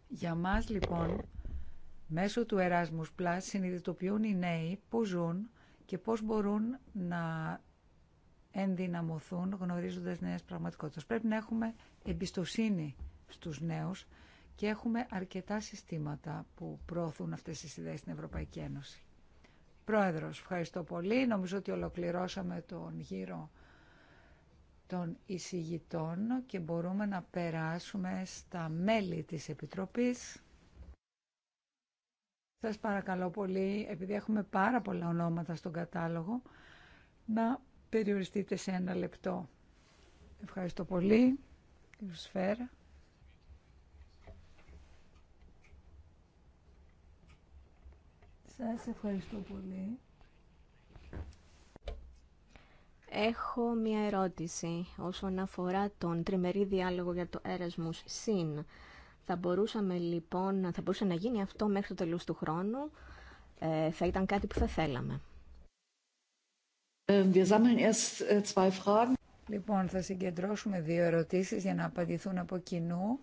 Για μας λοιπόν, μέσω του Erasmus Plus συνειδητοποιούν οι νέοι πώς ζουν και πώς μπορούν να ενδυναμωθούν γνωρίζοντας νέες πραγματικότητες. Πρέπει να έχουμε εμπιστοσύνη στους νέους και έχουμε αρκετά συστήματα που προωθούν αυτές τις ιδέες στην Ευρωπαϊκή Ένωση. Πρόεδρος, ευχαριστώ πολύ. Νομίζω ότι ολοκληρώσαμε τον γύρο των εισηγητών και μπορούμε να περάσουμε στα μέλη της Επιτροπής. Σας παρακαλώ πολύ, επειδή έχουμε πάρα πολλά ονόματα στον κατάλογο, να περιοριστείτε σε ένα λεπτό. Ευχαριστώ πολύ, η Σας ευχαριστώ πολύ. Έχω μία ερώτηση όσον αφορά τον τριμερή διάλογο για το Erasmus ΣΥΝ. Θα μπορούσαμε λοιπόν, θα μπορούσε να γίνει αυτό μέχρι το τέλος του χρόνου. Ε, θα ήταν κάτι που θα θέλαμε. Ε, ε, λοιπόν, θα συγκεντρώσουμε δύο ερωτήσεις για να απαντηθούν από κοινού.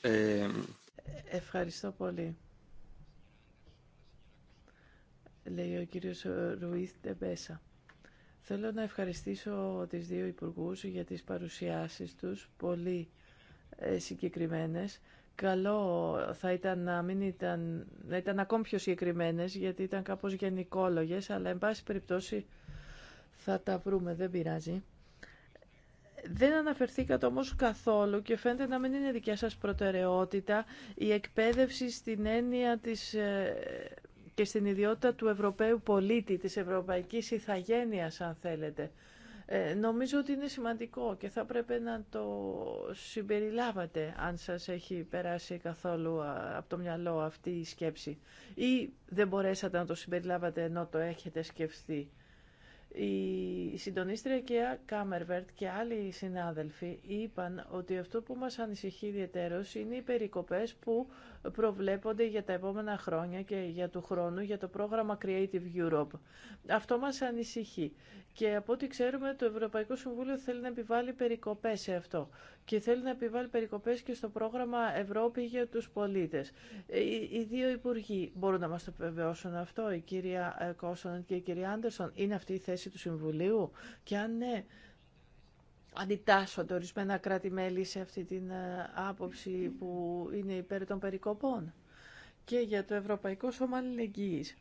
Eh, Ευχαριστώ πολύ. Λέει ο κύριος Ρουίθ Τεμπέσα. Θέλω να ευχαριστήσω τις δύο υπουργούς για τις παρουσιάσεις τους, πολύ ε, συγκεκριμένες. Καλό θα ήταν να μην ήταν, να ήταν ακόμη πιο συγκεκριμένες, γιατί ήταν κάπως γενικόλογες, αλλά εν πάση περιπτώσει θα τα βρούμε, δεν πειράζει. Δεν αναφερθήκατε όμως καθόλου και φαίνεται να μην είναι δικιά σας προτεραιότητα η εκπαίδευση στην έννοια της ε, και στην ιδιότητα του Ευρωπαίου πολίτη, της Ευρωπαϊκής Ιθαγένειας αν θέλετε. Ε, νομίζω ότι είναι σημαντικό και θα πρέπει να το συμπεριλάβατε αν σας έχει περάσει καθόλου από το μυαλό αυτή η σκέψη ή δεν μπορέσατε να το συμπεριλάβατε ενώ το έχετε σκεφτεί. Η συντονίστρια Κέα Κάμερβερτ και άλλοι συνάδελφοι είπαν ότι αυτό που μας ανησυχεί ιδιαίτερως είναι οι περικοπές που προβλέπονται για τα επόμενα χρόνια και για του χρόνου για το πρόγραμμα Creative Europe. Αυτό μας ανησυχεί. Και από ό,τι ξέρουμε το Ευρωπαϊκό Συμβούλιο θέλει να επιβάλλει περικοπές σε αυτό και θέλει να επιβάλλει περικοπές και στο πρόγραμμα Ευρώπη για τους πολίτες. Ε, οι δύο υπουργοί μπορούν να μας το επιβεβαιώσουν αυτό, η κυρία ε, Κόσον και η κυρία Άντερσον. Είναι αυτή η θέση του Συμβουλίου και αν ναι, αντιτάσσονται ορισμένα κράτη-μέλη σε αυτή την ε, άποψη που είναι υπέρ των περικοπών και για το Ευρωπαϊκό Σώμα Αλληλεγγύης.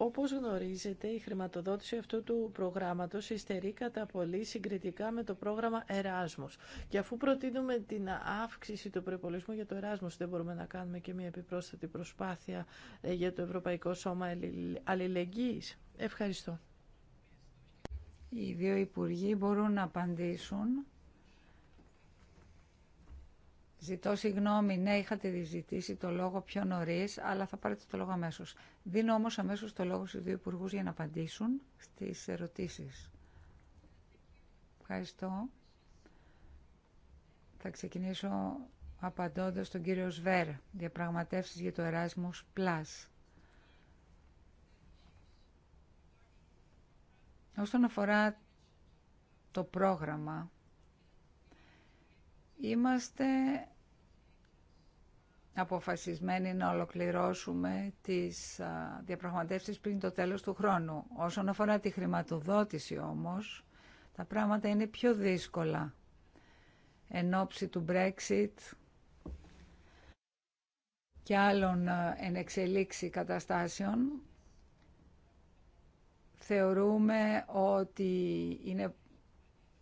Όπως γνωρίζετε, η χρηματοδότηση αυτού του προγράμματος ειστερεί κατά πολύ συγκριτικά με το πρόγραμμα Εράσμος. Και αφού προτείνουμε την αύξηση του προπολογισμού για το Εράσμος, δεν μπορούμε να κάνουμε και μια επιπρόσθετη προσπάθεια ε, για το Ευρωπαϊκό Σώμα Αλληλεγγύης. Ευχαριστώ οι δύο υπουργοί μπορούν να απαντήσουν. Ζητώ συγγνώμη, ναι, είχατε ζητήσει το λόγο πιο νωρί, αλλά θα πάρετε το λόγο αμέσω. Δίνω όμω αμέσω το λόγο στου δύο υπουργού για να απαντήσουν στι ερωτήσει. Ευχαριστώ. Θα ξεκινήσω απαντώντας τον κύριο Σβέρ, διαπραγματεύσεις για το Erasmus Plus. Όσον αφορά το πρόγραμμα, είμαστε αποφασισμένοι να ολοκληρώσουμε τις διαπραγματεύσεις πριν το τέλος του χρόνου. Όσον αφορά τη χρηματοδότηση όμως, τα πράγματα είναι πιο δύσκολα. Εν ώψη του Brexit και άλλων ενεξελίξη καταστάσεων, Θεωρούμε ότι είναι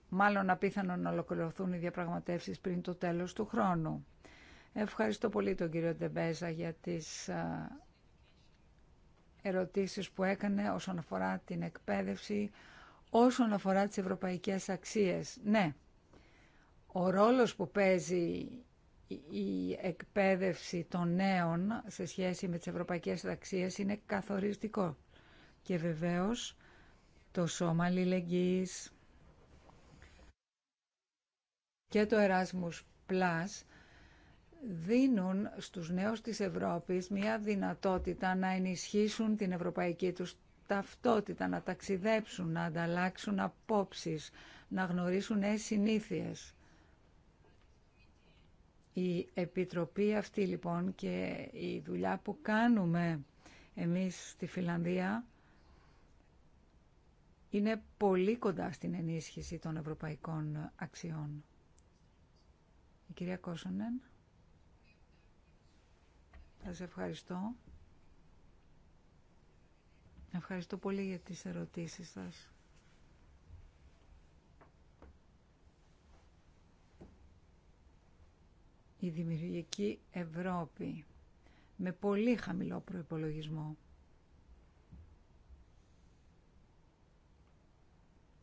μάλλον απίθανο να ολοκληρωθούν οι διαπραγματεύσεις πριν το τέλος του χρόνου. Ευχαριστώ πολύ τον κύριο Ντεμπέζα για τις ερωτήσεις που έκανε όσον αφορά την εκπαίδευση, όσον αφορά τις ευρωπαϊκές αξίες. Ναι, ο ρόλος που παίζει η εκπαίδευση των νέων σε σχέση με τις ευρωπαϊκές αξίες είναι καθοριστικό και βεβαίως το Σώμα Αλληλεγγύης και το Erasmus Plus δίνουν στους νέους της Ευρώπης μια δυνατότητα να ενισχύσουν την ευρωπαϊκή τους ταυτότητα, να ταξιδέψουν, να ανταλλάξουν απόψεις, να γνωρίσουν νέες συνήθειες. Η Επιτροπή αυτή λοιπόν και η δουλειά που κάνουμε εμείς στη Φιλανδία είναι πολύ κοντά στην ενίσχυση των ευρωπαϊκών αξιών. Η κυρία Κόσονεν. Σας ευχαριστώ. Ευχαριστώ πολύ για τις ερωτήσεις σας. Η δημιουργική Ευρώπη με πολύ χαμηλό προϋπολογισμό.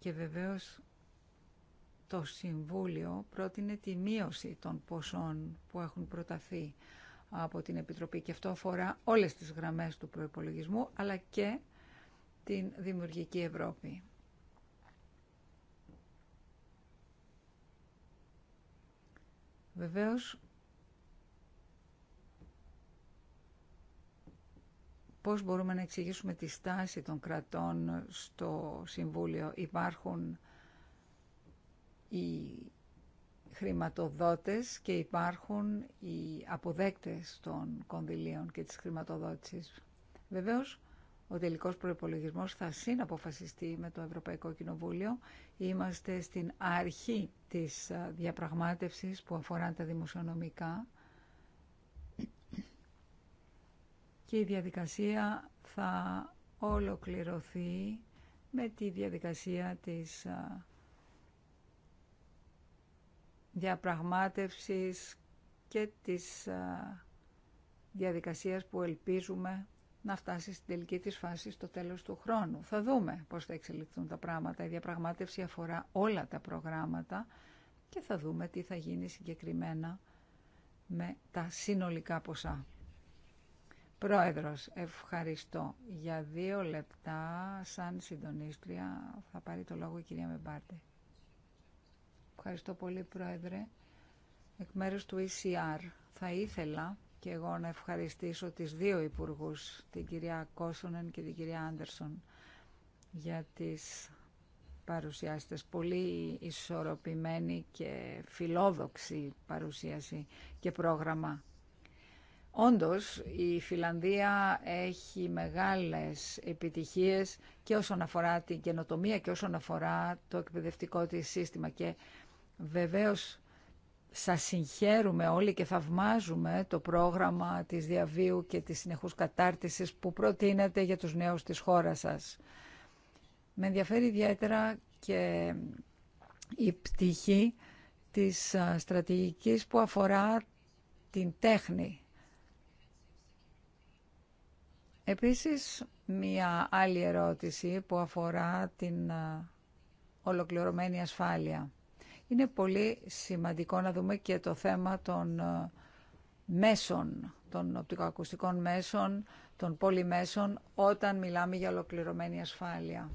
Και βεβαίως το Συμβούλιο πρότεινε τη μείωση των ποσών που έχουν προταθεί από την Επιτροπή και αυτό αφορά όλες τις γραμμές του προϋπολογισμού αλλά και την Δημιουργική Ευρώπη. Βεβαίως πώς μπορούμε να εξηγήσουμε τη στάση των κρατών στο Συμβούλιο. Υπάρχουν οι χρηματοδότες και υπάρχουν οι αποδέκτες των κονδυλίων και της χρηματοδότησης. Βεβαίως, ο τελικός προϋπολογισμός θα συναποφασιστεί με το Ευρωπαϊκό Κοινοβούλιο. Είμαστε στην αρχή της διαπραγμάτευσης που αφορά τα δημοσιονομικά και η διαδικασία θα ολοκληρωθεί με τη διαδικασία της διαπραγμάτευσης και της διαδικασίας που ελπίζουμε να φτάσει στην τελική της φάση στο τέλος του χρόνου. Θα δούμε πώς θα εξελιχθούν τα πράγματα. Η διαπραγμάτευση αφορά όλα τα προγράμματα και θα δούμε τι θα γίνει συγκεκριμένα με τα συνολικά ποσά. Πρόεδρος, ευχαριστώ. Για δύο λεπτά, σαν συντονίστρια, θα πάρει το λόγο η κυρία Μεμπάρτε. Ευχαριστώ πολύ, Πρόεδρε. Εκ μέρους του ECR θα ήθελα και εγώ να ευχαριστήσω τις δύο υπουργούς, την κυρία Κόσονεν και την κυρία Άντερσον, για τις παρουσιάστες. Πολύ ισορροπημένη και φιλόδοξη παρουσίαση και πρόγραμμα Όντως, η Φιλανδία έχει μεγάλες επιτυχίες και όσον αφορά την καινοτομία και όσον αφορά το εκπαιδευτικό της σύστημα. Και βεβαίως σας συγχαίρουμε όλοι και θαυμάζουμε το πρόγραμμα της διαβίου και της συνεχούς κατάρτισης που προτείνεται για τους νέους της χώρας σας. Με ενδιαφέρει ιδιαίτερα και η πτυχή της ε, στρατηγικής που αφορά την τέχνη Επίσης, μία άλλη ερώτηση που αφορά την ολοκληρωμένη ασφάλεια. Είναι πολύ σημαντικό να δούμε και το θέμα των μέσων, των οπτικοακουστικών μέσων, των πολυμέσων, όταν μιλάμε για ολοκληρωμένη ασφάλεια.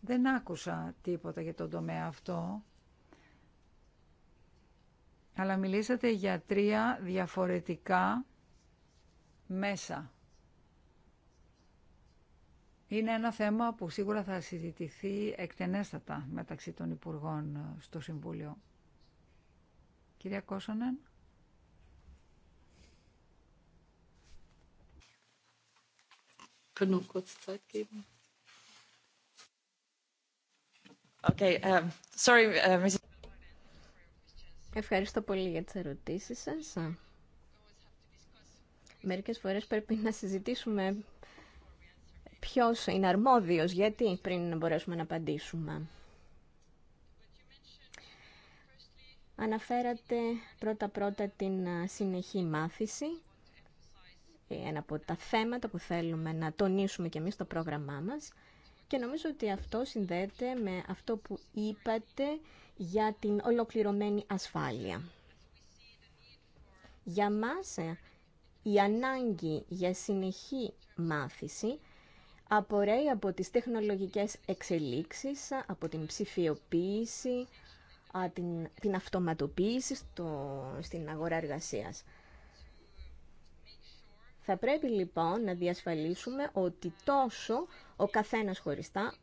Δεν άκουσα τίποτα για τον τομέα αυτό, αλλά μιλήσατε για τρία διαφορετικά μέσα είναι ένα θέμα που σίγουρα θα συζητηθεί εκτενέστατα μεταξύ των Υπουργών ε, στο Συμβούλιο. Κυρία Κόσονεν. Um, uh, Ευχαριστώ πολύ για τις ερωτήσεις σας. Μερικές φορές πρέπει να συζητήσουμε ποιος είναι αρμόδιος, γιατί πριν να μπορέσουμε να απαντήσουμε. Αναφέρατε πρώτα-πρώτα την συνεχή μάθηση, ε, ένα από τα θέματα που θέλουμε να τονίσουμε και εμείς στο πρόγραμμά μας και νομίζω ότι αυτό συνδέεται με αυτό που είπατε για την ολοκληρωμένη ασφάλεια. Για μας ε, η ανάγκη για συνεχή μάθηση απορρέει από τις τεχνολογικές εξελίξεις, από την ψηφιοποίηση, την, την αυτοματοποίηση στο, στην αγορά εργασίας. Θα πρέπει λοιπόν να διασφαλίσουμε ότι τόσο ο καθένας χωριστά,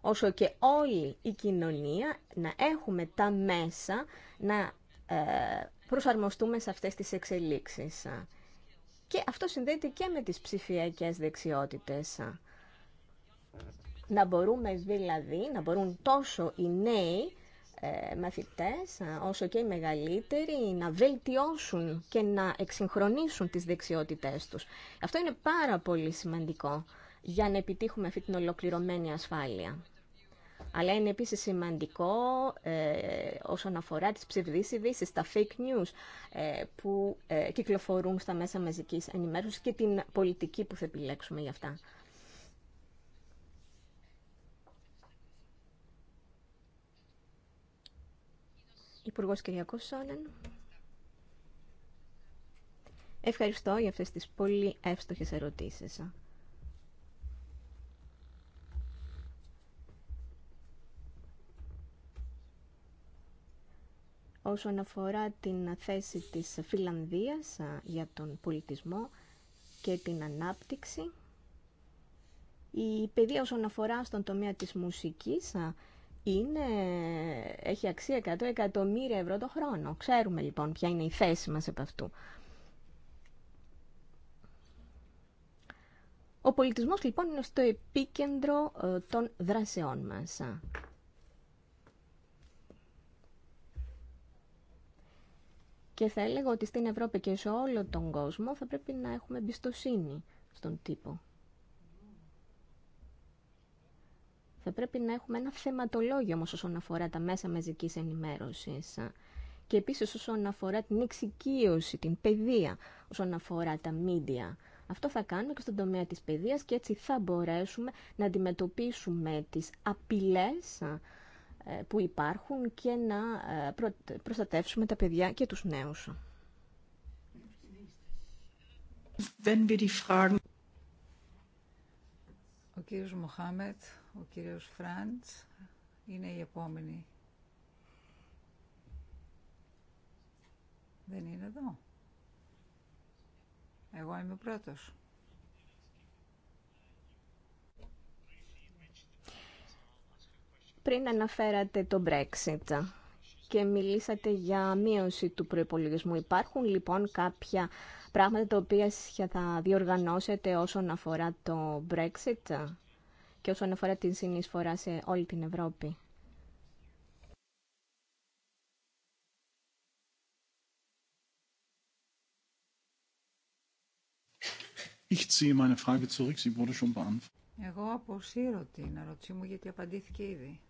όσο και όλη η κοινωνία, να έχουμε τα μέσα να ε, προσαρμοστούμε σε αυτές τις εξελίξεις. Και αυτό συνδέεται και με τις ψηφιακές δεξιότητες. Να μπορούμε δηλαδή, να μπορούν τόσο οι νέοι ε, μαθητές, ε, όσο και οι μεγαλύτεροι, να βελτιώσουν και να εξυγχρονίσουν τις δεξιότητές τους. Αυτό είναι πάρα πολύ σημαντικό για να επιτύχουμε αυτή την ολοκληρωμένη ασφάλεια. Αλλά είναι επίσης σημαντικό ε, όσον αφορά τις ψευδείς ειδήσει, τα fake news που κυκλοφορούν στα μέσα μαζικής ενημέρωσης και την πολιτική που θα επιλέξουμε για αυτά. Υπουργό Κυριακό Σόνεν. Ευχαριστώ για αυτές τις πολύ εύστοχες ερωτήσεις. Όσον αφορά την θέση της Φιλανδίας για τον πολιτισμό και την ανάπτυξη, η παιδεία όσον αφορά στον τομέα της μουσικής είναι, έχει αξία 100 εκατομμύρια ευρώ το χρόνο. Ξέρουμε λοιπόν ποια είναι η θέση μας από αυτού. Ο πολιτισμός λοιπόν είναι στο επίκεντρο ε, των δράσεών μας. Και θα έλεγα ότι στην Ευρώπη και σε όλο τον κόσμο θα πρέπει να έχουμε εμπιστοσύνη στον τύπο. Θα πρέπει να έχουμε ένα θεματολόγιο όμως όσον αφορά τα μέσα μαζικής ενημέρωσης και επίσης όσον αφορά την εξοικείωση, την παιδεία, όσον αφορά τα μίντια. Αυτό θα κάνουμε και στον τομέα της παιδείας και έτσι θα μπορέσουμε να αντιμετωπίσουμε τις απειλές ε, που υπάρχουν και να ε, προστατεύσουμε τα παιδιά και τους νέους. Ο κύριος Μοχάμετ ο κύριος Φραντς είναι η επόμενη. Δεν είναι εδώ. Εγώ είμαι πρώτος. Πριν αναφέρατε το Brexit και μιλήσατε για μείωση του προϋπολογισμού, υπάρχουν λοιπόν κάποια πράγματα τα οποία θα διοργανώσετε όσον αφορά το Brexit και όσον αφορά την συνεισφορά σε όλη την Ευρώπη. Εγώ αποσύρω την ερώτησή μου γιατί απαντήθηκε ήδη.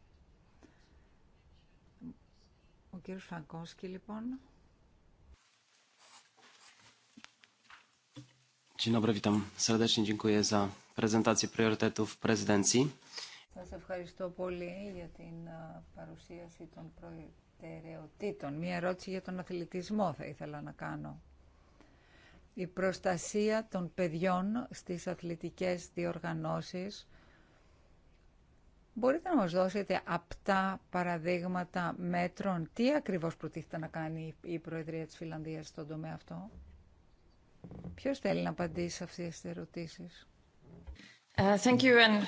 Ο κύριος Φραγκόσκι λοιπόν. Dzień dobry, witam serdecznie, dziękuję za prezentację priorytetów prezydencji. ευχαριστώ πολύ για την παρουσίαση των προτεραιοτήτων. Μία ερώτηση για τον αθλητισμό θα ήθελα να κάνω. Η προστασία των παιδιών στις αθλητικές διοργανώσεις. Μπορείτε να μας δώσετε απτά παραδείγματα μέτρων. Τι ακριβώς προτίθεται να κάνει η Προεδρία της Φιλανδίας στον τομέα αυτό. Ποιος θέλει να απαντήσει σε αυτές τις ερωτήσεις. Uh,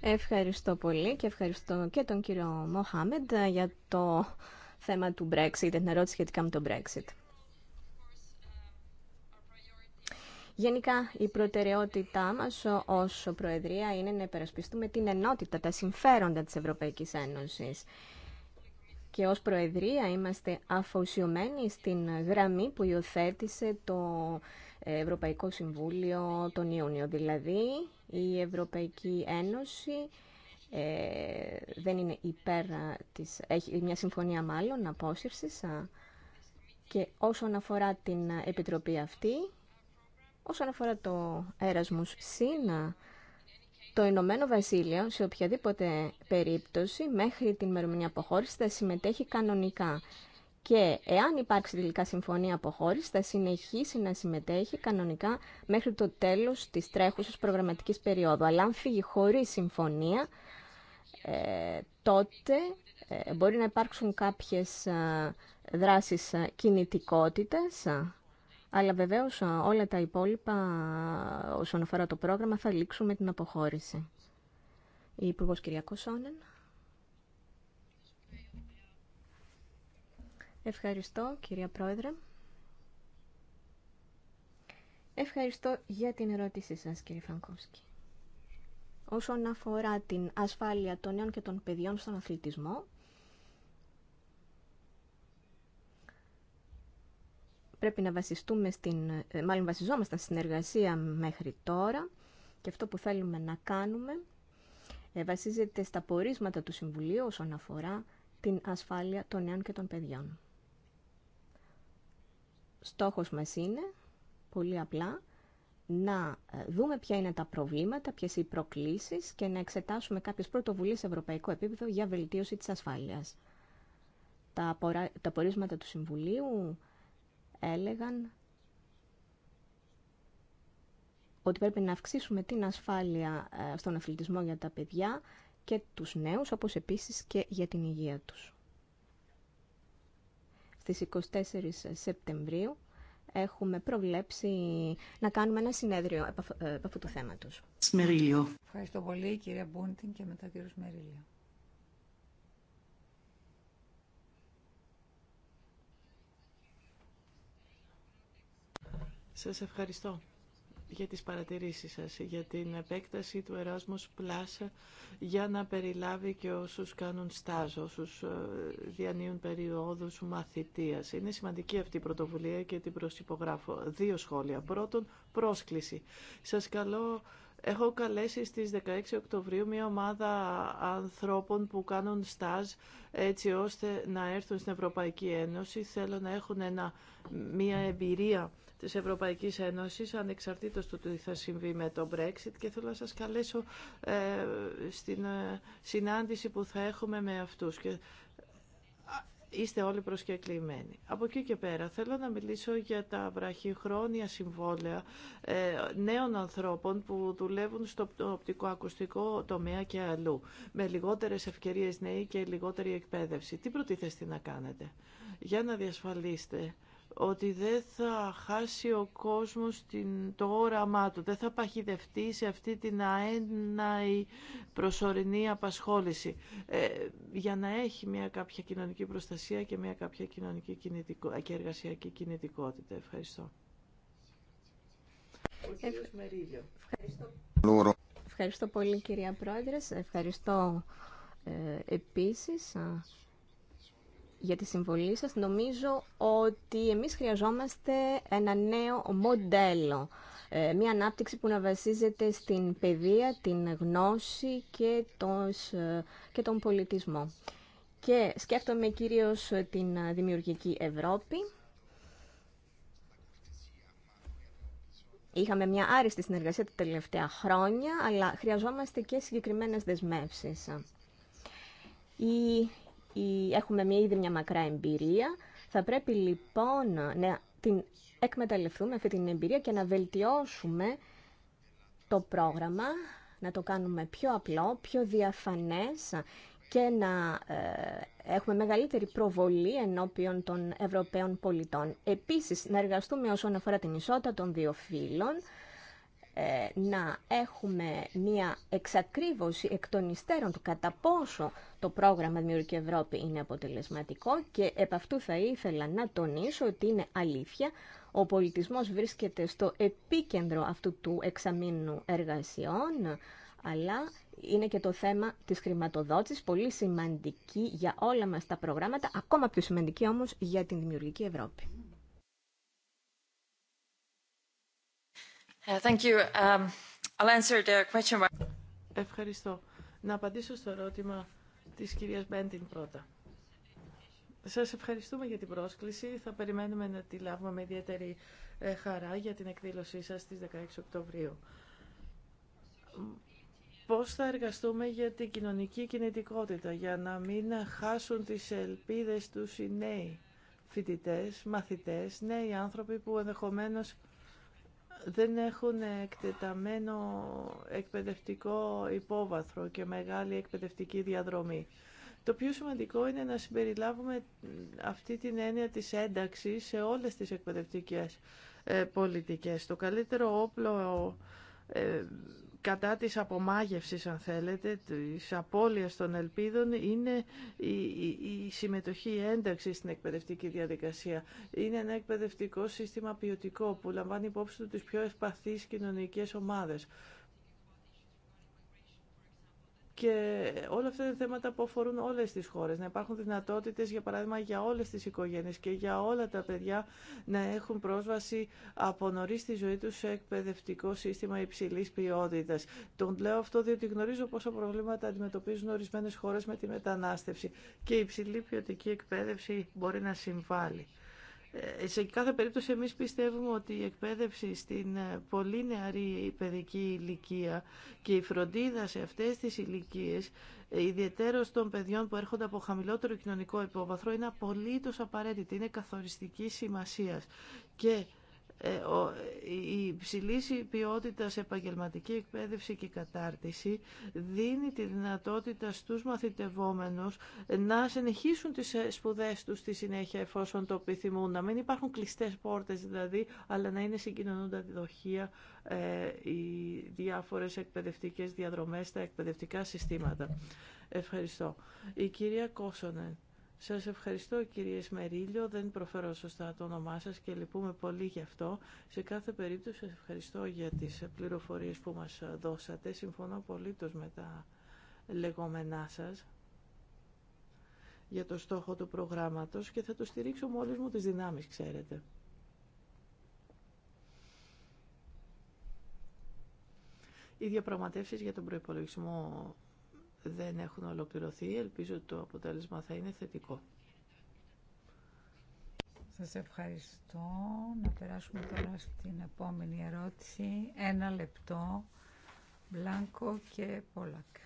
ευχαριστώ πολύ και ευχαριστώ και τον κύριο Μοχάμεντ ε, για το θέμα του Brexit, την ερώτηση σχετικά με το Brexit. Γενικά, η προτεραιότητά μας ως Προεδρία είναι να υπερασπιστούμε την ενότητα, τα συμφέροντα της Ευρωπαϊκής Ένωσης. Και ως Προεδρία είμαστε αφοσιωμένοι στην γραμμή που υιοθέτησε το Ευρωπαϊκό Συμβούλιο τον Ιούνιο. Δηλαδή, η Ευρωπαϊκή Ένωση ε, δεν είναι υπέρ της... Έχει μια συμφωνία μάλλον απόσυρσης και όσον αφορά την επιτροπή αυτή, όσον αφορά το έρασμος ΣΥΝΑ, το Ηνωμένο Βασίλειο σε οποιαδήποτε περίπτωση μέχρι την ημερομηνία αποχώρηση θα συμμετέχει κανονικά και εάν υπάρξει τελικά συμφωνία αποχώρηση, θα συνεχίσει να συμμετέχει κανονικά μέχρι το τέλος της τρέχουσας προγραμματικής περίοδου. Αλλά αν φύγει χωρί συμφωνία, ε, τότε ε, μπορεί να υπάρξουν κάποιες ε, δράσεις κινητικότητας, αλλά βεβαίω όλα τα υπόλοιπα όσον αφορά το πρόγραμμα θα λήξουν με την αποχώρηση. Η Ευχαριστώ, κυρία Πρόεδρε. Ευχαριστώ για την ερώτησή σας, κύριε Φανκόσκη. Όσον αφορά την ασφάλεια των νέων και των παιδιών στον αθλητισμό, πρέπει να βασιστούμε στην, ε, μάλλον βασιζόμαστε στην εργασία μέχρι τώρα και αυτό που θέλουμε να κάνουμε ε, βασίζεται στα πορίσματα του Συμβουλίου όσον αφορά την ασφάλεια των νέων και των παιδιών. Στόχος μας είναι, πολύ απλά, να ε, δούμε ποια είναι τα προβλήματα, ποιε οι προκλήσεις και να εξετάσουμε κάποιε πρωτοβουλίες σε ευρωπαϊκό επίπεδο για βελτίωση της ασφάλειας. Τα, πορά, του Συμβουλίου έλεγαν ότι πρέπει να αυξήσουμε την ασφάλεια ε, στον αθλητισμό για τα παιδιά και τους νέους, όπως επίσης και για την υγεία τους στις 24 Σεπτεμβρίου έχουμε προβλέψει να κάνουμε ένα συνέδριο από ε, αυτού του θέματος. Σμερίλιο. Ευχαριστώ πολύ κυρία Μπούντιν και μετά κύριο Σμερίλιο. Σας ευχαριστώ για τις παρατηρήσεις σας, για την επέκταση του Erasmus για να περιλάβει και όσους κάνουν στάζ, όσους ε, διανύουν περίοδους μαθητείας. Είναι σημαντική αυτή η πρωτοβουλία και την προσυπογράφω. Δύο σχόλια. Πρώτον, πρόσκληση. Σας καλώ... Έχω καλέσει στις 16 Οκτωβρίου μια ομάδα ανθρώπων που κάνουν στάζ έτσι ώστε να έρθουν στην Ευρωπαϊκή Ένωση. Θέλω να έχουν ένα, μια εμπειρία της Ευρωπαϊκής Ένωσης ανεξαρτήτως του τι θα συμβεί με το Brexit και θέλω να σας καλέσω ε, στην ε, συνάντηση που θα έχουμε με αυτούς και είστε όλοι προσκεκλημένοι. Από εκεί και πέρα θέλω να μιλήσω για τα βραχυχρόνια συμβόλαια ε, νέων ανθρώπων που δουλεύουν στο οπτικοακουστικό τομέα και αλλού με λιγότερες ευκαιρίες νέοι και λιγότερη εκπαίδευση. Τι προτίθεστε να κάνετε για να διασφαλίσετε ότι δεν θα χάσει ο κόσμος την, το όραμά του, δεν θα παχυδευτεί σε αυτή την αέναη προσωρινή απασχόληση ε, για να έχει μια κάποια κοινωνική προστασία και μια κάποια κοινωνική κινητικο, και εργασιακή κινητικότητα. Ευχαριστώ. Ευχαριστώ. Ευχαριστώ πολύ κυρία Πρόεδρε. Ευχαριστώ ε, επίσης για τη συμβολή σας. Νομίζω ότι εμείς χρειαζόμαστε ένα νέο μοντέλο. Ε, μια ανάπτυξη που να βασίζεται στην παιδεία, την γνώση και τον, ε, και τον πολιτισμό. Και σκέφτομαι κυρίως την δημιουργική Ευρώπη. Είχαμε μια άριστη συνεργασία τα τελευταία χρόνια, αλλά χρειαζόμαστε και συγκεκριμένες δεσμεύσεις. Η έχουμε μια, ήδη μια μακρά εμπειρία. Θα πρέπει λοιπόν να την εκμεταλλευτούμε αυτή την εμπειρία και να βελτιώσουμε το πρόγραμμα, να το κάνουμε πιο απλό, πιο διαφανές και να ε, έχουμε μεγαλύτερη προβολή ενώπιον των Ευρωπαίων πολιτών. Επίσης, να εργαστούμε όσον αφορά την ισότητα των δύο φύλων, ε, να έχουμε μια εξακρίβωση εκ των υστέρων του κατά πόσο το πρόγραμμα Δημιουργική Ευρώπη είναι αποτελεσματικό και επ' αυτού θα ήθελα να τονίσω ότι είναι αλήθεια. Ο πολιτισμός βρίσκεται στο επίκεντρο αυτού του εξαμήνου εργασιών αλλά είναι και το θέμα της χρηματοδότησης, πολύ σημαντική για όλα μας τα προγράμματα, ακόμα πιο σημαντική όμως για την Δημιουργική Ευρώπη. Um, Ευχαριστώ. Να απαντήσω στο ερώτημα της κυρίας Μπέντιν πρώτα. Σας ευχαριστούμε για την πρόσκληση. Θα περιμένουμε να τη λάβουμε με ιδιαίτερη ε, χαρά για την εκδήλωσή σας στις 16 Οκτωβρίου. Πώς θα εργαστούμε για την κοινωνική κινητικότητα, για να μην χάσουν τις ελπίδες τους οι νέοι φοιτητές, μαθητές, νέοι άνθρωποι που ενδεχομένως δεν έχουν εκτεταμένο εκπαιδευτικό υπόβαθρο και μεγάλη εκπαιδευτική διαδρομή. Το πιο σημαντικό είναι να συμπεριλάβουμε αυτή την έννοια της ένταξης σε όλες τις εκπαιδευτικές ε, πολιτικές. Το καλύτερο όπλο ε, κατά της απομάγευσης αν θέλετε, της απώλειας των ελπίδων είναι η, η, η συμμετοχή, η ένταξη στην εκπαιδευτική διαδικασία. Είναι ένα εκπαιδευτικό σύστημα ποιοτικό που λαμβάνει υπόψη του τις πιο ευπαθείς κοινωνικές ομάδες και όλα αυτά είναι θέματα που αφορούν όλες τις χώρες. Να υπάρχουν δυνατότητες, για παράδειγμα, για όλες τις οικογένειες και για όλα τα παιδιά να έχουν πρόσβαση από νωρίς στη ζωή τους σε εκπαιδευτικό σύστημα υψηλής ποιότητας. Τον λέω αυτό διότι γνωρίζω πόσα προβλήματα αντιμετωπίζουν ορισμένες χώρες με τη μετανάστευση και η υψηλή ποιοτική εκπαίδευση μπορεί να συμβάλλει. Ε, σε κάθε περίπτωση εμείς πιστεύουμε ότι η εκπαίδευση στην ε, πολύ νεαρή παιδική ηλικία και η φροντίδα σε αυτές τις ηλικίε, ε, ιδιαίτερο των παιδιών που έρχονται από χαμηλότερο κοινωνικό υπόβαθρο, είναι απολύτως απαραίτητη, είναι καθοριστική σημασίας. Και ε, η υψηλή ποιότητα σε επαγγελματική εκπαίδευση και κατάρτιση δίνει τη δυνατότητα στους μαθητευόμενους να συνεχίσουν τις ε, σπουδές τους στη συνέχεια εφόσον το επιθυμούν, να μην υπάρχουν κλειστές πόρτες δηλαδή, αλλά να είναι συγκοινωνούντα δοχεία ε, οι διάφορες εκπαιδευτικές διαδρομές, τα εκπαιδευτικά συστήματα. Ευχαριστώ. Η κυρία Κόσονεν. Σας ευχαριστώ κύριε Σμερίλιο, δεν προφέρω σωστά το όνομά σας και λυπούμε πολύ γι' αυτό. Σε κάθε περίπτωση σας ευχαριστώ για τις πληροφορίες που μας δώσατε. Συμφωνώ πολύ με τα λεγόμενά σας για το στόχο του προγράμματος και θα το στηρίξω με μου τις δυνάμεις, ξέρετε. Οι διαπραγματεύσεις για τον προϋπολογισμό δεν έχουν ολοκληρωθεί. Ελπίζω ότι το αποτέλεσμα θα είναι θετικό. Σας ευχαριστώ. Να περάσουμε τώρα στην επόμενη ερώτηση. Ένα λεπτό. Μπλάνκο και Πόλακ.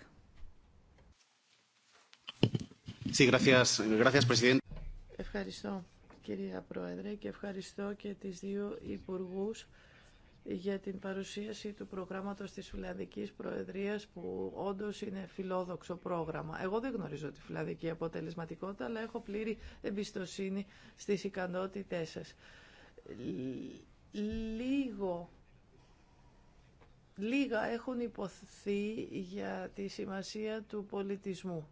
Ευχαριστώ κυρία Πρόεδρε και ευχαριστώ και τις δύο υπουργούς για την παρουσίαση του προγράμματος της Φιλανδικής Προεδρίας που όντως είναι φιλόδοξο πρόγραμμα. Εγώ δεν γνωρίζω τη φιλανδική αποτελεσματικότητα, αλλά έχω πλήρη εμπιστοσύνη στις ικανότητές σας. Λίγο λίγα έχουν υποθεί για τη σημασία του πολιτισμού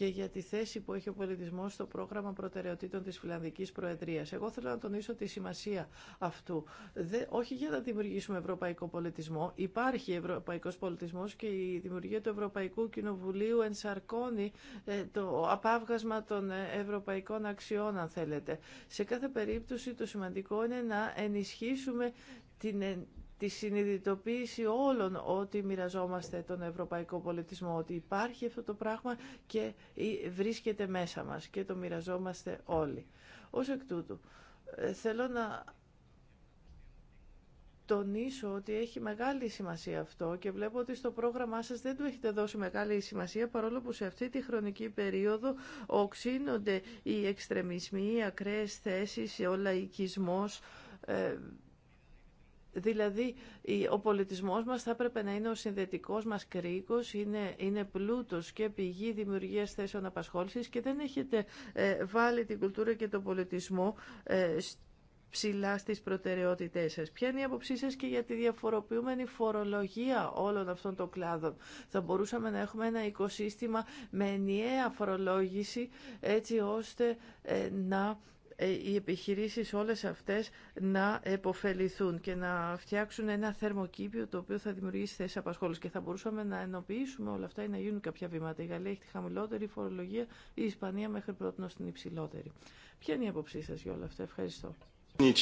και για τη θέση που έχει ο πολιτισμό στο πρόγραμμα προτεραιοτήτων τη Φιλανδική Προεδρία. Εγώ θέλω να τονίσω τη σημασία αυτού. Δε, όχι για να δημιουργήσουμε ευρωπαϊκό πολιτισμό. Υπάρχει ευρωπαϊκό πολιτισμό και η δημιουργία του Ευρωπαϊκού Κοινοβουλίου ενσαρκώνει ε, το απάβγασμα των ε, ευρωπαϊκών αξιών, αν θέλετε. Σε κάθε περίπτωση το σημαντικό είναι να ενισχύσουμε την τη συνειδητοποίηση όλων ότι μοιραζόμαστε τον ευρωπαϊκό πολιτισμό, ότι υπάρχει αυτό το πράγμα και βρίσκεται μέσα μας και το μοιραζόμαστε όλοι. Ως εκ τούτου, ε, θέλω να τονίσω ότι έχει μεγάλη σημασία αυτό και βλέπω ότι στο πρόγραμμά σας δεν του έχετε δώσει μεγάλη σημασία παρόλο που σε αυτή τη χρονική περίοδο οξύνονται οι εξτρεμισμοί, οι ακραίες θέσεις, ο λαϊκισμός, ε, Δηλαδή, ο πολιτισμός μας θα έπρεπε να είναι ο συνδετικός μας κρίκος, είναι, είναι πλούτος και πηγή δημιουργίας θέσεων απασχόλησης και δεν έχετε ε, βάλει την κουλτούρα και τον πολιτισμό ε, ψηλά στις προτεραιότητές σας. Ποια είναι η άποψή σας και για τη διαφοροποιούμενη φορολογία όλων αυτών των κλάδων. Θα μπορούσαμε να έχουμε ένα οικοσύστημα με ενιαία φορολόγηση έτσι ώστε ε, να ε, οι επιχειρήσεις όλες αυτές να επωφεληθούν και να φτιάξουν ένα θερμοκήπιο το οποίο θα δημιουργήσει θέσει απασχόληση. Και θα μπορούσαμε να ενοποιήσουμε όλα αυτά ή να γίνουν κάποια βήματα. Η Γαλλία έχει τη χαμηλότερη φορολογία, η Ισπανία μέχρι πρώτη την υψηλότερη. Ποια είναι η άποψή σα για όλα αυτά. Ευχαριστώ. Uh,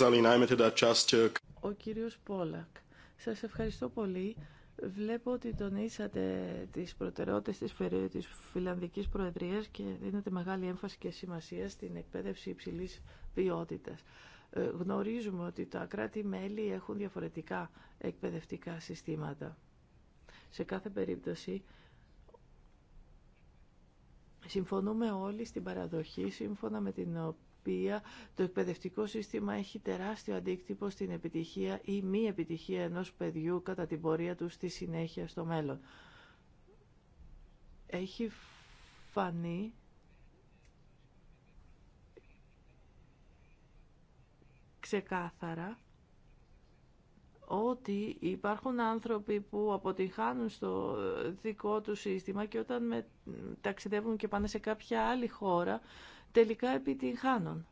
uh, Ο κύριος Πόλακ, σας ευχαριστώ πολύ. Βλέπω ότι τονίσατε τις προτεραιότητες της, Φιλανδικής Προεδρίας και δίνετε μεγάλη έμφαση και σημασία στην εκπαίδευση υψηλής ποιότητας. Ε, γνωρίζουμε ότι τα κράτη-μέλη έχουν διαφορετικά εκπαιδευτικά συστήματα. Σε κάθε περίπτωση, συμφωνούμε όλοι στην παραδοχή σύμφωνα με την οποία το εκπαιδευτικό σύστημα έχει τεράστιο αντίκτυπο στην επιτυχία ή μη επιτυχία ενός παιδιού κατά την πορεία του στη συνέχεια στο μέλλον. Έχει φανεί ξεκάθαρα ότι υπάρχουν άνθρωποι που αποτυχάνουν στο δικό του σύστημα και όταν με, ταξιδεύουν και πάνε σε κάποια άλλη χώρα τελικά επιτυγχάνουν.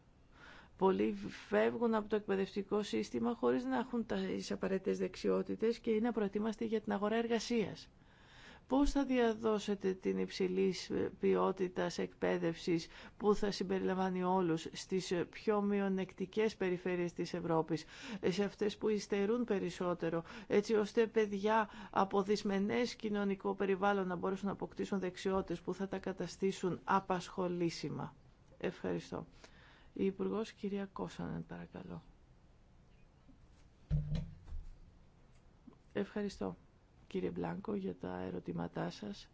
Πολλοί φεύγουν από το εκπαιδευτικό σύστημα χωρίς να έχουν τις απαραίτητες δεξιότητες και είναι προετοίμαστοι για την αγορά εργασίας. Πώς θα διαδώσετε την υψηλή ποιότητα εκπαίδευσης που θα συμπεριλαμβάνει όλους στις πιο μειονεκτικές περιφέρειες της Ευρώπης, σε αυτές που υστερούν περισσότερο, έτσι ώστε παιδιά από δυσμενές κοινωνικό περιβάλλον να μπορέσουν να αποκτήσουν δεξιότητες που θα τα καταστήσουν απασχολήσιμα. Ευχαριστώ. Η Υπουργό κυρία Κώσανε, παρακαλώ. Ευχαριστώ κύριε Μπλάνκο για τα ερωτήματά σας.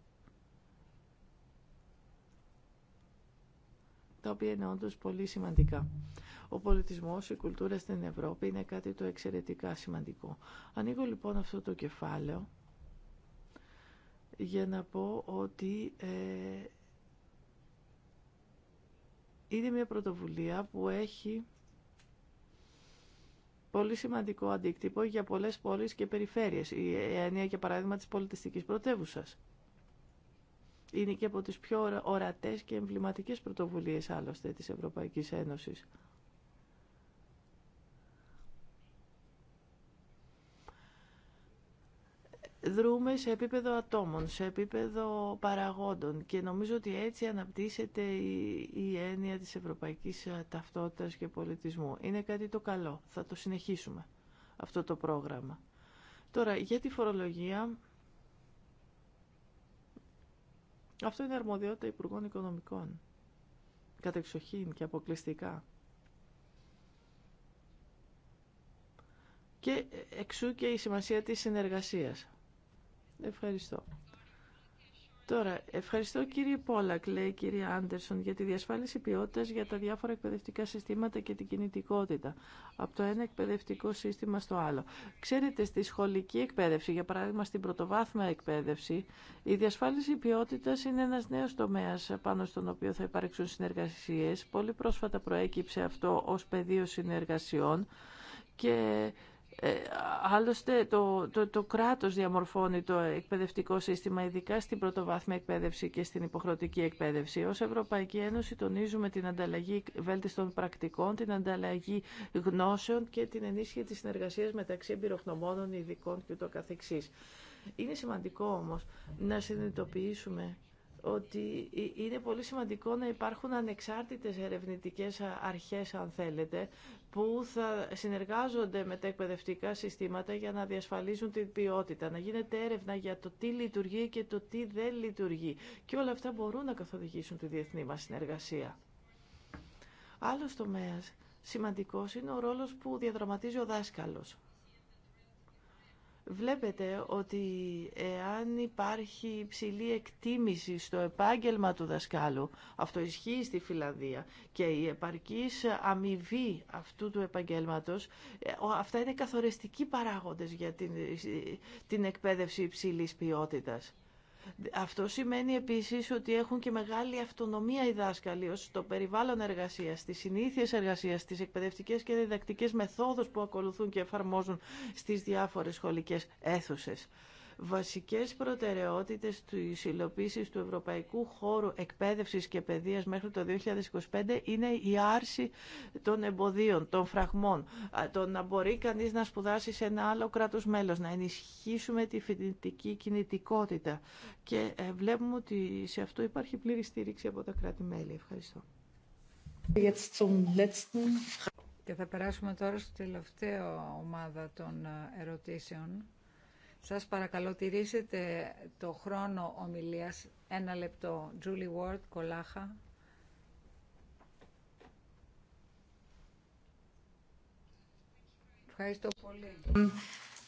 τα οποία είναι όντως πολύ σημαντικά. Ο πολιτισμό, η κουλτούρα στην Ευρώπη είναι κάτι το εξαιρετικά σημαντικό. Ανοίγω λοιπόν αυτό το κεφάλαιο για να πω ότι ε, είναι μια πρωτοβουλία που έχει πολύ σημαντικό αντίκτυπο για πολλές πόλεις και περιφέρειες. Η έννοια, για παράδειγμα, της πολιτιστικής πρωτεύουσας. Είναι και από τις πιο ορατές και εμβληματικές πρωτοβουλίες, άλλωστε, της Ευρωπαϊκής Ένωσης. δρούμε σε επίπεδο ατόμων, σε επίπεδο παραγόντων και νομίζω ότι έτσι αναπτύσσεται η, η έννοια της ευρωπαϊκής ε, ταυτότητας και πολιτισμού. Είναι κάτι το καλό. Θα το συνεχίσουμε αυτό το πρόγραμμα. Τώρα, για τη φορολογία, αυτό είναι αρμοδιότητα Υπουργών Οικονομικών. Κατεξοχήν και αποκλειστικά. Και ε, εξού και η σημασία της συνεργασίας. Ευχαριστώ. Τώρα, ευχαριστώ κύριε Πόλακ, λέει κύριε Άντερσον, για τη διασφάλιση ποιότητα για τα διάφορα εκπαιδευτικά συστήματα και την κινητικότητα από το ένα εκπαιδευτικό σύστημα στο άλλο. Ξέρετε, στη σχολική εκπαίδευση, για παράδειγμα στην πρωτοβάθμια εκπαίδευση, η διασφάλιση ποιότητα είναι ένα νέο τομέα πάνω στον οποίο θα υπάρξουν συνεργασίε. Πολύ πρόσφατα προέκυψε αυτό ω πεδίο συνεργασιών και ε, άλλωστε το, το, το κράτος διαμορφώνει το εκπαιδευτικό σύστημα, ειδικά στην πρωτοβάθμια εκπαίδευση και στην υποχρεωτική εκπαίδευση. Ως Ευρωπαϊκή Ένωση τονίζουμε την ανταλλαγή βέλτιστων πρακτικών, την ανταλλαγή γνώσεων και την ενίσχυση της συνεργασίας μεταξύ εμπειροχνωμόνων ειδικών και ούτω καθεξής. Είναι σημαντικό όμως να συνειδητοποιήσουμε ότι ε, είναι πολύ σημαντικό να υπάρχουν ανεξάρτητες ερευνητικές αρχές, αν θέλετε, που θα συνεργάζονται με τα εκπαιδευτικά συστήματα για να διασφαλίζουν την ποιότητα, να γίνεται έρευνα για το τι λειτουργεί και το τι δεν λειτουργεί. Και όλα αυτά μπορούν να καθοδηγήσουν τη διεθνή μας συνεργασία. Άλλος τομέας σημαντικός είναι ο ρόλος που διαδραματίζει ο δάσκαλος. Βλέπετε ότι εάν υπάρχει υψηλή εκτίμηση στο επάγγελμα του δασκάλου, αυτό ισχύει στη Φιλανδία, και η επαρκής αμοιβή αυτού του επαγγέλματος, ε, αυτά είναι καθοριστικοί παράγοντες για την, ε, την εκπαίδευση υψηλής ποιότητας. Αυτό σημαίνει επίσης ότι έχουν και μεγάλη αυτονομία οι δάσκαλοι ως το περιβάλλον εργασίας, τις συνήθειες εργασίας, τις εκπαιδευτικές και διδακτικές μεθόδους που ακολουθούν και εφαρμόζουν στις διάφορες σχολικές αίθουσες βασικές προτεραιότητες της υλοποίησης του Ευρωπαϊκού Χώρου Εκπαίδευσης και Παιδείας μέχρι το 2025 είναι η άρση των εμποδίων, των φραγμών, το να μπορεί κανείς να σπουδάσει σε ένα άλλο κράτος μέλος, να ενισχύσουμε τη φοιτητική κινητικότητα. Και ε, βλέπουμε ότι σε αυτό υπάρχει πλήρη στήριξη από τα κράτη-μέλη. Ευχαριστώ. Και θα περάσουμε τώρα στη τελευταία ομάδα των ε, ερωτήσεων. Σας παρακαλώ τηρήσετε το χρόνο ομιλίας. Ένα λεπτό. Julie Ward, Κολάχα. Ευχαριστώ πολύ.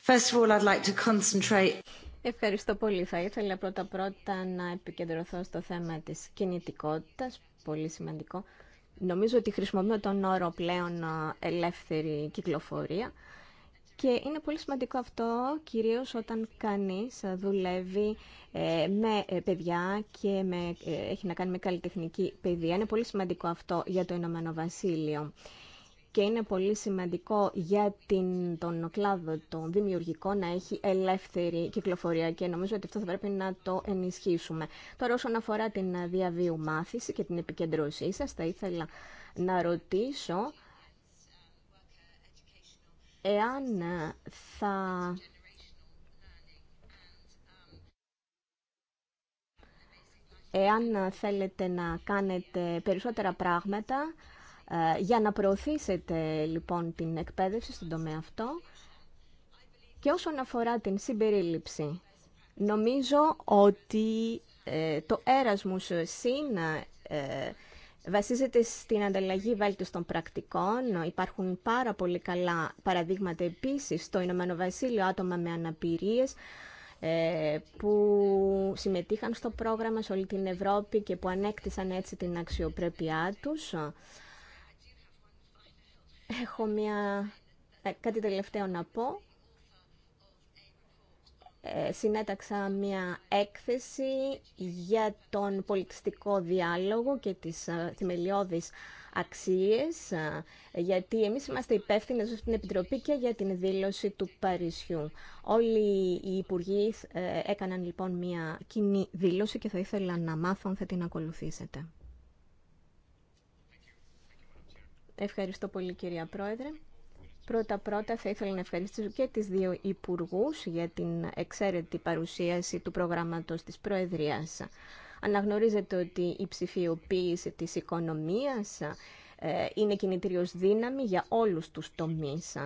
First of all, I'd like to concentrate. Ευχαριστώ πολύ. Θα ήθελα πρώτα πρώτα να επικεντρωθώ στο θέμα της κινητικότητας, πολύ σημαντικό. Νομίζω ότι χρησιμοποιώ τον όρο πλέον ε, ελεύθερη κυκλοφορία. Και είναι πολύ σημαντικό αυτό, κυρίως όταν κανείς δουλεύει ε, με ε, παιδιά και με, ε, έχει να κάνει με καλλιτεχνική παιδεία. Είναι πολύ σημαντικό αυτό για το Ηνωμένο Βασίλειο. Και είναι πολύ σημαντικό για την, τον κλάδο των δημιουργικών να έχει ελεύθερη κυκλοφορία και νομίζω ότι αυτό θα πρέπει να το ενισχύσουμε. Τώρα όσον αφορά την διαβίου μάθηση και την επικεντρώσή σας, θα ήθελα να ρωτήσω εάν ε, θα εάν ε, θέλετε να κάνετε περισσότερα πράγματα ε, για να προωθήσετε λοιπόν την εκπαίδευση στον τομέα αυτό και όσον αφορά την συμπερίληψη νομίζω ότι το Erasmus συν βασίζεται στην ανταλλαγή βέλτιστων πρακτικών. Υπάρχουν πάρα πολύ καλά παραδείγματα επίσης στο Ηνωμένο Βασίλειο άτομα με αναπηρίες ε, που συμμετείχαν στο πρόγραμμα σε όλη την Ευρώπη και που ανέκτησαν έτσι την αξιοπρέπειά τους. Έχω μια... Ε, κάτι τελευταίο να πω. Ε, συνέταξα μια έκθεση για τον πολιτιστικό διάλογο και τις ε, θεμελιώδεις αξίες, ε, γιατί εμείς είμαστε υπεύθυνοι στην Επιτροπή και για την δήλωση του Παρισιού. Όλοι οι υπουργοί έκαναν λοιπόν μια κοινή δήλωση και θα ήθελα να μάθω αν θα την ακολουθήσετε. Ευχαριστώ πολύ κυρία Πρόεδρε. Πρώτα-πρώτα θα ήθελα να ευχαριστήσω και τις δύο υπουργούς για την εξαίρετη παρουσίαση του προγράμματος της Προεδρίας. Αναγνωρίζετε ότι η ψηφιοποίηση της οικονομίας ε, είναι κινητήριος δύναμη για όλους τους τομείς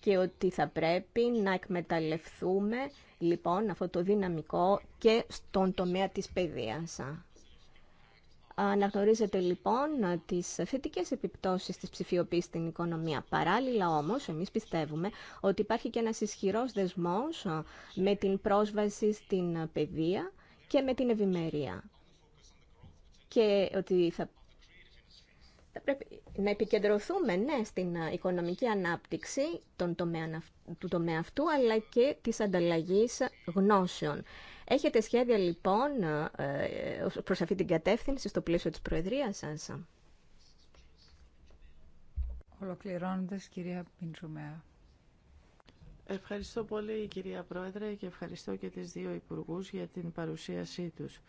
και ότι θα πρέπει να εκμεταλλευτούμε λοιπόν αυτό το δυναμικό και στον τομέα της παιδείας. Αναγνωρίζεται, λοιπόν τις θετικέ επιπτώσεις τη ψηφιοποίηση στην οικονομία. Παράλληλα όμως, εμείς πιστεύουμε ότι υπάρχει και ένας ισχυρός δεσμός με την πρόσβαση στην παιδεία και με την ευημερία. Και ότι θα πρέπει να επικεντρωθούμε, ναι, στην οικονομική ανάπτυξη τομέα, του τομέα αυτού, αλλά και της ανταλλαγής γνώσεων. Έχετε σχέδια λοιπόν ε, ε, προς αυτή την κατεύθυνση στο πλαίσιο της Προεδρίας σας. Ολοκληρώνοντας, κυρία Πιντσουμέα. Ευχαριστώ πολύ κυρία Πρόεδρε και ευχαριστώ και τις δύο Υπουργούς για την παρουσίασή τους.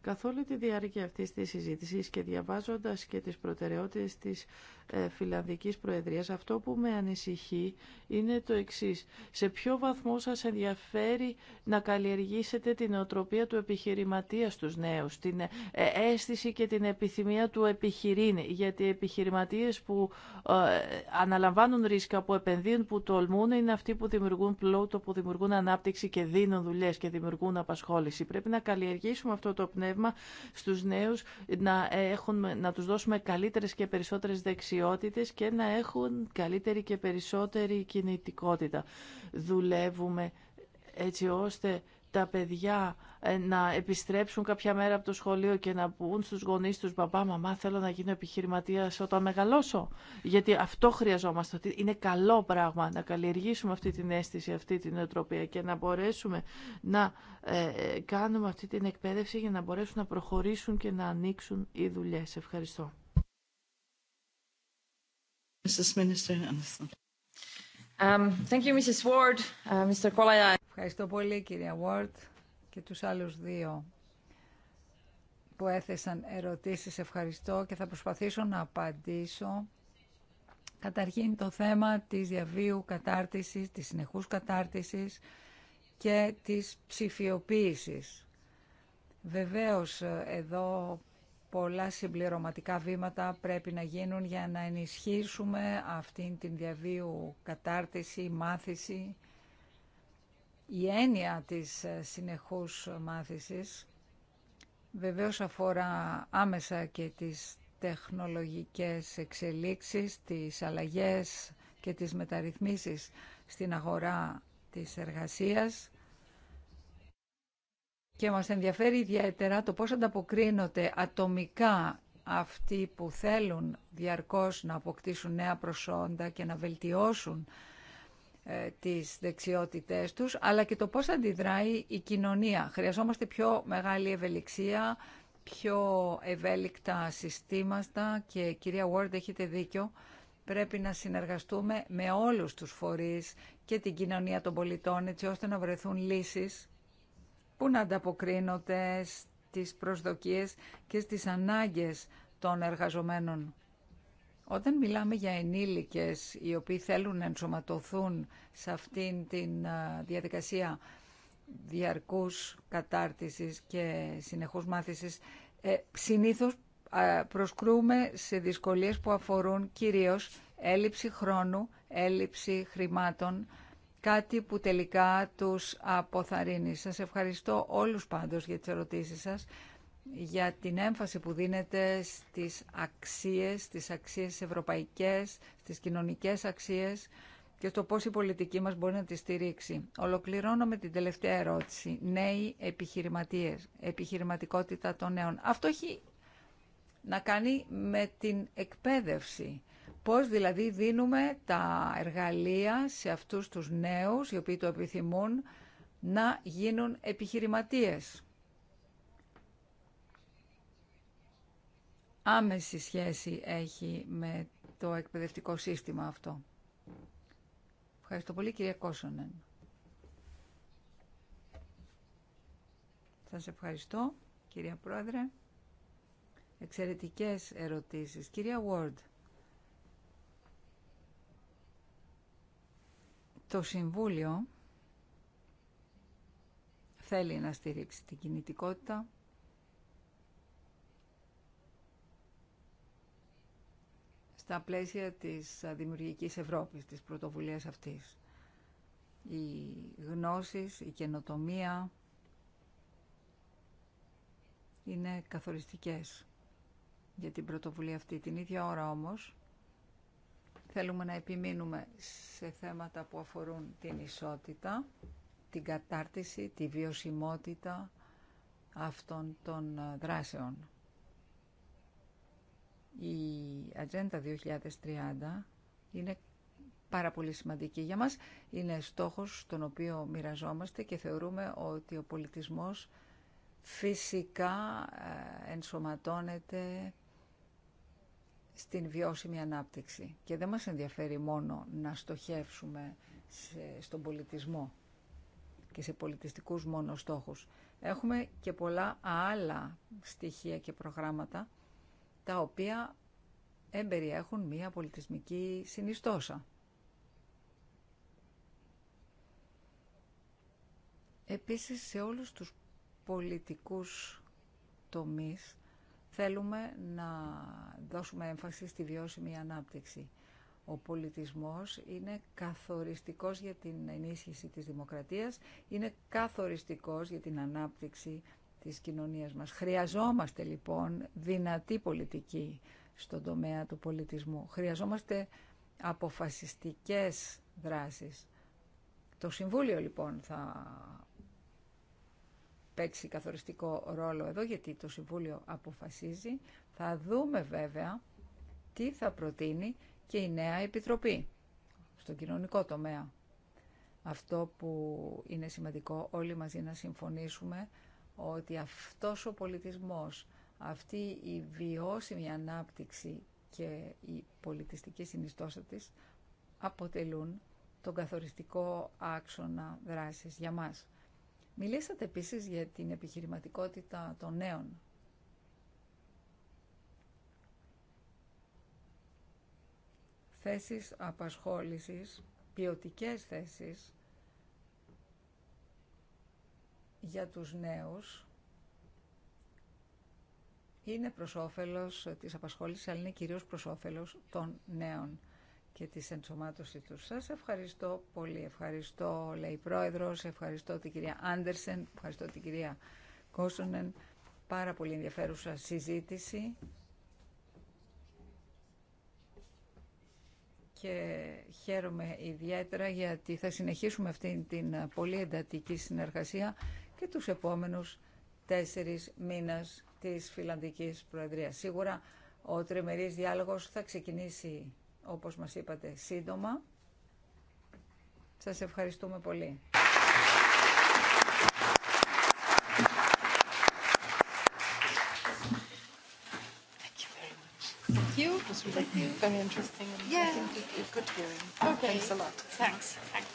Καθ' όλη τη διάρκεια αυτής της συζήτησης και διαβάζοντας και τις προτεραιότητες της ε, Φιλανδικής Προεδρίας, αυτό που με ανησυχεί είναι το εξής. Σε ποιο βαθμό σας ενδιαφέρει να καλλιεργήσετε την οτροπία του επιχειρηματία στους νέους, την ε, αίσθηση και την επιθυμία του επιχειρήν, γιατί οι επιχειρηματίες που ε, αναλαμβάνουν ρίσκα, που επενδύουν, που τολμούν, είναι αυτοί που δημιουργούν δημιουργούν πλούτο, που δημιουργούν ανάπτυξη και δίνουν δουλειέ και δημιουργούν απασχόληση. Πρέπει να καλλιεργήσουμε αυτό το πνεύμα στου νέου, να, να του δώσουμε καλύτερε και περισσότερε δεξιότητε και να έχουν καλύτερη και περισσότερη κινητικότητα. Δουλεύουμε έτσι ώστε τα παιδιά ε, να επιστρέψουν κάποια μέρα από το σχολείο και να πούν στους γονείς τους «Μπαμπά, μαμά, θέλω να γίνω επιχειρηματίας όταν μεγαλώσω». Γιατί αυτό χρειαζόμαστε, ότι είναι καλό πράγμα να καλλιεργήσουμε αυτή την αίσθηση, αυτή την νοοτροπία και να μπορέσουμε να ε, ε, κάνουμε αυτή την εκπαίδευση για να μπορέσουν να προχωρήσουν και να ανοίξουν οι δουλειές. Ευχαριστώ. Um, thank you, Mrs. Ward, uh, Mr. Ευχαριστώ πολύ κυρία Βόρτ, και τους άλλους δύο που έθεσαν ερωτήσεις. Ευχαριστώ και θα προσπαθήσω να απαντήσω. Καταρχήν το θέμα της διαβίου κατάρτισης, της συνεχούς κατάρτισης και της ψηφιοποίησης. Βεβαίως εδώ πολλά συμπληρωματικά βήματα πρέπει να γίνουν για να ενισχύσουμε αυτήν την διαβίου κατάρτιση, μάθηση η έννοια της ε, συνεχούς μάθησης βεβαίως αφορά άμεσα και τις τεχνολογικές εξελίξεις, τις αλλαγές και τις μεταρρυθμίσεις στην αγορά της εργασίας και μας ενδιαφέρει ιδιαίτερα το πώς ανταποκρίνονται ατομικά αυτοί που θέλουν διαρκώς να αποκτήσουν νέα προσόντα και να βελτιώσουν ε, τις δεξιότητές τους, αλλά και το πώς αντιδράει η κοινωνία. Χρειαζόμαστε πιο μεγάλη ευελιξία, πιο ευέλικτα συστήματα και κυρία Ward έχετε δίκιο, πρέπει να συνεργαστούμε με όλους τους φορείς και την κοινωνία των πολιτών έτσι ώστε να βρεθούν λύσεις που να ανταποκρίνονται στις προσδοκίες και στις ανάγκες των εργαζομένων. Όταν μιλάμε για ενήλικες οι οποίοι θέλουν να ενσωματωθούν σε αυτήν την διαδικασία διαρκούς κατάρτισης και συνεχούς μάθησης, ε, συνήθως προσκρούμε σε δυσκολίες που αφορούν κυρίως έλλειψη χρόνου, έλλειψη χρημάτων, κάτι που τελικά τους αποθαρρύνει. Σας ευχαριστώ όλους πάντως για τις ερωτήσεις σας για την έμφαση που δίνεται στις αξίες, στις αξίες ευρωπαϊκές, στις κοινωνικές αξίες και στο πώς η πολιτική μας μπορεί να τη στηρίξει. Ολοκληρώνω με την τελευταία ερώτηση. Νέοι επιχειρηματίες, επιχειρηματικότητα των νέων. Αυτό έχει να κάνει με την εκπαίδευση. Πώς δηλαδή δίνουμε τα εργαλεία σε αυτούς τους νέους, οι οποίοι το επιθυμούν, να γίνουν επιχειρηματίες. άμεση σχέση έχει με το εκπαιδευτικό σύστημα αυτό. Ευχαριστώ πολύ κυρία Κόσονεν. Σας ευχαριστώ κυρία Πρόεδρε. Εξαιρετικές ερωτήσεις. Κυρία Ward, το Συμβούλιο θέλει να στηρίξει την κινητικότητα στα πλαίσια της Δημιουργικής Ευρώπης, της πρωτοβουλίας αυτής. Οι γνώσεις, η καινοτομία είναι καθοριστικές για την πρωτοβουλία αυτή. Την ίδια ώρα όμως θέλουμε να επιμείνουμε σε θέματα που αφορούν την ισότητα, την κατάρτιση, τη βιωσιμότητα αυτών των δράσεων. Η Ατζέντα 2030 είναι πάρα πολύ σημαντική για μας. Είναι στόχος τον οποίο μοιραζόμαστε και θεωρούμε ότι ο πολιτισμός φυσικά ε, ενσωματώνεται στην βιώσιμη ανάπτυξη. Και δεν μας ενδιαφέρει μόνο να στοχεύσουμε στον πολιτισμό και σε πολιτιστικούς μόνο στόχους. Έχουμε και πολλά άλλα στοιχεία και προγράμματα τα οποία εμπεριέχουν μία πολιτισμική συνιστόσα. Επίσης, σε όλους τους πολιτικούς τομείς θέλουμε να δώσουμε έμφαση στη βιώσιμη ανάπτυξη. Ο πολιτισμός είναι καθοριστικός για την ενίσχυση της δημοκρατίας, είναι καθοριστικός για την ανάπτυξη της κοινωνίας μας. Χρειαζόμαστε λοιπόν δυνατή πολιτική στον τομέα του πολιτισμού. Χρειαζόμαστε αποφασιστικές δράσεις. Το Συμβούλιο λοιπόν θα παίξει καθοριστικό ρόλο εδώ, γιατί το Συμβούλιο αποφασίζει. Θα δούμε βέβαια τι θα προτείνει και η νέα Επιτροπή στον κοινωνικό τομέα. Αυτό που είναι σημαντικό όλοι μαζί να συμφωνήσουμε ότι αυτός ο πολιτισμός, αυτή η βιώσιμη ανάπτυξη και η πολιτιστική συνιστόσα της αποτελούν τον καθοριστικό άξονα δράσης για μας. Μιλήσατε επίσης για την επιχειρηματικότητα των νέων. Θέσεις απασχόλησης, ποιοτικές θέσεις, για τους νέους είναι προς όφελος της απασχόλησης, αλλά είναι κυρίως προς όφελος των νέων και της ενσωμάτωσης τους. Σας ευχαριστώ πολύ. Ευχαριστώ, λέει η Πρόεδρος, ευχαριστώ την κυρία Άντερσεν, ευχαριστώ την κυρία Κόσονεν. Πάρα πολύ ενδιαφέρουσα συζήτηση. και χαίρομαι ιδιαίτερα γιατί θα συνεχίσουμε αυτή την πολύ εντατική συνεργασία και τους επόμενους τέσσερις μήνες της Φιλανδικής Προεδρίας. Σίγουρα ο τριμερής διάλογος θα ξεκινήσει, όπως μας είπατε, σύντομα. Σας ευχαριστούμε πολύ. Thank you. It was really very interesting and yeah. I think good hearing. Okay. Thanks a lot. Thanks. Thanks.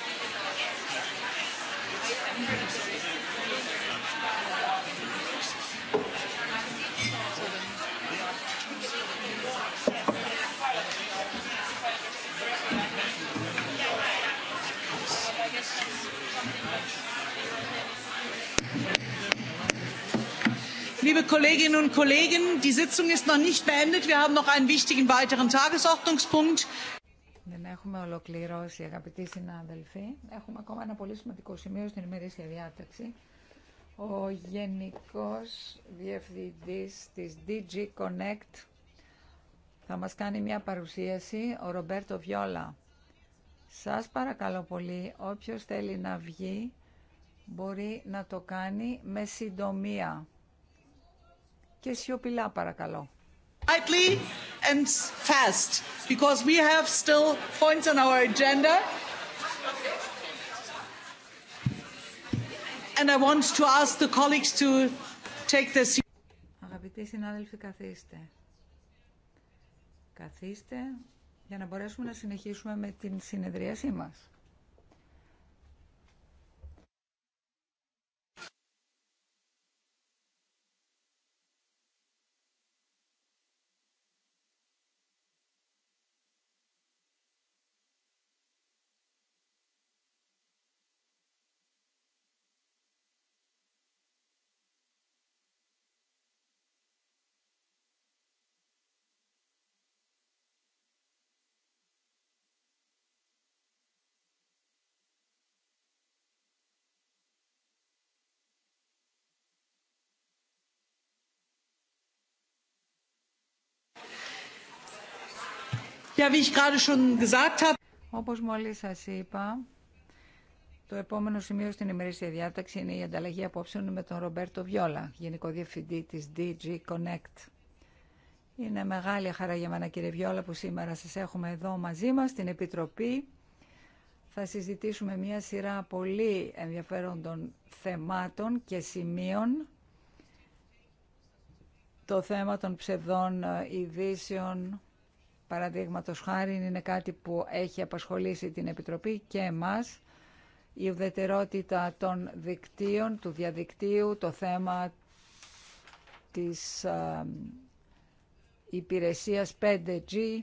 Liebe Kolleginnen und Kollegen, die Sitzung ist noch nicht beendet. Wir haben noch einen wichtigen weiteren Tagesordnungspunkt. Δεν έχουμε ολοκληρώσει, αγαπητοί συνάδελφοι. Έχουμε ακόμα ένα πολύ σημαντικό σημείο στην ημερήσια διάταξη. Ο Γενικός Διευθυντής της DG Connect θα μας κάνει μια παρουσίαση, ο Ρομπέρτο Βιόλα. Σας παρακαλώ πολύ, όποιος θέλει να βγει μπορεί να το κάνει με συντομία και σιωπηλά παρακαλώ tightly and fast, because we have still points on our agenda. And I want to ask the colleagues to take their seat. Αγαπητοί συνάδελφοι, καθίστε. Καθίστε για να μπορέσουμε να συνεχίσουμε με την συνεδρίασή μας. Ja, ich Όπως μόλις σας είπα, το επόμενο σημείο στην ημερήσια διάταξη είναι η ανταλλαγή απόψεων με τον Ρομπέρτο Βιόλα, Γενικό Διευθυντή της DG Connect. Είναι μεγάλη χαρά για μένα κύριε Βιόλα που σήμερα σας έχουμε εδώ μαζί μας στην Επιτροπή. Θα συζητήσουμε μια σειρά πολύ ενδιαφέροντων θεμάτων και σημείων. Το θέμα των ψευδών ε, ειδήσεων, παραδείγματος χάρη είναι κάτι που έχει απασχολήσει την Επιτροπή και εμάς, η ουδετερότητα των δικτύων, του διαδικτύου, το θέμα της α, υπηρεσίας 5G.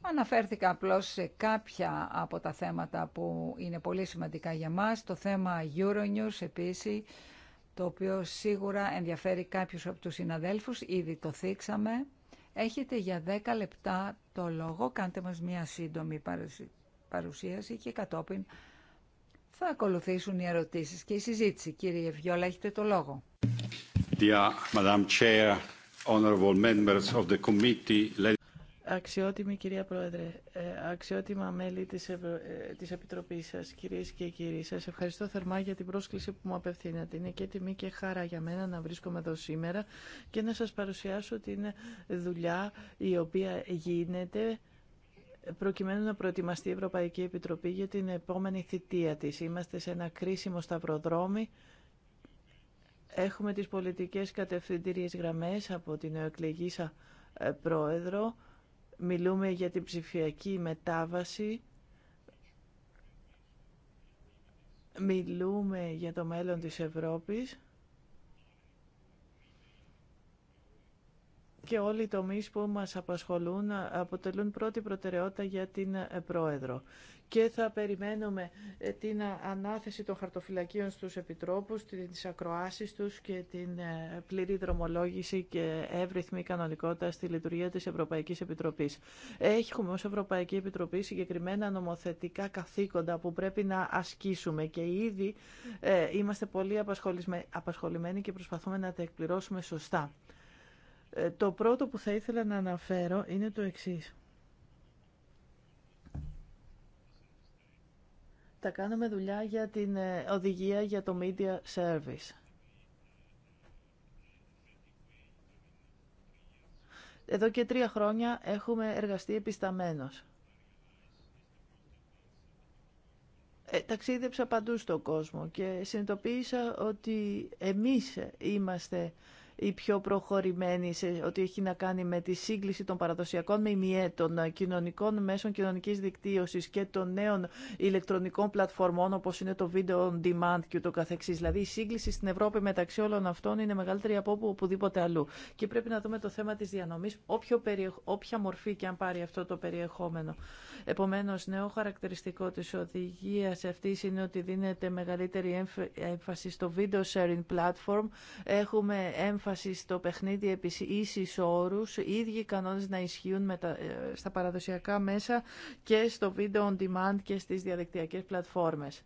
Αναφέρθηκα απλώς σε κάποια από τα θέματα που είναι πολύ σημαντικά για μας. Το θέμα Euronews επίσης, το οποίο σίγουρα ενδιαφέρει κάποιους από τους συναδέλφους, ήδη το θίξαμε. Έχετε για 10 λεπτά το λόγο, κάντε μας μια σύντομη παρουσίαση και κατόπιν θα ακολουθήσουν οι ερωτήσεις και η συζήτηση. Κύριε Βιόλα, έχετε το λόγο. Dear Madam Chair, honorable members of the committee, Αξιότιμη κυρία Πρόεδρε, ε, αξιότιμα μέλη της, Ευρω... Ε, της Επιτροπής σας, κυρίες και κύριοι, σας ευχαριστώ θερμά για την πρόσκληση που μου απευθύνατε. Είναι και τιμή και χαρά για μένα να βρίσκομαι εδώ σήμερα και να σας παρουσιάσω την δουλειά η οποία γίνεται προκειμένου να προετοιμαστεί η Ευρωπαϊκή Επιτροπή για την επόμενη θητεία της. Είμαστε σε ένα κρίσιμο σταυροδρόμι Έχουμε τις πολιτικές κατευθυντήριες γραμμές από την εκλεγήσα ε, πρόεδρο Μιλούμε για την ψηφιακή μετάβαση. Μιλούμε για το μέλλον της Ευρώπης. και όλοι οι τομείς που μας απασχολούν αποτελούν πρώτη προτεραιότητα για την Πρόεδρο και θα περιμένουμε ε, την ε, ανάθεση των χαρτοφυλακίων στους επιτρόπους, τις ακροάσεις τους και την ε, πλήρη δρομολόγηση και εύρυθμη κανονικότητα στη λειτουργία της Ευρωπαϊκής Επιτροπής. Έχουμε ως Ευρωπαϊκή Επιτροπή συγκεκριμένα νομοθετικά καθήκοντα που πρέπει να ασκήσουμε και ήδη είμαστε πολύ απασχολημένοι και προσπαθούμε να τα εκπληρώσουμε σωστά. Το πρώτο που θα ήθελα να αναφέρω είναι το εξής. θα κάνουμε δουλειά για την ε, οδηγία για το Media Service. Εδώ και τρία χρόνια έχουμε εργαστεί επισταμένος. Ε, ταξίδεψα παντού στον κόσμο και συνειδητοποίησα ότι εμείς είμαστε η πιο προχωρημένη σε ό,τι έχει να κάνει με τη σύγκληση των παραδοσιακών ΜΜΕ, των κοινωνικών μέσων κοινωνικής δικτύωσης και των νέων ηλεκτρονικών πλατφορμών όπως είναι το Video On Demand και το καθεξής. Δηλαδή η σύγκληση στην Ευρώπη μεταξύ όλων αυτών είναι μεγαλύτερη από όπου, οπουδήποτε αλλού. Και πρέπει να δούμε το θέμα της διανομής, περιεχ... όποια μορφή και αν πάρει αυτό το περιεχόμενο. Επομένως, νέο χαρακτηριστικό της οδηγία αυτής είναι ότι δίνεται μεγαλύτερη έμφαση στο video sharing platform. Έχουμε έμφαση έμφαση στο παιχνίδι επί ίσης όρους, οι ίδιοι κανόνες να ισχύουν με τα, ε, στα παραδοσιακά μέσα και στο video on demand και στις διαδικτυακές πλατφόρμες.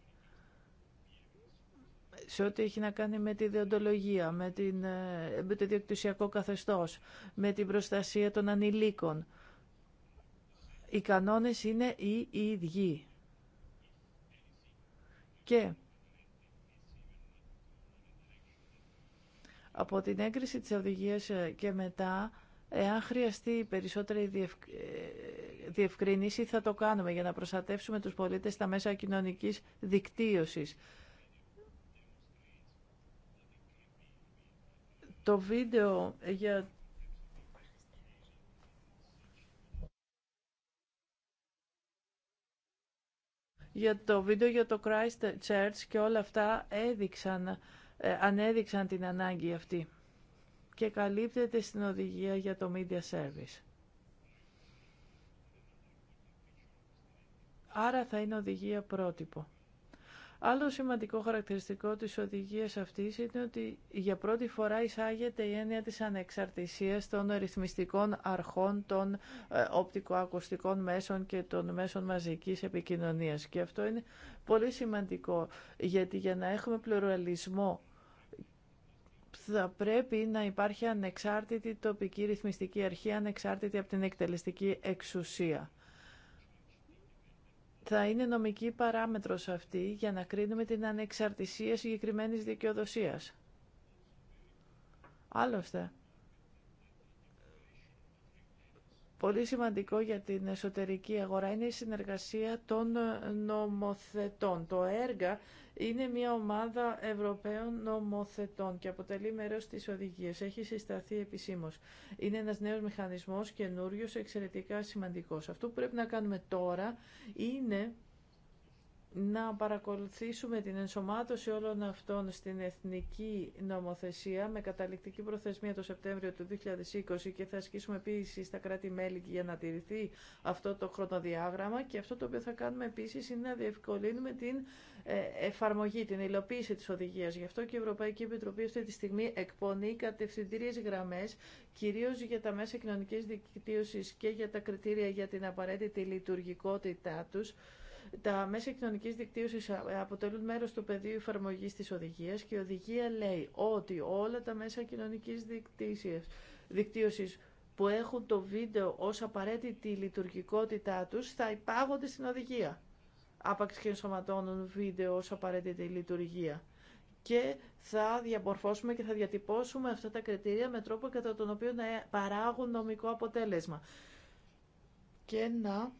Σε ό,τι έχει να κάνει με τη διοντολογία, με, την, ε, με το διοκτησιακό καθεστώς, με την προστασία των ανηλίκων, οι κανόνες είναι οι ίδιοι. Και Από την έγκριση της οδηγίας ε, και μετά, εάν χρειαστεί περισσότερη ε, διευκρίνηση, θα το κάνουμε για να προστατεύσουμε τους πολίτες στα μέσα κοινωνικής δικτύωσης. Το βίντεο για για το βίντεο για το Christchurch και όλα αυτά έδειξαν ε, ανέδειξαν την ανάγκη αυτή και καλύπτεται στην οδηγία για το media service. Άρα θα είναι οδηγία πρότυπο. Άλλο σημαντικό χαρακτηριστικό της οδηγίας αυτής είναι ότι για πρώτη φορά εισάγεται η έννοια της ανεξαρτησίας των ρυθμιστικών αρχών των ε, οπτικοακουστικών μέσων και των μέσων μαζικής επικοινωνίας. Και αυτό είναι πολύ σημαντικό, γιατί για να έχουμε πλουραλισμό θα πρέπει να υπάρχει ανεξάρτητη τοπική ρυθμιστική αρχή, ανεξάρτητη από την εκτελεστική εξουσία. Θα είναι νομική παράμετρος αυτή για να κρίνουμε την ανεξαρτησία συγκεκριμένης δικαιοδοσίας. Άλλωστε, πολύ σημαντικό για την εσωτερική αγορά είναι η συνεργασία των νομοθετών. Το έργα είναι μια ομάδα Ευρωπαίων νομοθετών και αποτελεί μέρος της οδηγίας. Έχει συσταθεί επισήμως. Είναι ένας νέος μηχανισμός, καινούριο, εξαιρετικά σημαντικός. Αυτό που πρέπει να κάνουμε τώρα είναι να παρακολουθήσουμε την ενσωμάτωση όλων αυτών στην εθνική νομοθεσία με καταληκτική προθεσμία το Σεπτέμβριο του 2020 και θα ασκήσουμε επίσης στα κράτη-μέλη για να τηρηθεί αυτό το χρονοδιάγραμμα και αυτό το οποίο θα κάνουμε επίσης είναι να διευκολύνουμε την ε, εφαρμογή, την υλοποίηση της οδηγίας. Γι' αυτό και η Ευρωπαϊκή Επιτροπή αυτή τη στιγμή εκπονεί κατευθυντήριες γραμμές κυρίως για τα μέσα κοινωνική δικτύωσης και για τα κριτήρια για την απαραίτητη λειτουργικότητά τους τα μέσα κοινωνική δικτύωση ε, αποτελούν μέρος του πεδίου εφαρμογή της οδηγίας και η οδηγία λέει ότι όλα τα μέσα κοινωνική δικτύωση που έχουν το βίντεο ω απαραίτητη λειτουργικότητά τους θα υπάγονται στην οδηγία. Άπαξ και ενσωματώνουν βίντεο ω απαραίτητη λειτουργία και θα διαμορφώσουμε και θα διατυπώσουμε αυτά τα κριτήρια με τρόπο κατά τον οποίο να παράγουν νομικό αποτέλεσμα και να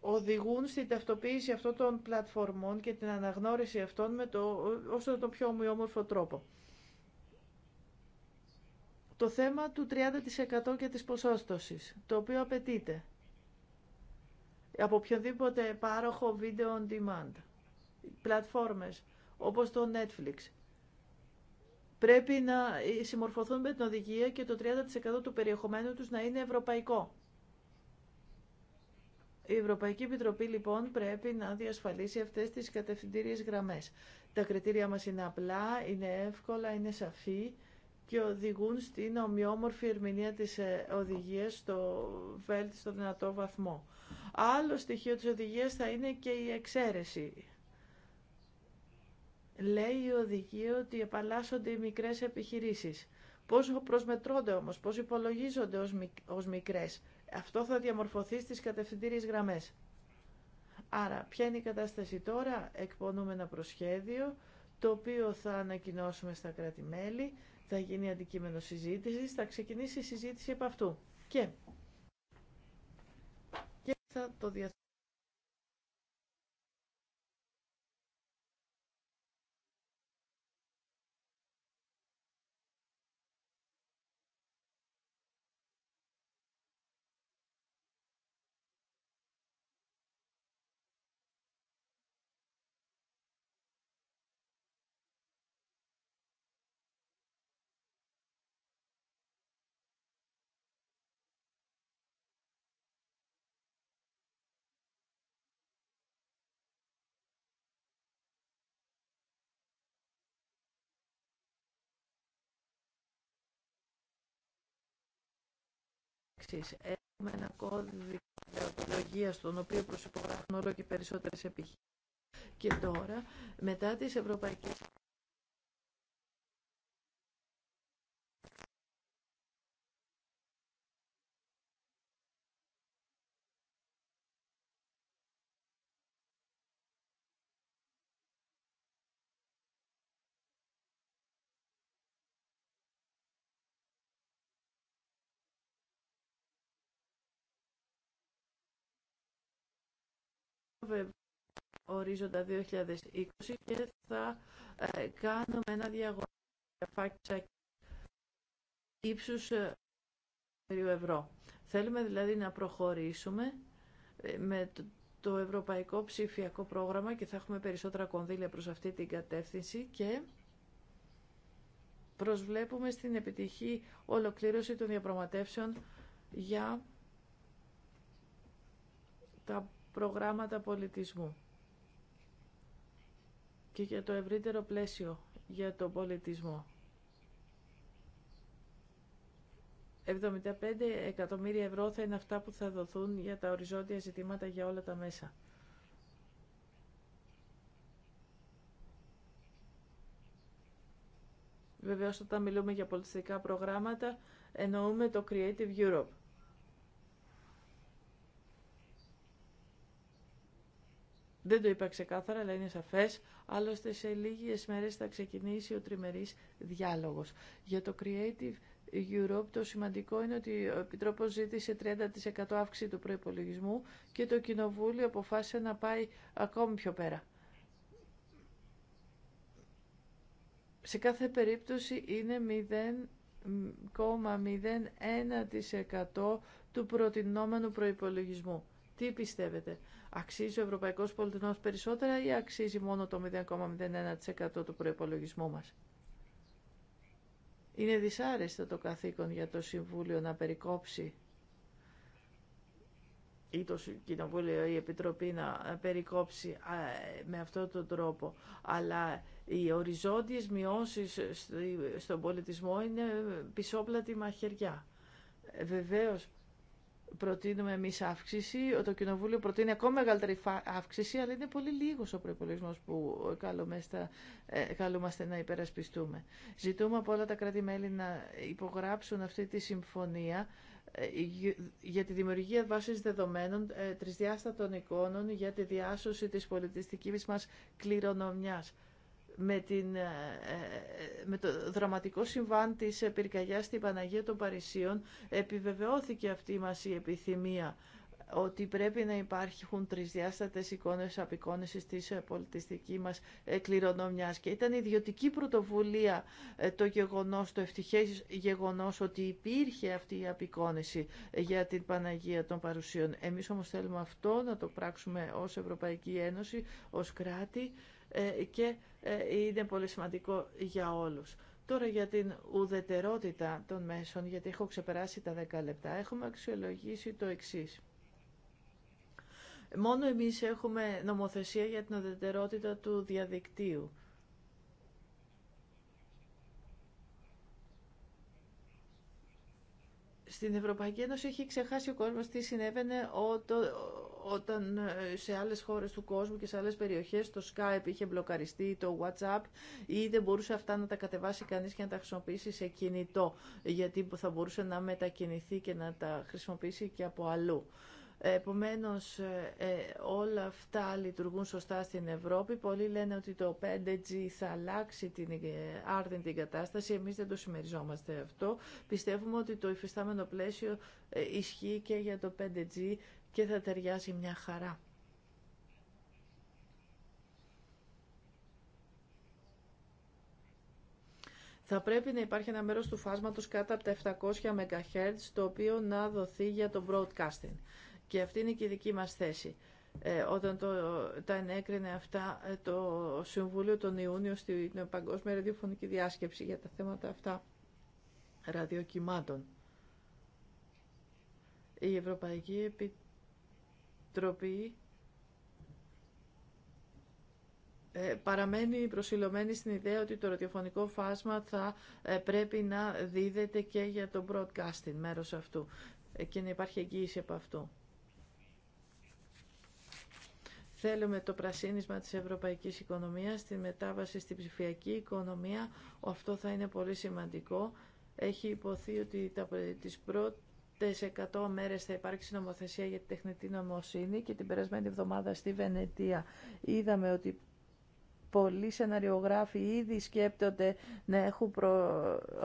οδηγούν στην ταυτοποίηση αυτών των πλατφορμών και την αναγνώριση αυτών με το, όσο τον πιο ομοιόμορφο τρόπο. Το θέμα του 30% και της ποσόστοσης, το οποίο απαιτείται από οποιοδήποτε πάροχο video on demand, πλατφόρμες όπως το Netflix, πρέπει να συμμορφωθούν με την οδηγία και το 30% του περιεχομένου τους να είναι ευρωπαϊκό. Η Ευρωπαϊκή Επιτροπή λοιπόν πρέπει να διασφαλίσει αυτές τις κατευθυντήριες γραμμές. Τα κριτήρια μας είναι απλά, είναι εύκολα, είναι σαφή και οδηγούν στην ομοιόμορφη ερμηνεία της ε, οδηγίας στο βέλτιστο δυνατό βαθμό. Άλλο στοιχείο της οδηγίας θα είναι και η εξαίρεση. Λέει η οδηγία ότι επαλλάσσονται οι μικρές επιχειρήσεις. Πώς προσμετρώνται όμως, πώς υπολογίζονται ως μικρές αυτό θα διαμορφωθεί στις κατευθυντήριες γραμμές. Άρα, ποια είναι η κατάσταση τώρα, εκπονούμε ένα προσχέδιο, το οποίο θα ανακοινώσουμε στα κράτη-μέλη, θα γίνει αντικείμενο συζήτησης, θα ξεκινήσει η συζήτηση επ' αυτού. Και, και θα το διαθέσουμε Έχουμε ένα κώδικα δεοντολογία, τον οποίο προσυπογράφουν όλο και περισσότερε επιχειρήσει. Και τώρα, μετά τι ευρωπαϊκέ ορίζοντα 2020 και θα ε, κάνουμε ένα διαγωνισμό για ύψους ύψους ε, ευρώ. Θέλουμε δηλαδή να προχωρήσουμε ε, με το Ευρωπαϊκό Ψηφιακό Πρόγραμμα και θα έχουμε περισσότερα κονδύλια προς αυτή την κατεύθυνση και προσβλέπουμε στην επιτυχή ολοκλήρωση των διαπραγματεύσεων για τα προγράμματα πολιτισμού και για το ευρύτερο πλαίσιο για τον πολιτισμό. 75 εκατομμύρια ευρώ θα είναι αυτά που θα δοθούν για τα οριζόντια ζητήματα για όλα τα μέσα. Βεβαίως όταν μιλούμε για πολιτιστικά προγράμματα εννοούμε το Creative Europe. Δεν το είπα ξεκάθαρα, αλλά είναι σαφέ. Άλλωστε, σε λίγε μέρες θα ξεκινήσει ο τριμερής διάλογος. Για το Creative Europe το σημαντικό είναι ότι ο επιτρόπο ζήτησε 30% αύξηση του προϋπολογισμού και το Κοινοβούλιο αποφάσισε να πάει ακόμη πιο πέρα. Σε κάθε περίπτωση είναι 0,01% του προτινόμενου προϋπολογισμού. Τι πιστεύετε, αξίζει ο ευρωπαϊκός πολιτισμό περισσότερα ή αξίζει μόνο το 0,01% του προπολογισμού μας. Είναι δυσάρεστο το καθήκον για το Συμβούλιο να περικόψει ή το Κοινοβούλιο ή η Επιτροπή να περικόψει με αυτόν τον τρόπο. Αλλά οι οριζόντιες μειώσεις στον πολιτισμό είναι πισόπλατη μαχαιριά. Βεβαίως προτείνουμε εμεί αύξηση. Το Κοινοβούλιο προτείνει ακόμα μεγαλύτερη αύξηση, αλλά είναι πολύ λίγο ο προπολογισμό που ε, καλούμαστε να υπερασπιστούμε. Ζητούμε από όλα τα κράτη-μέλη να υπογράψουν αυτή τη συμφωνία ε, για τη δημιουργία βάσης δεδομένων ε, τρισδιάστατων εικόνων για τη διάσωση της πολιτιστικής μας κληρονομιάς με, την, ε, ε, με το δραματικό συμβάν της πυρκαγιάς στην Παναγία των Παρισίων επιβεβαιώθηκε αυτή μας η επιθυμία ότι πρέπει να υπάρχουν τρισδιάστατες εικόνες απεικόνησης της ε, πολιτιστική μας κληρονομιάς. Και ήταν ιδιωτική πρωτοβουλία το γεγονός, το ευτυχές γεγονός ότι υπήρχε αυτή η απεικόνηση για την Παναγία των Παρουσίων. Εμείς όμως θέλουμε αυτό να το πράξουμε ως Ευρωπαϊκή Ένωση, ως κράτη, ε, και ε, είναι πολύ σημαντικό για όλους. Τώρα για την ουδετερότητα των μέσων, γιατί έχω ξεπεράσει τα 10 λεπτά, έχουμε αξιολογήσει το εξής. Μόνο εμείς έχουμε νομοθεσία για την ουδετερότητα του διαδικτύου. Στην Ευρωπαϊκή Ένωση έχει ξεχάσει ο κόσμος τι συνέβαινε όταν ε, σε άλλες χώρες του κόσμου και σε άλλες περιοχές το Skype είχε μπλοκαριστεί, το WhatsApp ή δεν μπορούσε αυτά να τα κατεβάσει κανείς και να τα χρησιμοποιήσει σε κινητό γιατί θα μπορούσε να μετακινηθεί και να τα χρησιμοποιήσει και από αλλού. Επομένως, ε, ε, όλα αυτά λειτουργούν σωστά στην Ευρώπη. Πολλοί λένε ότι το 5G θα αλλάξει την ε, την κατάσταση. Εμείς δεν το συμμεριζόμαστε αυτό. Πιστεύουμε ότι το υφιστάμενο πλαίσιο ισχύει και για το 5G και θα ταιριάσει μια χαρά. θα πρέπει να υπάρχει ένα μέρος του φάσματος κάτω από τα 700 MHz, το οποίο να δοθεί για το broadcasting. Και αυτή είναι και η δική μας θέση. Ε, όταν το, τα ενέκρινε αυτά ε, το Συμβούλιο τον Ιούνιο στην Παγκόσμια Ραδιοφωνική Διάσκεψη για τα θέματα αυτά ραδιοκυμάτων. Η Ευρωπαϊκή Επιτροπή ε, παραμένει προσιλωμένη στην ιδέα ότι το ραδιοφωνικό φάσμα θα ε, πρέπει να δίδεται και για το broadcasting μέρος αυτού και να υπάρχει εγγύηση από αυτού. Θέλουμε το πρασίνισμα της ευρωπαϊκής οικονομίας, τη μετάβαση στην ψηφιακή οικονομία. Αυτό θα είναι πολύ σημαντικό. Έχει υποθεί ότι τα, τις πρώτες 100 μέρες θα υπάρξει νομοθεσία για τη τεχνητή νομοσύνη και την περασμένη εβδομάδα στη Βενετία είδαμε ότι πολλοί σεναριογράφοι ήδη σκέπτονται να έχουν προ...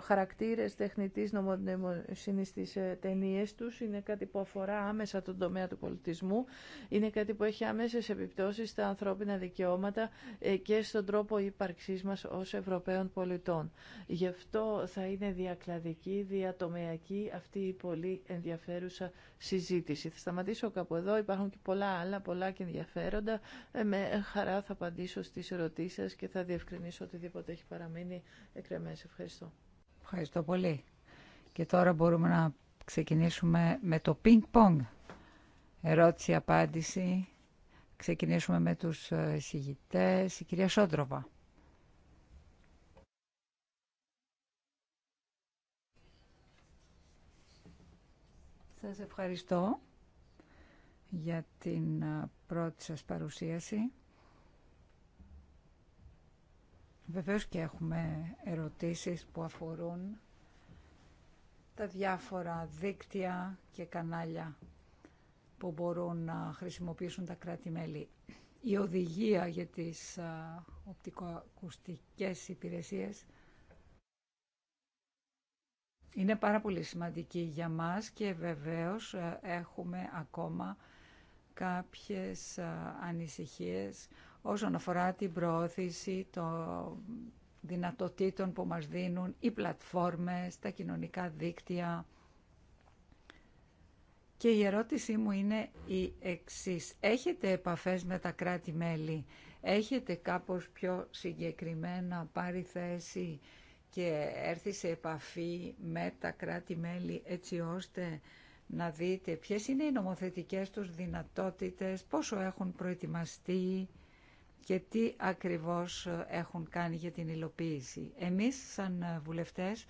χαρακτήρες τεχνητής νομοσύνης στις ε, ταινίες τους. Είναι κάτι που αφορά άμεσα τον τομέα του πολιτισμού. Είναι κάτι που έχει άμεσες επιπτώσεις στα ανθρώπινα δικαιώματα ε, και στον τρόπο ύπαρξής μας ως Ευρωπαίων πολιτών. Γι' αυτό θα είναι διακλαδική, διατομεακή αυτή η πολύ ενδιαφέρουσα συζήτηση. Θα σταματήσω κάπου εδώ. Υπάρχουν και πολλά άλλα, πολλά και ενδιαφέροντα. Ε, με χαρά θα απαντήσω στις ερωτήσεις και θα διευκρινίσω οτιδήποτε έχει παραμείνει εκρεμές. Ευχαριστώ. Ευχαριστώ πολύ. Και τώρα μπορούμε να ξεκινήσουμε με το πινκ-πονγκ. Ερώτηση-απάντηση. Ξεκινήσουμε με τους ε, εισηγητές. Η κυρία Σόντροβα. Σας ευχαριστώ για την ε, πρώτη σας παρουσίαση. Βεβαίως και έχουμε ερωτήσεις που αφορούν τα διάφορα δίκτυα και κανάλια που μπορούν να χρησιμοποιήσουν τα κράτη-μέλη. Η οδηγία για τις οπτικοακουστικές υπηρεσίες είναι πάρα πολύ σημαντική για μας και βεβαίως ε, έχουμε ακόμα κάποιες ανησυχίες όσον αφορά την προώθηση των δυνατοτήτων που μας δίνουν οι πλατφόρμες, τα κοινωνικά δίκτυα. Και η ερώτησή μου είναι η εξής. Έχετε επαφές με τα κράτη-μέλη, έχετε κάπως πιο συγκεκριμένα πάρει θέση και έρθει σε επαφή με τα κράτη-μέλη έτσι ώστε να δείτε ποιες είναι οι νομοθετικές τους δυνατότητες, πόσο έχουν προετοιμαστεί, και τι ακριβώς έχουν κάνει για την υλοποίηση. Εμείς σαν βουλευτές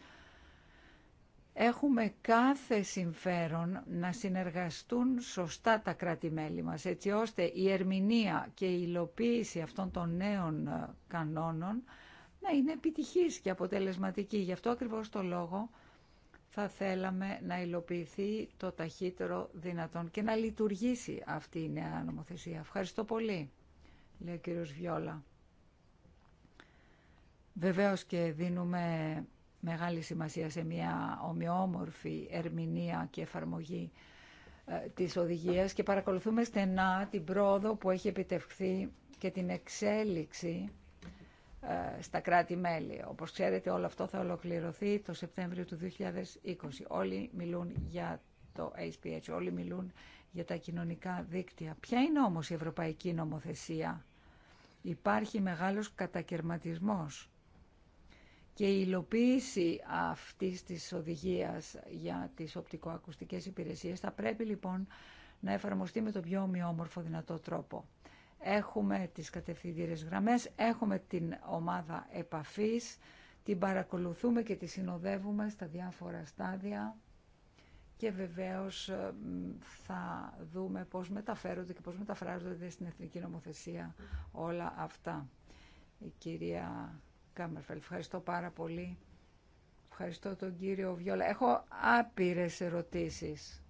έχουμε κάθε συμφέρον να συνεργαστούν σωστά τα κράτη-μέλη μας, έτσι ώστε η ερμηνεία και η υλοποίηση αυτών των νέων ε, κανόνων να είναι επιτυχής και αποτελεσματική. Γι' αυτό ακριβώς το λόγο θα θέλαμε να υλοποιηθεί το ταχύτερο δυνατόν και να λειτουργήσει αυτή η νέα νομοθεσία. Ευχαριστώ πολύ λέει ο κύριος Βιόλα. Βεβαίως και δίνουμε μεγάλη σημασία σε μια ομοιόμορφη ερμηνεία και εφαρμογή ε, της οδηγίας και παρακολουθούμε στενά την πρόοδο που έχει επιτευχθεί και την εξέλιξη ε, στα κράτη-μέλη. Όπως ξέρετε όλο αυτό θα ολοκληρωθεί το Σεπτέμβριο του 2020. Όλοι μιλούν για το HPH, όλοι μιλούν για τα κοινωνικά δίκτυα. Ποια είναι όμως η ευρωπαϊκή νομοθεσία Υπάρχει μεγάλος κατακαιρματισμός και η υλοποίηση αυτής της οδηγίας για τις οπτικοακουστικές υπηρεσίες θα πρέπει λοιπόν να εφαρμοστεί με τον πιο ομοιόμορφο δυνατό τρόπο. Έχουμε τις κατευθυντήρες γραμμές, έχουμε την ομάδα επαφής, την παρακολουθούμε και τη συνοδεύουμε στα διάφορα στάδια και βεβαίως ε, θα δούμε πώς μεταφέρονται και πώς μεταφράζονται στην Εθνική Νομοθεσία όλα αυτά. Η κυρία Κάμερφελ, ευχαριστώ πάρα πολύ. Ευχαριστώ τον κύριο Βιόλα. Έχω άπειρες ερωτήσεις.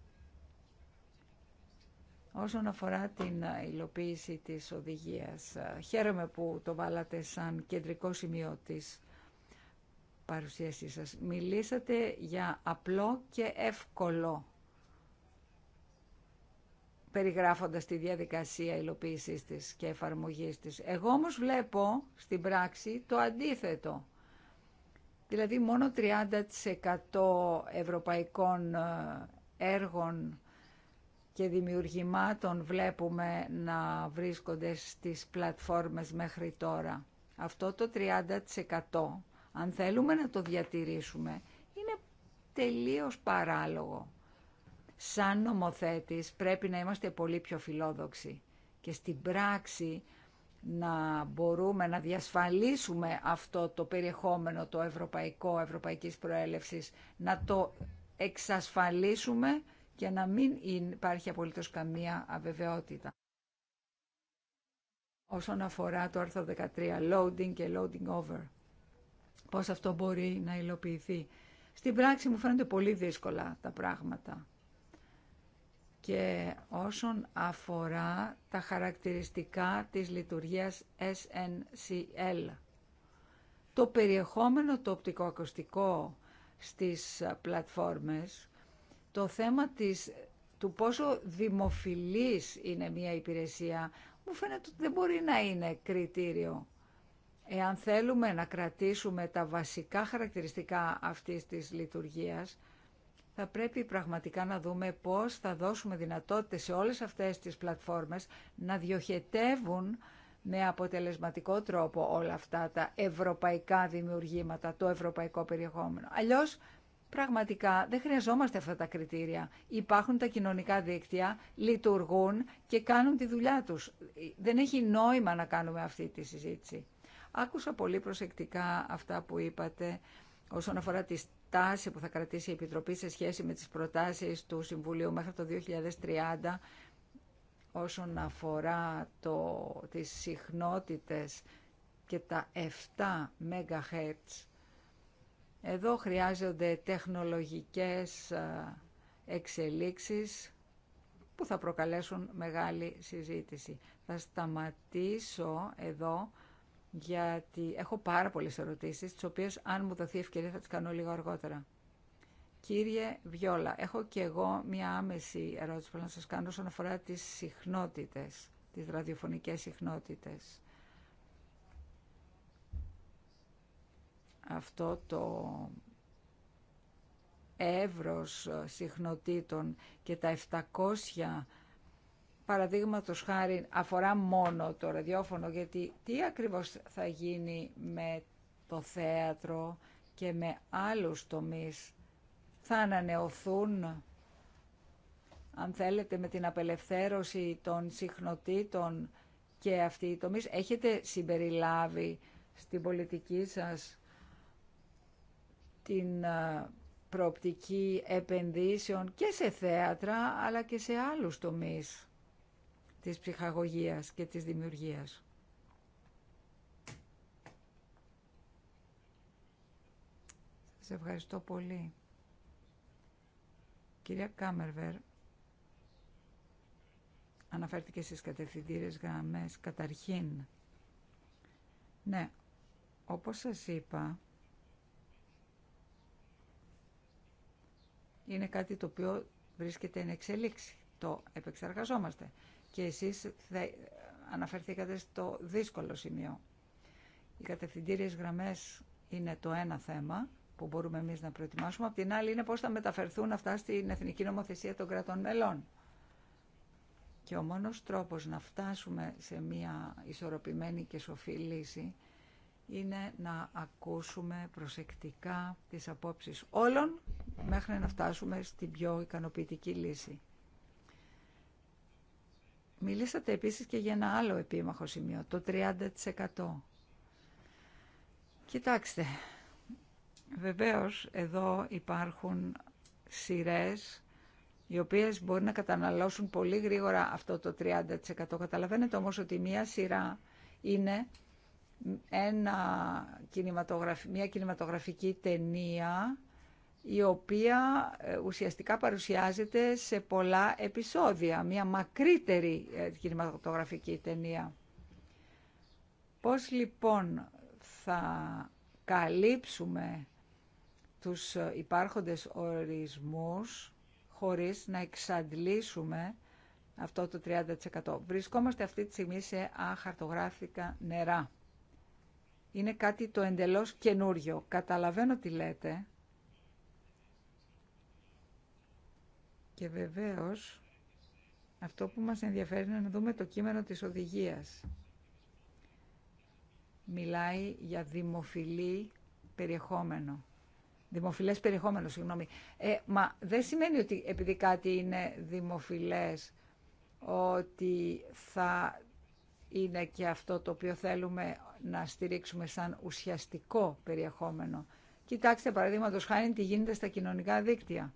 Όσον αφορά την ε, υλοποίηση της οδηγίας, ε, χαίρομαι που το βάλατε σαν κεντρικό σημείο της παρουσίασή σας. Μιλήσατε για απλό και εύκολο περιγράφοντας τη διαδικασία υλοποίησής της και εφαρμογής της. Εγώ όμως βλέπω στην πράξη το αντίθετο. Δηλαδή μόνο 30% ευρωπαϊκών ε, έργων και δημιουργημάτων βλέπουμε να βρίσκονται στις πλατφόρμες μέχρι τώρα. Αυτό το 30% αν θέλουμε να το διατηρήσουμε, είναι τελείως παράλογο. Σαν νομοθέτης πρέπει να είμαστε πολύ πιο φιλόδοξοι και στην πράξη να μπορούμε να διασφαλίσουμε αυτό το περιεχόμενο το ευρωπαϊκό, ευρωπαϊκής προέλευσης, να το εξασφαλίσουμε και να μην υπάρχει απολύτως καμία αβεβαιότητα. Όσον αφορά το άρθρο 13, loading και loading over πώς αυτό μπορεί να υλοποιηθεί. Στην πράξη μου φαίνονται πολύ δύσκολα τα πράγματα. Και όσον αφορά τα χαρακτηριστικά της λειτουργίας SNCL, το περιεχόμενο το οπτικοακουστικό στις πλατφόρμες, το θέμα της, του πόσο δημοφιλής είναι μια υπηρεσία, μου φαίνεται ότι δεν μπορεί να είναι κριτήριο. Εάν θέλουμε να κρατήσουμε τα βασικά χαρακτηριστικά αυτής της λειτουργίας, θα πρέπει πραγματικά να δούμε πώς θα δώσουμε δυνατότητε σε όλες αυτές τις πλατφόρμες να διοχετεύουν με αποτελεσματικό τρόπο όλα αυτά τα ευρωπαϊκά δημιουργήματα, το ευρωπαϊκό περιεχόμενο. Αλλιώς πραγματικά δεν χρειαζόμαστε αυτά τα κριτήρια. Υπάρχουν τα κοινωνικά δίκτυα, λειτουργούν και κάνουν τη δουλειά τους. Δεν έχει νόημα να κάνουμε αυτή τη συζήτηση. Άκουσα πολύ προσεκτικά αυτά που είπατε όσον αφορά τη στάση που θα κρατήσει η Επιτροπή σε σχέση με τις προτάσεις του Συμβουλίου μέχρι το 2030 όσον αφορά το, τις συχνότητες και τα 7 MHz. Εδώ χρειάζονται τεχνολογικές εξελίξεις που θα προκαλέσουν μεγάλη συζήτηση. Θα σταματήσω εδώ γιατί έχω πάρα πολλές ερωτήσεις, τις οποίες αν μου δοθεί ευκαιρία θα τις κάνω λίγο αργότερα. Κύριε Βιόλα, έχω και εγώ μια άμεση ερώτηση που να σας κάνω όσον αφορά τις συχνότητες, τις ραδιοφωνικές συχνότητες. Αυτό το εύρος συχνοτήτων και τα 700 παραδείγματο χάρη αφορά μόνο το ραδιόφωνο, γιατί τι ακριβώς θα γίνει με το θέατρο και με άλλους τομείς. Θα ανανεωθούν, αν θέλετε, με την απελευθέρωση των συχνοτήτων και αυτοί οι τομείς. Έχετε συμπεριλάβει στην πολιτική σας την προοπτική επενδύσεων και σε θέατρα, αλλά και σε άλλους τομείς της ψυχαγωγίας και της δημιουργίας. Σας ευχαριστώ πολύ. Κυρία Κάμερβερ, αναφέρθηκε στις κατευθυντήρες γραμμές. Καταρχήν, ναι, όπως σας είπα, είναι κάτι το οποίο βρίσκεται εν εξελίξη. Το επεξεργαζόμαστε και εσείς αναφερθήκατε στο δύσκολο σημείο. Οι κατευθυντήριες γραμμές είναι το ένα θέμα που μπορούμε εμείς να προετοιμάσουμε. Απ' την άλλη είναι πώς θα μεταφερθούν αυτά στην εθνική νομοθεσία των κρατών μελών. Και ο μόνος τρόπος να φτάσουμε σε μια ισορροπημένη και σοφή λύση είναι να ακούσουμε προσεκτικά τις απόψεις όλων μέχρι να φτάσουμε στην πιο ικανοποιητική λύση. Μιλήσατε επίσης και για ένα άλλο επίμαχο σημείο, το 30%. Κοιτάξτε, βεβαίως εδώ υπάρχουν σειρές οι οποίες μπορεί να καταναλώσουν πολύ γρήγορα αυτό το 30%. Καταλαβαίνετε όμως ότι μία σειρά είναι ένα μια κινηματογραφική ταινία η οποία ε, ουσιαστικά παρουσιάζεται σε πολλά επεισόδια, μια μακρύτερη ε, κινηματογραφική ταινία. Πώς λοιπόν θα καλύψουμε τους ε, υπάρχοντες ορισμούς χωρίς να εξαντλήσουμε αυτό το 30%. Βρισκόμαστε αυτή τη στιγμή σε αχαρτογράφικα νερά. Είναι κάτι το εντελώς καινούριο. Καταλαβαίνω τι λέτε, Και βεβαίως αυτό που μας ενδιαφέρει είναι να δούμε το κείμενο της οδηγίας. Μιλάει για δημοφιλή περιεχόμενο. Δημοφιλές περιεχόμενο, συγγνώμη. Ε, μα δεν σημαίνει ότι επειδή κάτι είναι δημοφιλές, ότι θα είναι και αυτό το οποίο θέλουμε να στηρίξουμε σαν ουσιαστικό περιεχόμενο. Κοιτάξτε, παραδείγματος, χάρη τι γίνεται στα κοινωνικά δίκτυα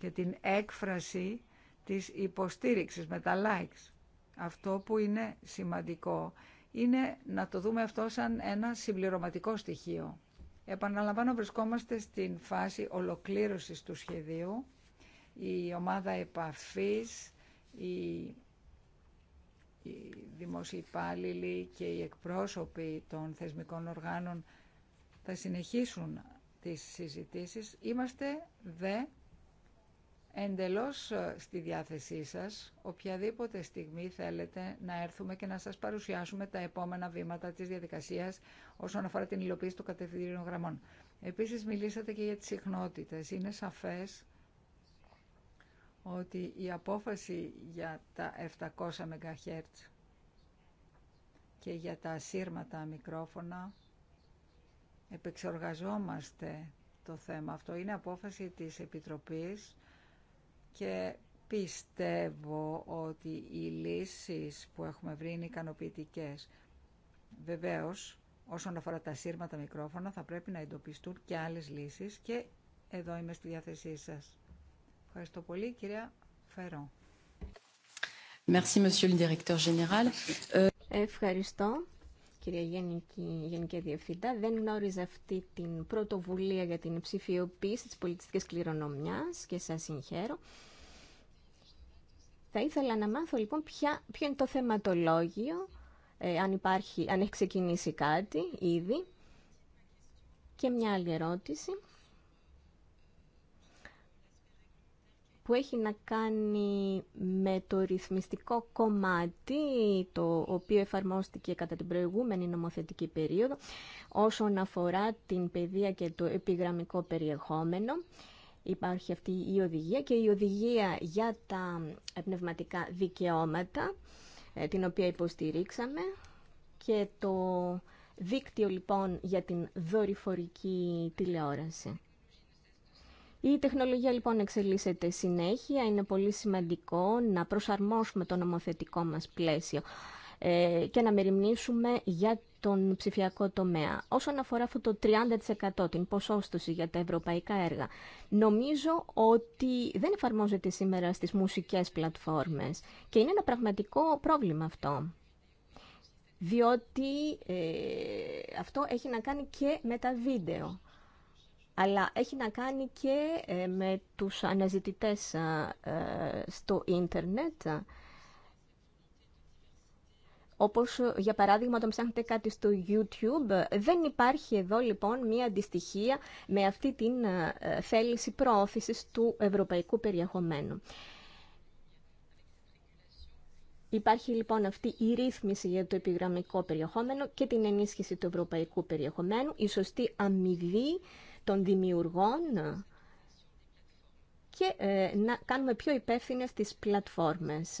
και την έκφραση της υποστήριξης με τα likes. Αυτό που είναι σημαντικό είναι να το δούμε αυτό σαν ένα συμπληρωματικό στοιχείο. Επαναλαμβάνω, βρισκόμαστε στην φάση ολοκλήρωσης του σχεδίου. Η ομάδα επαφής, οι, οι και οι εκπρόσωποι των θεσμικών οργάνων θα συνεχίσουν τις συζητήσεις. Είμαστε δε εντελώς ε, στη διάθεσή σας οποιαδήποτε στιγμή θέλετε να έρθουμε και να σας παρουσιάσουμε τα επόμενα βήματα της διαδικασίας όσον αφορά την υλοποίηση των κατευθυντήριων γραμμών. Επίσης μιλήσατε και για τις συχνότητες. Είναι σαφές ότι η απόφαση για τα 700 MHz και για τα σύρματα μικρόφωνα επεξεργαζόμαστε το θέμα αυτό. Είναι απόφαση της Επιτροπής και πιστεύω ότι οι λύσεις που έχουμε βρει είναι ικανοποιητικέ. Βεβαίως, όσον αφορά τα σύρματα μικρόφωνα, θα πρέπει να εντοπιστούν και άλλες λύσεις και εδώ είμαι στη διάθεσή σας. Ευχαριστώ πολύ, κυρία Φερό. Merci, Monsieur le Directeur Général. Ευχαριστώ κυρία Γενική, Γενική Διευθυντά. Δεν γνώριζα αυτή την πρωτοβουλία για την ψηφιοποίηση της πολιτιστικής κληρονομιάς και σας συγχαίρω. Θα ήθελα να μάθω λοιπόν ποια, ποιο είναι το θεματολόγιο, ε, αν, υπάρχει, αν έχει ξεκινήσει κάτι ήδη. Και μια άλλη ερώτηση. που έχει να κάνει με το ρυθμιστικό κομμάτι το οποίο εφαρμόστηκε κατά την προηγούμενη νομοθετική περίοδο όσον αφορά την παιδεία και το επιγραμμικό περιεχόμενο. Υπάρχει αυτή η οδηγία και η οδηγία για τα πνευματικά δικαιώματα ε, την οποία υποστηρίξαμε και το δίκτυο λοιπόν για την δορυφορική τηλεόραση. Η τεχνολογία λοιπόν εξελίσσεται συνέχεια, είναι πολύ σημαντικό να προσαρμόσουμε το νομοθετικό μας πλαίσιο ε, και να μεριμνήσουμε για τον ψηφιακό τομέα. Όσον αφορά αυτό το 30% την ποσόστοση για τα ευρωπαϊκά έργα, νομίζω ότι δεν εφαρμόζεται σήμερα στις μουσικές πλατφόρμες και είναι ένα πραγματικό πρόβλημα αυτό. Διότι ε, αυτό έχει να κάνει και με τα βίντεο αλλά έχει να κάνει και ε, με τους αναζητητές ε, στο ίντερνετ. Όπως ε, για παράδειγμα όταν ψάχνετε κάτι στο YouTube, δεν υπάρχει εδώ λοιπόν μία αντιστοιχία με αυτή την θέληση προώθησης του ευρωπαϊκού περιεχομένου. Υπάρχει λοιπόν αυτή η ρύθμιση για το επιγραμμικό περιεχόμενο και την ενίσχυση του ευρωπαϊκού περιεχομένου, η σωστή αμοιβή των δημιουργών και ε, να κάνουμε πιο υπεύθυνες τις πλατφόρμες.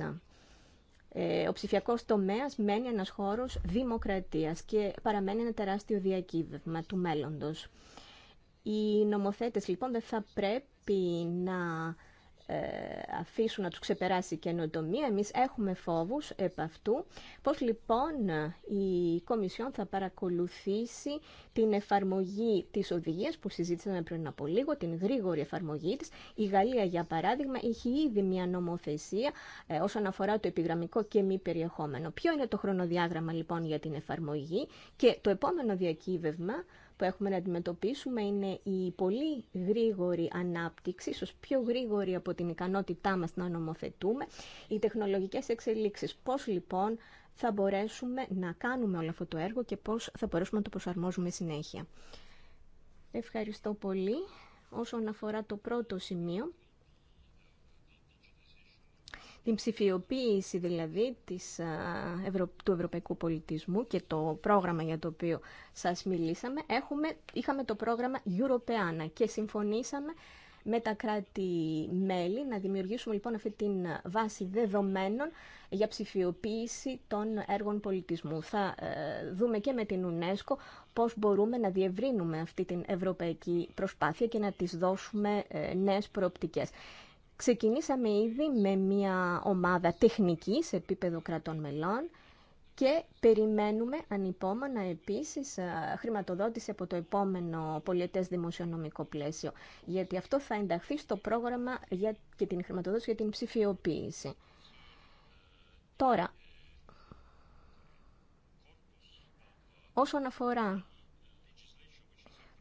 Ε, ο ψηφιακός τομέας μένει ένας χώρος δημοκρατίας και παραμένει ένα τεράστιο διακύβευμα του μέλλοντος. Οι νομοθέτες λοιπόν δεν θα πρέπει να ε, αφήσουν να τους ξεπεράσει η καινοτομία. Εμείς έχουμε φόβους επ' αυτού. Πώς λοιπόν ε, η Κομισιόν θα παρακολουθήσει την εφαρμογή της οδηγίας που συζήτησαμε πριν από λίγο, την γρήγορη εφαρμογή της. Η Γαλλία, για παράδειγμα, έχει ήδη μια νομοθεσία ε, όσον αφορά το επιγραμμικό και μη περιεχόμενο. Ποιο είναι το χρονοδιάγραμμα λοιπόν για την εφαρμογή και το επόμενο διακύβευμα που έχουμε να αντιμετωπίσουμε είναι η πολύ γρήγορη ανάπτυξη, ίσως πιο γρήγορη από την ικανότητά μας να νομοθετούμε, οι τεχνολογικές εξελίξεις. Πώς λοιπόν θα μπορέσουμε να κάνουμε όλο αυτό το έργο και πώς θα μπορέσουμε να το προσαρμόζουμε συνέχεια. Ευχαριστώ πολύ. Όσον αφορά το πρώτο σημείο, την ψηφιοποίηση δηλαδή της, του ευρωπαϊκού πολιτισμού και το πρόγραμμα για το οποίο σας μιλήσαμε, έχουμε, είχαμε το πρόγραμμα Europeana και συμφωνήσαμε με τα κράτη-μέλη να δημιουργήσουμε λοιπόν αυτή την βάση δεδομένων για ψηφιοποίηση των έργων πολιτισμού. Θα ε, δούμε και με την UNESCO πώς μπορούμε να διευρύνουμε αυτή την ευρωπαϊκή προσπάθεια και να της δώσουμε ε, νέες προοπτικές. Ξεκινήσαμε ήδη με μια ομάδα τεχνική σε επίπεδο κρατών μελών και περιμένουμε ανυπόμονα επίσης ε, χρηματοδότηση από το επόμενο πολιετές δημοσιονομικό πλαίσιο, γιατί αυτό θα ενταχθεί στο πρόγραμμα για, και την χρηματοδότηση για την ψηφιοποίηση. Τώρα, όσον αφορά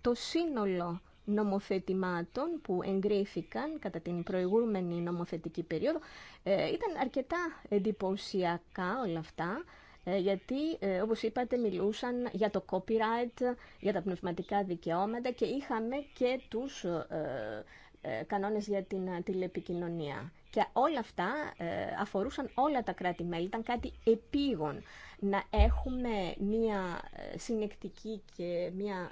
το σύνολο νομοθετημάτων που εγκρίθηκαν κατά την προηγούμενη νομοθετική περίοδο. Ε, ήταν αρκετά εντυπωσιακά όλα αυτά, ε, γιατί ε, όπως είπατε μιλούσαν για το copyright, για τα πνευματικά δικαιώματα και είχαμε και τους ε, κανόνες για την ε, τηλεπικοινωνία. Και όλα αυτά ε, αφορούσαν όλα τα κράτη-μέλη. Ήταν κάτι επίγον να έχουμε μία συνεκτική και μία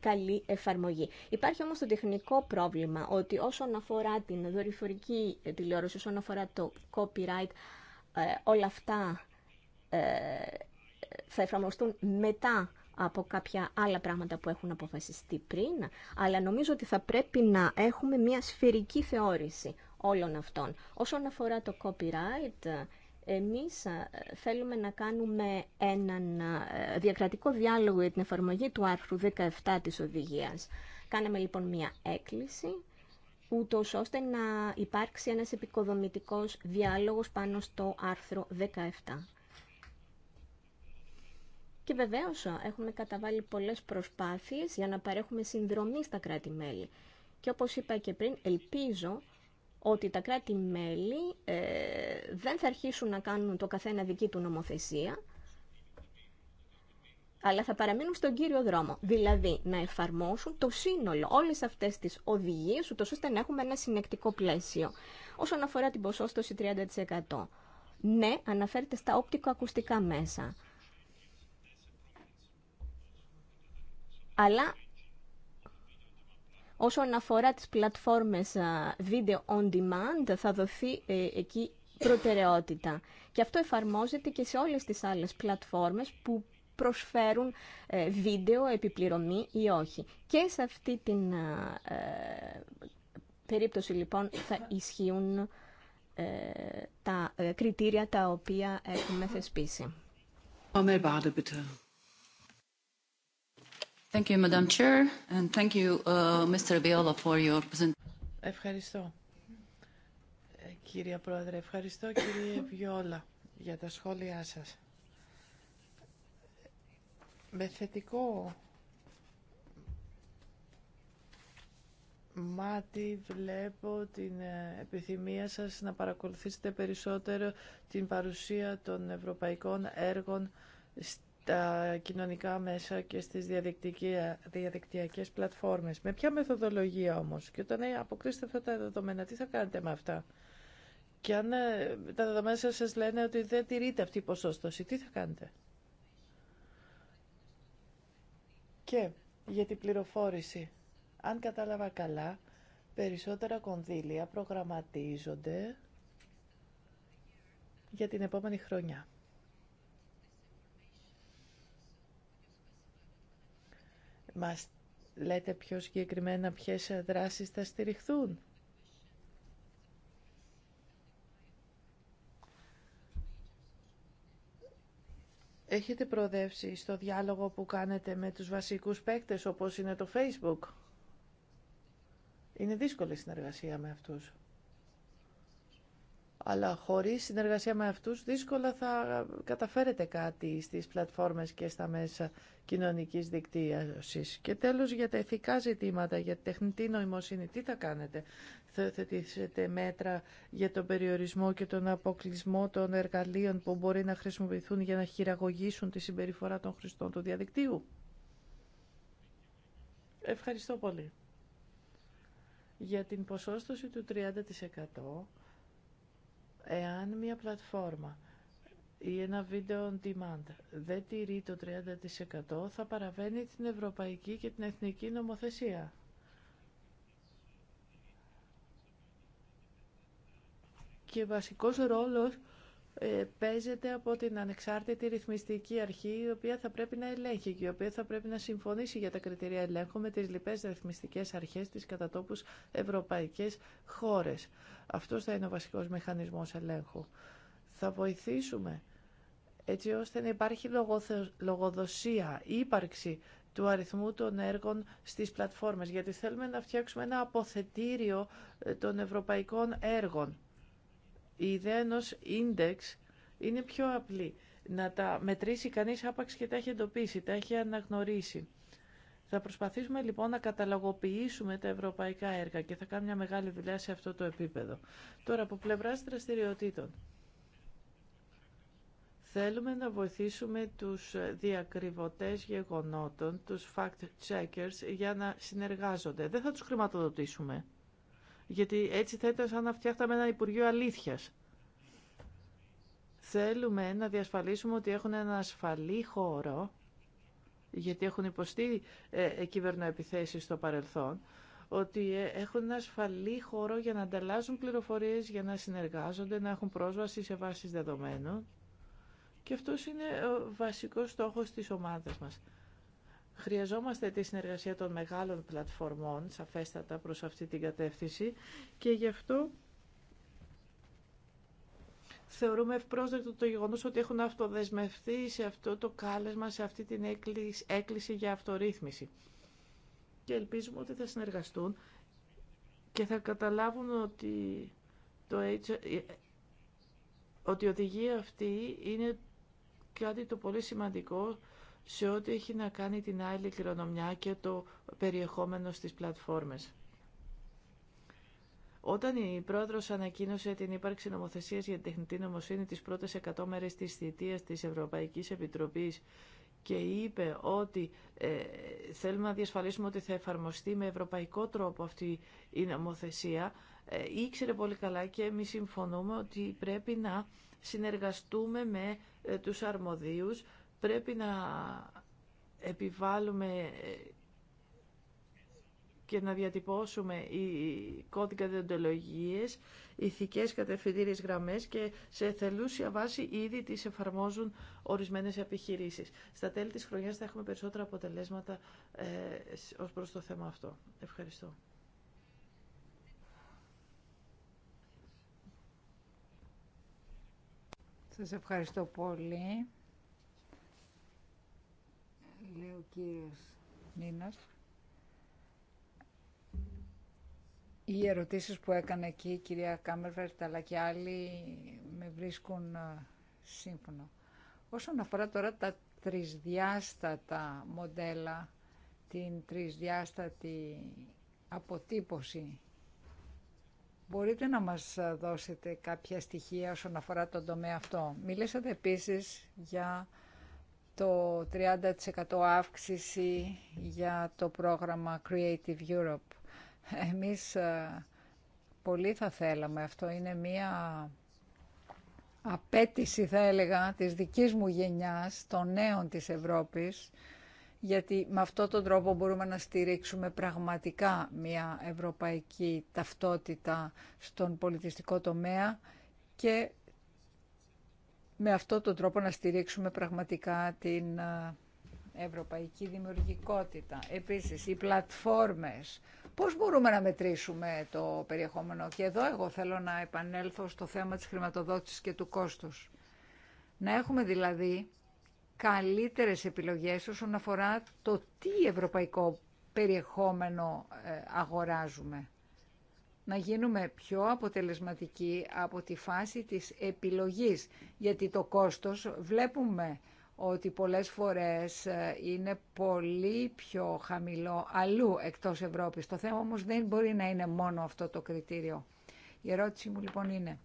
καλή εφαρμογή. Υπάρχει όμως το τεχνικό πρόβλημα ότι όσον αφορά την δορυφορική τηλεόραση, όσον αφορά το copyright, όλα αυτά θα εφαρμοστούν μετά από κάποια άλλα πράγματα που έχουν αποφασιστεί πριν, αλλά νομίζω ότι θα πρέπει να έχουμε μια σφαιρική θεώρηση όλων αυτών. Όσον αφορά το copyright, εμείς ε, θέλουμε να κάνουμε έναν ε, διακρατικό διάλογο για την εφαρμογή του άρθρου 17 της οδηγίας. Κάναμε λοιπόν μια έκκληση ούτω ώστε να υπάρξει ένας επικοδομητικός διάλογος πάνω στο άρθρο 17. Και βεβαίω έχουμε καταβάλει πολλέ προσπάθειες για να παρέχουμε συνδρομή στα κράτη-μέλη. Και όπως είπα και πριν, ελπίζω ότι τα κράτη-μέλη ε, δεν θα αρχίσουν να κάνουν το καθένα δική του νομοθεσία, αλλά θα παραμείνουν στον κύριο δρόμο. Δηλαδή, να εφαρμόσουν το σύνολο όλες αυτές τις οδηγίες, ούτω ώστε να έχουμε ένα συνεκτικό πλαίσιο. Όσον αφορά την ποσόστοση 30%. Ναι, αναφέρεται στα οπτικοακουστικά μέσα. αλλά όσον αφορά τις πλατφόρμες Video On Demand θα δοθεί ε, εκεί προτεραιότητα. Και αυτό εφαρμόζεται και σε όλες τις άλλες πλατφόρμες που προσφέρουν ε, βίντεο επιπληρωμή ή όχι. Και σε αυτή την ε, περίπτωση λοιπόν θα ισχύουν τα κριτήρια τα οποία έχουμε θεσπίσει. Ευχαριστώ. Ε, κύριε Πρόεδρε, ευχαριστώ κύριε Βιόλα για τα σχόλιά σας. Με θετικό μάτι βλέπω την ε, επιθυμία σας να παρακολουθήσετε περισσότερο την παρουσία των ευρωπαϊκών έργων τα κοινωνικά μέσα και στις διαδικτυακές πλατφόρμες. Με ποια μεθοδολογία όμως και όταν ε, αποκτήσετε αυτά τα δεδομένα, τι θα κάνετε με αυτά. Και αν ε, τα δεδομένα σας, λένε ότι δεν τηρείται αυτή η ποσόστοση, τι θα κάνετε. Και για την πληροφόρηση, αν κατάλαβα καλά, περισσότερα κονδύλια προγραμματίζονται για την επόμενη χρονιά. Μας λέτε πιο συγκεκριμένα ποιες δράσεις θα στηριχθούν. Έχετε προοδεύσει στο διάλογο που κάνετε με τους βασικούς παίκτες όπως είναι το Facebook. Είναι δύσκολη η συνεργασία με αυτούς αλλά χωρίς συνεργασία με αυτούς δύσκολα θα καταφέρετε κάτι στις πλατφόρμες και στα μέσα κοινωνικής δικτύωσης. Και τέλος για τα ηθικά ζητήματα, για τη τεχνητή νοημοσύνη, τι θα κάνετε. Θα θετήσετε μέτρα για τον περιορισμό και τον αποκλεισμό των εργαλείων που μπορεί να χρησιμοποιηθούν για να χειραγωγήσουν τη συμπεριφορά των χρηστών του διαδικτύου. Ευχαριστώ πολύ. Για την ποσόστοση του 30% Εάν μια πλατφόρμα ή ένα βίντεο on demand δεν τηρεί το 30% θα παραβαίνει την ευρωπαϊκή και την εθνική νομοθεσία. Και βασικός ρόλος ε, παίζεται από την ανεξάρτητη ρυθμιστική αρχή η οποία θα πρέπει να ελέγχει και η οποία θα πρέπει να συμφωνήσει για τα κριτήρια ελέγχου με τις λοιπές ρυθμιστικές αρχές της κατατόπους ευρωπαϊκές χώρες. Αυτός θα είναι ο βασικός μηχανισμός ελέγχου. Θα βοηθήσουμε έτσι ώστε να υπάρχει λογοδοσία, ύπαρξη του αριθμού των έργων στις πλατφόρμες, γιατί θέλουμε να φτιάξουμε ένα αποθετήριο ε, των ευρωπαϊκών έργων η ιδέα ενός index είναι πιο απλή. Να τα μετρήσει κανείς άπαξ και τα έχει εντοπίσει, τα έχει αναγνωρίσει. Θα προσπαθήσουμε λοιπόν να καταλογοποιήσουμε τα ευρωπαϊκά έργα και θα κάνουμε μια μεγάλη δουλειά σε αυτό το επίπεδο. Τώρα από πλευράς δραστηριοτήτων. Θέλουμε να βοηθήσουμε τους διακριβωτές γεγονότων, τους fact-checkers, για να συνεργάζονται. Δεν θα τους χρηματοδοτήσουμε γιατί έτσι θα ήταν σαν να φτιάχταμε ένα Υπουργείο Αλήθειας. Θέλουμε να διασφαλίσουμε ότι έχουν ένα ασφαλή χώρο, γιατί έχουν υποστεί ε, ε κυβερνοεπιθέσεις στο παρελθόν, ότι ε, έχουν ένα ασφαλή χώρο για να ανταλλάσσουν πληροφορίες, για να συνεργάζονται, να έχουν πρόσβαση σε βάσεις δεδομένων. Και αυτός είναι ο βασικός στόχος της ομάδας μας. Χρειαζόμαστε τη συνεργασία των μεγάλων πλατφορμών, σαφέστατα προς αυτή την κατεύθυνση και γι' αυτό θεωρούμε ευπρόσδεκτο το γεγονός ότι έχουν αυτοδεσμευτεί σε αυτό το κάλεσμα, σε αυτή την έκκληση για αυτορύθμιση. Και ελπίζουμε ότι θα συνεργαστούν και θα καταλάβουν ότι, το ότι η οδηγία αυτή είναι κάτι το πολύ σημαντικό σε ό,τι έχει να κάνει την άλλη κληρονομιά και το περιεχόμενο στις πλατφόρμες. Όταν η πρόεδρο ανακοίνωσε την ύπαρξη νομοθεσία για την τεχνητή νομοσύνη τι πρώτε 100 μέρε τη θητεία τη Ευρωπαϊκή Επιτροπή και είπε ότι ε, θέλουμε να διασφαλίσουμε ότι θα εφαρμοστεί με ευρωπαϊκό τρόπο αυτή η νομοθεσία, ε, ήξερε πολύ καλά και εμεί συμφωνούμε ότι πρέπει να συνεργαστούμε με ε, τους αρμοδίους πρέπει να επιβάλλουμε ε, και να διατυπώσουμε οι κώδικα διοντολογίες, ηθικές κατευθυντήριες γραμμές και σε θελούσια βάση ήδη τις εφαρμόζουν ορισμένες επιχειρήσεις. Στα τέλη της χρονιάς θα έχουμε περισσότερα αποτελέσματα ε, ως προς το θέμα αυτό. Ευχαριστώ. Σας ευχαριστώ πολύ. Λέω ο κύριος Νίνας. Οι ερωτήσεις που έκανε εκεί η κυρία Κάμερβερτ αλλά και άλλοι με βρίσκουν ε, σύμφωνο. Όσον αφορά τώρα τα τρισδιάστατα μοντέλα, την τρισδιάστατη αποτύπωση, μπορείτε να μας ε, δώσετε κάποια στοιχεία όσον αφορά τον τομέα αυτό. Μίλησατε επίσης για το 30% αύξηση για το πρόγραμμα Creative Europe. Εμείς ε, πολύ θα θέλαμε. Αυτό είναι μία απέτηση, θα έλεγα, της δικής μου γενιάς, των νέων της Ευρώπης, γιατί με αυτόν τον τρόπο μπορούμε να στηρίξουμε πραγματικά μια ευρωπαϊκή ταυτότητα στον πολιτιστικό τομέα και με αυτόν τον τρόπο να στηρίξουμε πραγματικά την ε, ευρωπαϊκή δημιουργικότητα. Επίσης, οι πλατφόρμες. Πώς μπορούμε να μετρήσουμε το περιεχόμενο. Και εδώ εγώ θέλω να επανέλθω στο θέμα της χρηματοδότησης και του κόστους. Να έχουμε δηλαδή καλύτερες επιλογές όσον αφορά το τι ευρωπαϊκό περιεχόμενο ε, αγοράζουμε να γίνουμε πιο αποτελεσματικοί από τη φάση της επιλογής, γιατί το κόστος βλέπουμε ότι πολλές φορές ε, είναι πολύ πιο χαμηλό αλλού εκτός Ευρώπης. Το θέμα όμως δεν μπορεί να είναι μόνο αυτό το κριτήριο. Η ερώτηση μου λοιπόν είναι,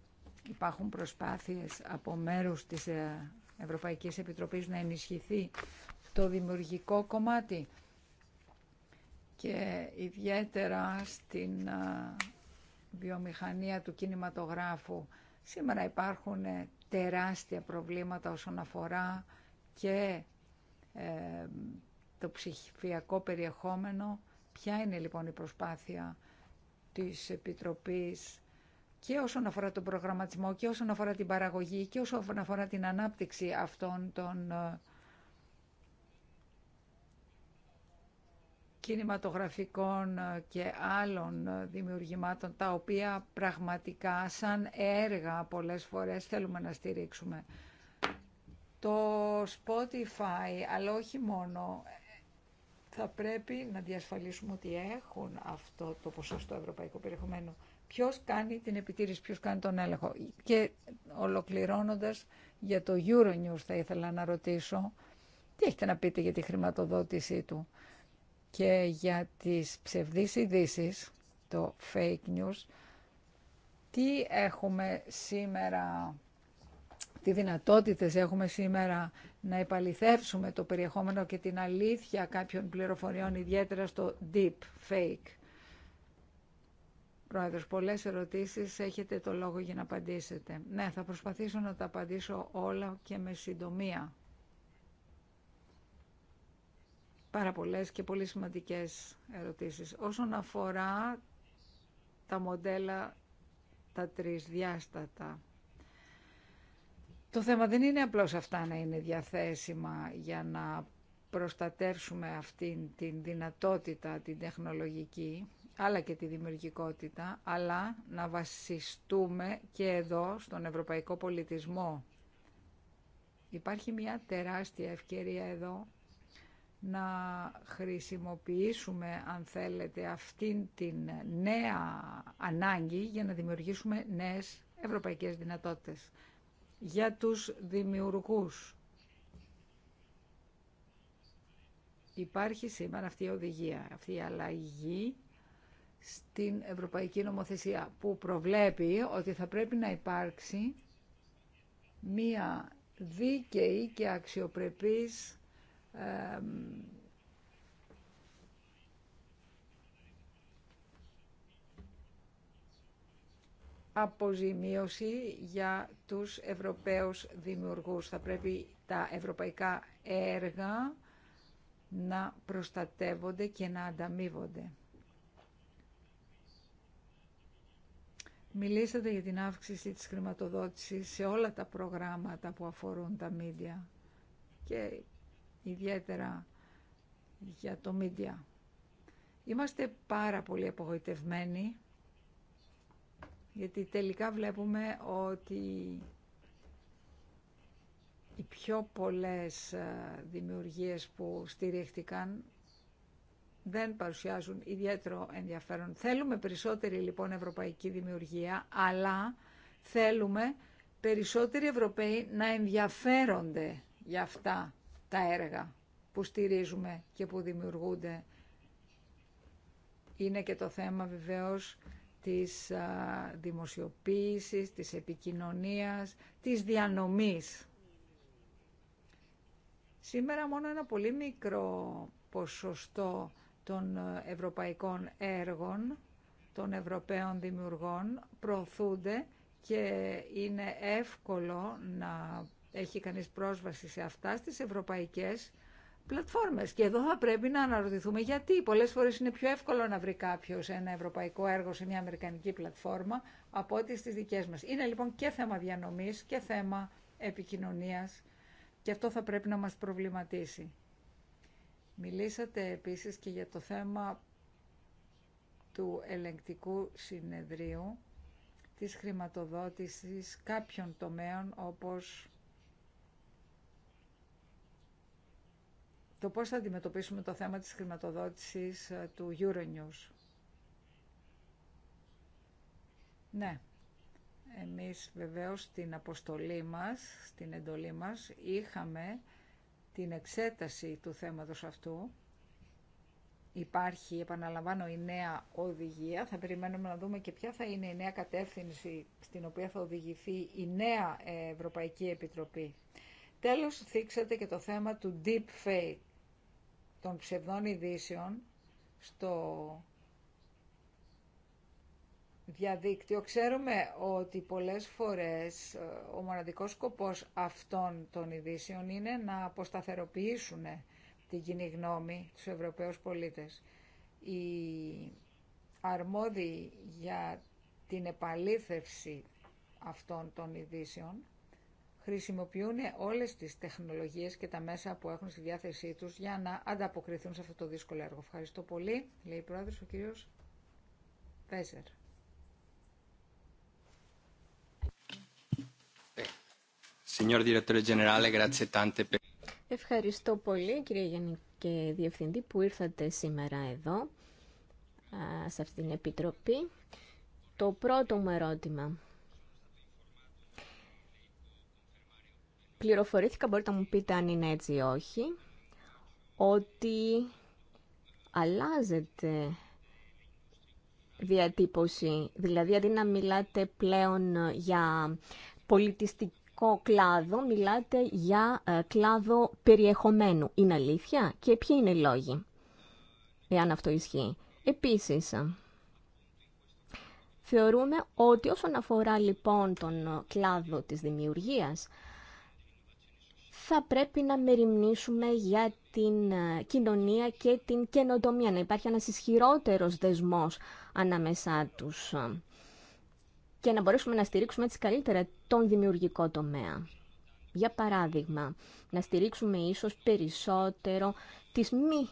υπάρχουν προσπάθειες από μέρους της ε, Ευρωπαϊκής Επιτροπής να ενισχυθεί το δημιουργικό κομμάτι και ιδιαίτερα στην ε, βιομηχανία του κινηματογράφου. Σήμερα υπάρχουν ε, τεράστια προβλήματα όσον αφορά και ε, το ψηφιακό περιεχόμενο. Ποια είναι λοιπόν η προσπάθεια της Επιτροπής και όσον αφορά τον προγραμματισμό και όσον αφορά την παραγωγή και όσον αφορά την ανάπτυξη αυτών των ε, κινηματογραφικών ε, και άλλων ε, δημιουργημάτων τα οποία πραγματικά σαν έργα πολλές φορές θέλουμε να στηρίξουμε. Το Spotify, αλλά όχι μόνο, θα πρέπει να διασφαλίσουμε ότι έχουν αυτό το ποσοστό ευρωπαϊκό περιεχομένου. Ποιος κάνει την επιτήρηση, ποιος κάνει τον έλεγχο. Και ολοκληρώνοντας για το Euronews θα ήθελα να ρωτήσω τι έχετε να πείτε για τη χρηματοδότησή του και για τις ψευδείς ειδήσει, το fake news, τι έχουμε σήμερα, τι δυνατότητες έχουμε σήμερα να επαληθεύσουμε το περιεχόμενο και την αλήθεια κάποιων πληροφοριών, ιδιαίτερα στο deep fake. Πρόεδρος, πολλές ερωτήσεις, έχετε το λόγο για να απαντήσετε. Ναι, θα προσπαθήσω να τα απαντήσω όλα και με συντομία. πάρα πολλές και πολύ σημαντικές ερωτήσεις. Όσον αφορά τα μοντέλα τα τρισδιάστατα, το θέμα δεν είναι απλώς αυτά να είναι διαθέσιμα για να προστατεύσουμε αυτήν την δυνατότητα, την τεχνολογική, αλλά και τη δημιουργικότητα, αλλά να βασιστούμε και εδώ στον ευρωπαϊκό πολιτισμό. Υπάρχει μια τεράστια ευκαιρία εδώ να χρησιμοποιήσουμε, αν θέλετε, αυτήν την νέα ανάγκη για να δημιουργήσουμε νέες ευρωπαϊκές δυνατότητες. Για τους δημιουργούς. Υπάρχει σήμερα αυτή η οδηγία, αυτή η αλλαγή στην Ευρωπαϊκή Νομοθεσία που προβλέπει ότι θα πρέπει να υπάρξει μία δίκαιη και αξιοπρεπής αποζημίωση για τους Ευρωπαίους δημιουργούς. Θα πρέπει τα ευρωπαϊκά έργα να προστατεύονται και να ανταμείβονται. Μιλήσατε για την αύξηση της χρηματοδότησης σε όλα τα προγράμματα που αφορούν τα μίντια και ιδιαίτερα για το μίντια. Είμαστε πάρα πολύ απογοητευμένοι γιατί τελικά βλέπουμε ότι οι πιο πολλές ε, δημιουργίες που στηρίχτηκαν δεν παρουσιάζουν ιδιαίτερο ενδιαφέρον. Θέλουμε περισσότερη λοιπόν ευρωπαϊκή δημιουργία, αλλά θέλουμε περισσότεροι Ευρωπαίοι να ενδιαφέρονται για αυτά τα έργα που στηρίζουμε και που δημιουργούνται. Είναι και το θέμα βεβαίως της δημοσιοποίησης, της επικοινωνίας, της διανομής. Σήμερα μόνο ένα πολύ μικρό ποσοστό των ευρωπαϊκών έργων, των ευρωπαίων δημιουργών, προωθούνται και είναι εύκολο να έχει κανείς πρόσβαση σε αυτά στις ευρωπαϊκές πλατφόρμες. Και εδώ θα πρέπει να αναρωτηθούμε γιατί. Πολλές φορές είναι πιο εύκολο να βρει κάποιο ένα ευρωπαϊκό έργο σε μια αμερικανική πλατφόρμα από ό,τι στις δικές μας. Είναι λοιπόν και θέμα διανομής και θέμα επικοινωνίας και αυτό θα πρέπει να μας προβληματίσει. Μιλήσατε επίσης και για το θέμα του ελεγκτικού συνεδρίου της χρηματοδότησης κάποιων τομέων όπως το πώς θα αντιμετωπίσουμε το θέμα της χρηματοδότησης ε, του Euronews. Ναι, εμείς βεβαίως στην αποστολή μας, στην εντολή μας, είχαμε την εξέταση του θέματος αυτού. Υπάρχει, επαναλαμβάνω, η νέα οδηγία. Θα περιμένουμε να δούμε και ποια θα είναι η νέα κατεύθυνση στην οποία θα οδηγηθεί η νέα Ευρωπαϊκή Επιτροπή. Τέλος, θίξατε και το θέμα του deepfake των ψευδών ειδήσεων στο διαδίκτυο. Ξέρουμε ότι πολλές φορές ε, ο μοναδικός σκοπός αυτών των ειδήσεων είναι να αποσταθεροποιήσουν την κοινή γνώμη τους Ευρωπαίους πολίτες. Οι αρμόδιοι για την επαλήθευση αυτών των ειδήσεων χρησιμοποιούν όλες τις τεχνολογίες και τα μέσα που έχουν στη διάθεσή τους για να ανταποκριθούν σε αυτό το δύσκολο έργο. Ευχαριστώ πολύ, λέει η Πρόεδρος, ο κύριος Πέζερ. Ε, Ευχαριστώ πολύ, κύριε Γενική Διευθυντή, που ήρθατε σήμερα εδώ, σε αυτήν την Επιτροπή. Το πρώτο μου ερώτημα πληροφορήθηκα, μπορείτε να μου πείτε αν είναι έτσι ή όχι, ότι αλλάζεται διατύπωση. Δηλαδή, αντί να μιλάτε πλέον για πολιτιστικό κλάδο, μιλάτε για ε, κλάδο περιεχομένου. Είναι αλήθεια και ποιοι είναι οι λόγοι, εάν αυτό ισχύει. Επίσης, ε, θεωρούμε ότι όσον αφορά λοιπόν τον κλάδο της δημιουργίας, θα πρέπει να μεριμνήσουμε για την ε, κοινωνία και την καινοτομία, να υπάρχει ένας ισχυρότερος δεσμός ανάμεσά τους ε, και να μπορέσουμε να στηρίξουμε έτσι καλύτερα τον δημιουργικό τομέα. Για παράδειγμα, να στηρίξουμε ίσως περισσότερο τις μη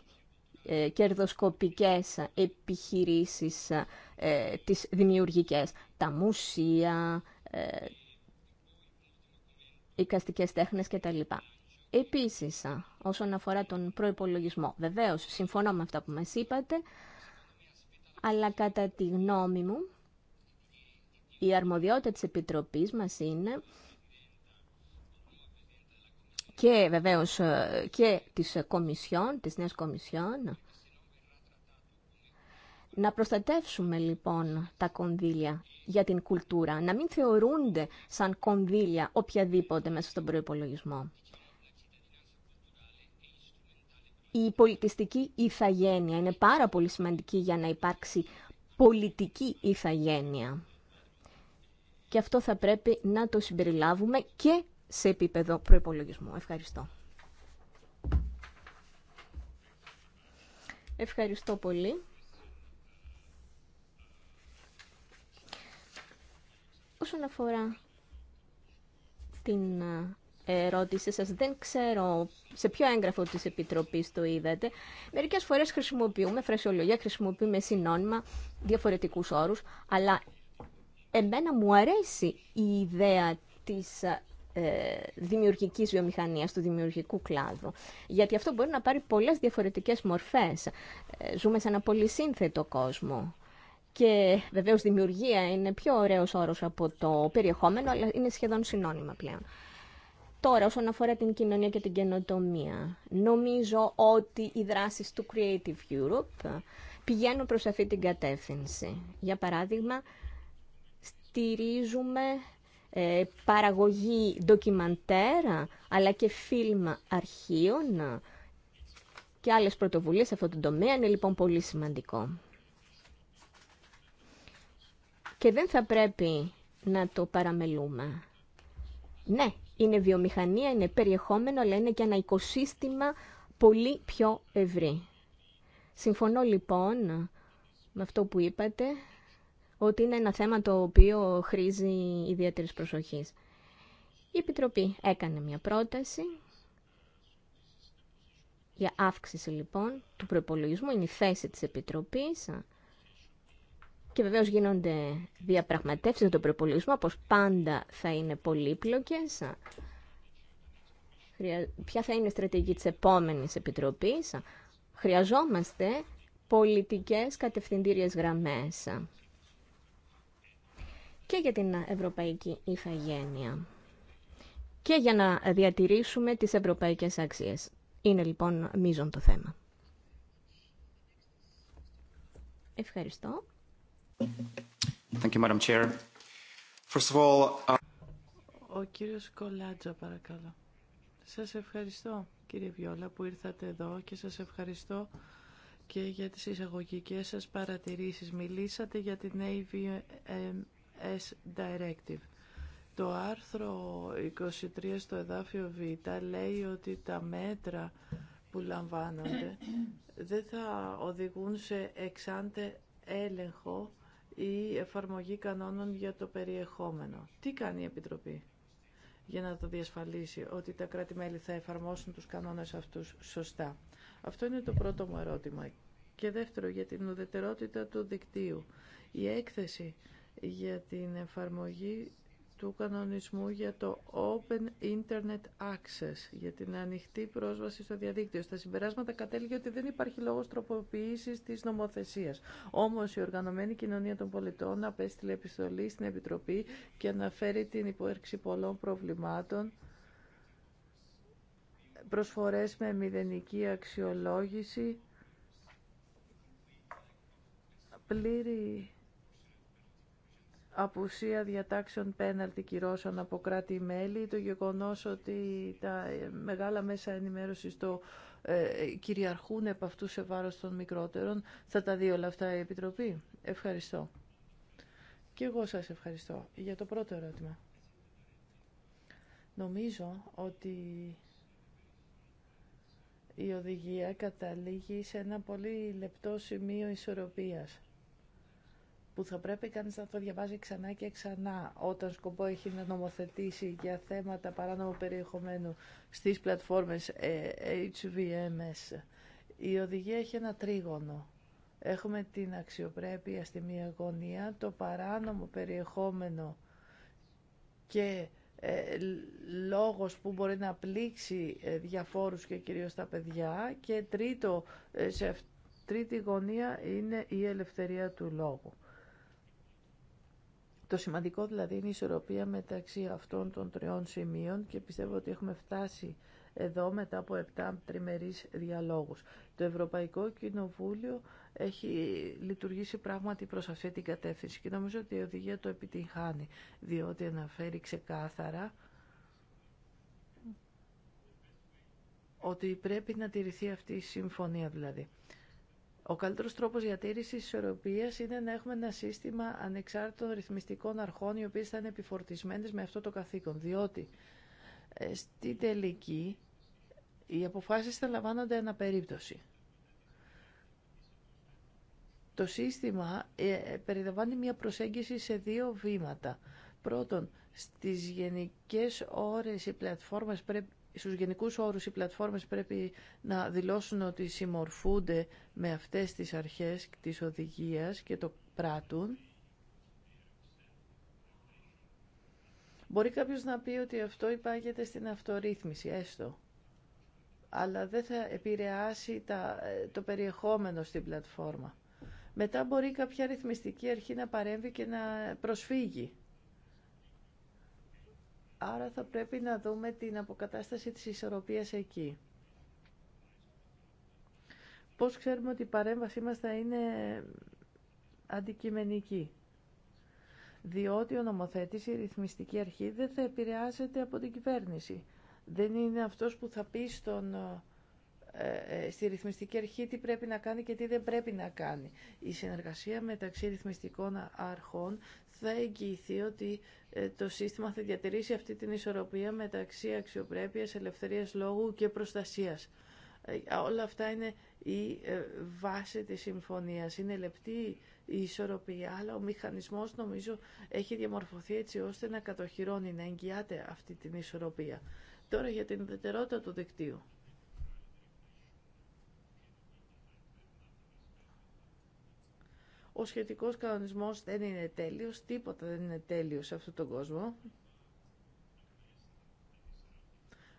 ε, κερδοσκοπικές επιχειρήσεις τις δημιουργικές, τα μουσεία, οικαστικές τέχνες κτλ. Επίσης, όσον αφορά τον προϋπολογισμό, βεβαίως συμφωνώ με αυτά που μας είπατε, αλλά κατά τη γνώμη μου, η αρμοδιότητα της Επιτροπής μας είναι και βεβαίως ε, και της Κομισιόν, της Νέας Κομισιόν, να προστατεύσουμε λοιπόν τα κονδύλια για την κουλτούρα, να μην θεωρούνται σαν κονδύλια οποιαδήποτε μέσα στον προϋπολογισμό. Η πολιτιστική ηθαγένεια είναι πάρα πολύ σημαντική για να υπάρξει πολιτική ηθαγένεια. Και αυτό θα πρέπει να το συμπεριλάβουμε και σε επίπεδο προϋπολογισμού. Ευχαριστώ. Ευχαριστώ πολύ. Όσον αφορά την ε, ερώτηση σας, δεν ξέρω σε ποιο έγγραφο της Επιτροπής το είδατε. Μερικές φορές χρησιμοποιούμε φρασιολογία, χρησιμοποιούμε συνώνυμα, διαφορετικούς όρους, αλλά εμένα μου αρέσει η ιδέα της ε, δημιουργικής βιομηχανίας, του δημιουργικού κλάδου. Γιατί αυτό μπορεί να πάρει πολλές διαφορετικές μορφές. Ε, ζούμε σε ένα πολύ σύνθετο κόσμο και βεβαίω δημιουργία είναι πιο ωραίο όρο από το περιεχόμενο, αλλά είναι σχεδόν συνώνυμα πλέον. Τώρα, όσον αφορά την κοινωνία και την καινοτομία, νομίζω ότι οι δράσει του Creative Europe πηγαίνουν προ αυτή την κατεύθυνση. Για παράδειγμα, στηρίζουμε ε, παραγωγή ντοκιμαντέρα, αλλά και φιλμ αρχείων και άλλες πρωτοβουλίες σε αυτό το τομέα. Είναι λοιπόν πολύ σημαντικό και δεν θα πρέπει να το παραμελούμε. Ναι, είναι βιομηχανία, είναι περιεχόμενο, αλλά είναι και ένα οικοσύστημα πολύ πιο ευρύ. Συμφωνώ λοιπόν με αυτό που είπατε, ότι είναι ένα θέμα το οποίο χρήζει ιδιαίτερης προσοχής. Η Επιτροπή έκανε μια πρόταση για αύξηση λοιπόν του προπολογισμού, είναι η θέση της Επιτροπής και βεβαίως γίνονται διαπραγματεύσεις για τον προπολογισμό, όπως πάντα θα είναι πολύπλοκες. Ποια θα είναι η στρατηγική της επόμενης επιτροπής. Χρειαζόμαστε πολιτικές κατευθυντήριες γραμμές και για την ευρωπαϊκή ηθαγένεια και για να διατηρήσουμε τις ευρωπαϊκές αξίες. Είναι λοιπόν μείζον το θέμα. Ευχαριστώ. Thank you, Madam Chair. First of all, uh, Ο κύριος Κολάτζα, παρακαλώ. Σας ευχαριστώ, κύριε Βιόλα, που ήρθατε εδώ και σας ευχαριστώ και για τις εισαγωγικές σας παρατηρήσεις. Μιλήσατε για την AVMS Directive. Το άρθρο 23 στο εδάφιο Β λέει ότι τα μέτρα που λαμβάνονται δεν θα οδηγούν σε εξάντε έλεγχο η εφαρμογή κανόνων για το περιεχόμενο. Τι κάνει η Επιτροπή για να το διασφαλίσει ότι τα κρατη θα εφαρμόσουν τους κανόνες αυτούς σωστά. Αυτό είναι το πρώτο μου ερώτημα. Και δεύτερο, για την ουδετερότητα του δικτύου. Η έκθεση για την εφαρμογή του κανονισμού για το Open Internet Access, για την ανοιχτή πρόσβαση στο διαδίκτυο. Στα συμπεράσματα κατέληγε ότι δεν υπάρχει λόγος τροποποίησης της νομοθεσίας. Όμως η Οργανωμένη Κοινωνία των Πολιτών απέστειλε επιστολή στην Επιτροπή και αναφέρει την υπόρξη πολλών προβλημάτων προσφορές με μηδενική αξιολόγηση, πλήρη απουσία διατάξεων πέναλτι κυρώσεων από κράτη-μέλη, το γεγονός ότι τα ε, μεγάλα μέσα ενημέρωσης το ε, κυριαρχούν επ' αυτού σε βάρος των μικρότερων. Θα τα δει όλα αυτά η Επιτροπή. Ευχαριστώ. Και εγώ σας ευχαριστώ για το πρώτο ερώτημα. Νομίζω ότι η οδηγία καταλήγει σε ένα πολύ λεπτό σημείο ισορροπίας που θα πρέπει κανείς να το διαβάζει ξανά και ξανά όταν σκοπό έχει να νομοθετήσει για θέματα παράνομου περιεχομένου στις πλατφόρμες ε, HVMS. Η οδηγία έχει ένα τρίγωνο. Έχουμε την αξιοπρέπεια στη μία γωνία, το παράνομο περιεχόμενο και ε, λόγος που μπορεί να πλήξει ε, διαφόρους και κυρίως τα παιδιά και τρίτο, ε, σε τρίτη γωνία είναι η ελευθερία του λόγου. Το σημαντικό δηλαδή είναι η ισορροπία μεταξύ αυτών των τριών σημείων και πιστεύω ότι έχουμε φτάσει εδώ μετά από 7 τριμερείς διαλόγους. Το Ευρωπαϊκό Κοινοβούλιο έχει λειτουργήσει πράγματι προς αυτή την κατεύθυνση και νομίζω ότι η οδηγία το επιτυγχάνει, διότι αναφέρει ξεκάθαρα ότι πρέπει να τηρηθεί αυτή η συμφωνία δηλαδή. Ο καλύτερος τρόπος διατήρησης ισορροπίας είναι να έχουμε ένα σύστημα ανεξάρτητων ρυθμιστικών αρχών οι οποίε θα είναι επιφορτισμένες με αυτό το καθήκον. Διότι ε, στη τελική οι αποφάσει θα λαμβάνονται αναπερίπτωση. Το σύστημα ε, ε, περιλαμβάνει μια προσέγγιση σε δύο βήματα. Πρώτον, στις γενικές ώρες οι πλατφόρμες πρέπει στους γενικούς όρους οι πλατφόρμες πρέπει να δηλώσουν ότι συμμορφούνται με αυτές τις αρχές της οδηγίας και το πράττουν. Μπορεί κάποιος να πει ότι αυτό υπάγεται στην αυτορύθμιση, έστω. Αλλά δεν θα επηρεάσει τα, ε, το περιεχόμενο στην πλατφόρμα. Μετά μπορεί κάποια ρυθμιστική αρχή να παρέμβει και να προσφύγει. Άρα θα πρέπει να δούμε την αποκατάσταση της ισορροπίας εκεί. Πώς ξέρουμε ότι η παρέμβασή μας θα είναι αντικειμενική. Διότι ο νομοθέτης, η ρυθμιστική αρχή, δεν θα επηρεάζεται από την κυβέρνηση. Δεν είναι αυτός που θα πει στον ε, ε, στη ρυθμιστική αρχή τι πρέπει να κάνει και τι δεν πρέπει να κάνει. Η συνεργασία μεταξύ ρυθμιστικών αρχών θα εγγυηθεί ότι ε, το σύστημα θα διατηρήσει αυτή την ισορροπία μεταξύ αξιοπρέπειας, ελευθερίας λόγου και προστασίας. Όλα αυτά είναι η βάση της συμφωνίας. Είναι λεπτή η ισορροπία, αλλά ο μηχανισμός νομίζω έχει διαμορφωθεί έτσι ώστε να κατοχυρώνει, να εγγυάται αυτή την ισορροπία. Τώρα για την ιδιαιτερότητα του δικτύου. Ο σχετικός κανονισμός δεν είναι τέλειος, τίποτα δεν είναι τέλειο σε αυτόν τον κόσμο.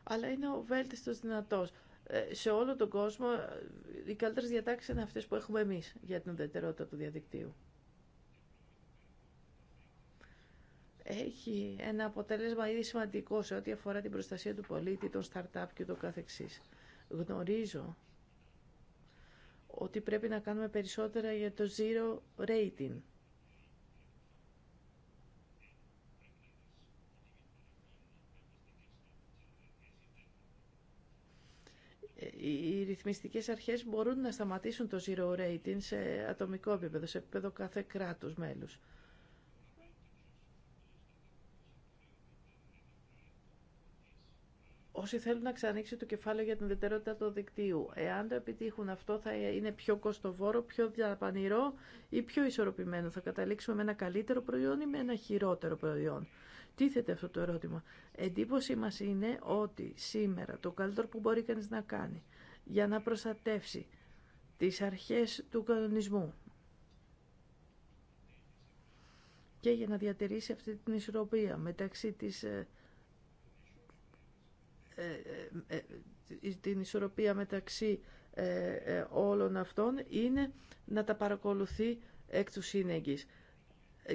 Αλλά είναι ο βέλτιστος δυνατός. Ε, σε όλο τον κόσμο οι καλύτερες διατάξεις είναι αυτές που έχουμε εμείς για την ουδετερότητα του διαδικτύου. έχει ένα αποτέλεσμα ήδη σημαντικό σε ό,τι αφορά την προστασία του πολίτη, των startup και το καθεξής. Γνωρίζω ότι πρέπει να κάνουμε περισσότερα για το zero rating. Ε, οι ρυθμιστικές αρχές μπορούν να σταματήσουν το zero rating σε ατομικό επίπεδο, σε επίπεδο κάθε κράτους μέλους. όσοι θέλουν να ξανοίξει το κεφάλαιο για την ιδιαιτερότητα του δικτύου. Εάν το επιτύχουν αυτό θα είναι πιο κοστοβόρο, πιο διαπανηρό ή πιο ισορροπημένο. Θα καταλήξουμε με ένα καλύτερο προϊόν ή με ένα χειρότερο προϊόν. Τίθεται αυτό το ερώτημα. Εντύπωση μας είναι ότι σήμερα το καλύτερο που μπορεί κανείς να κάνει για να προστατεύσει τις αρχές του κανονισμού και για να διατηρήσει αυτή την ισορροπία μεταξύ της ε, ε, ε, ε, την ισορροπία μεταξύ όλων αυτών είναι να τα παρακολουθεί εκ του σύνεγγυς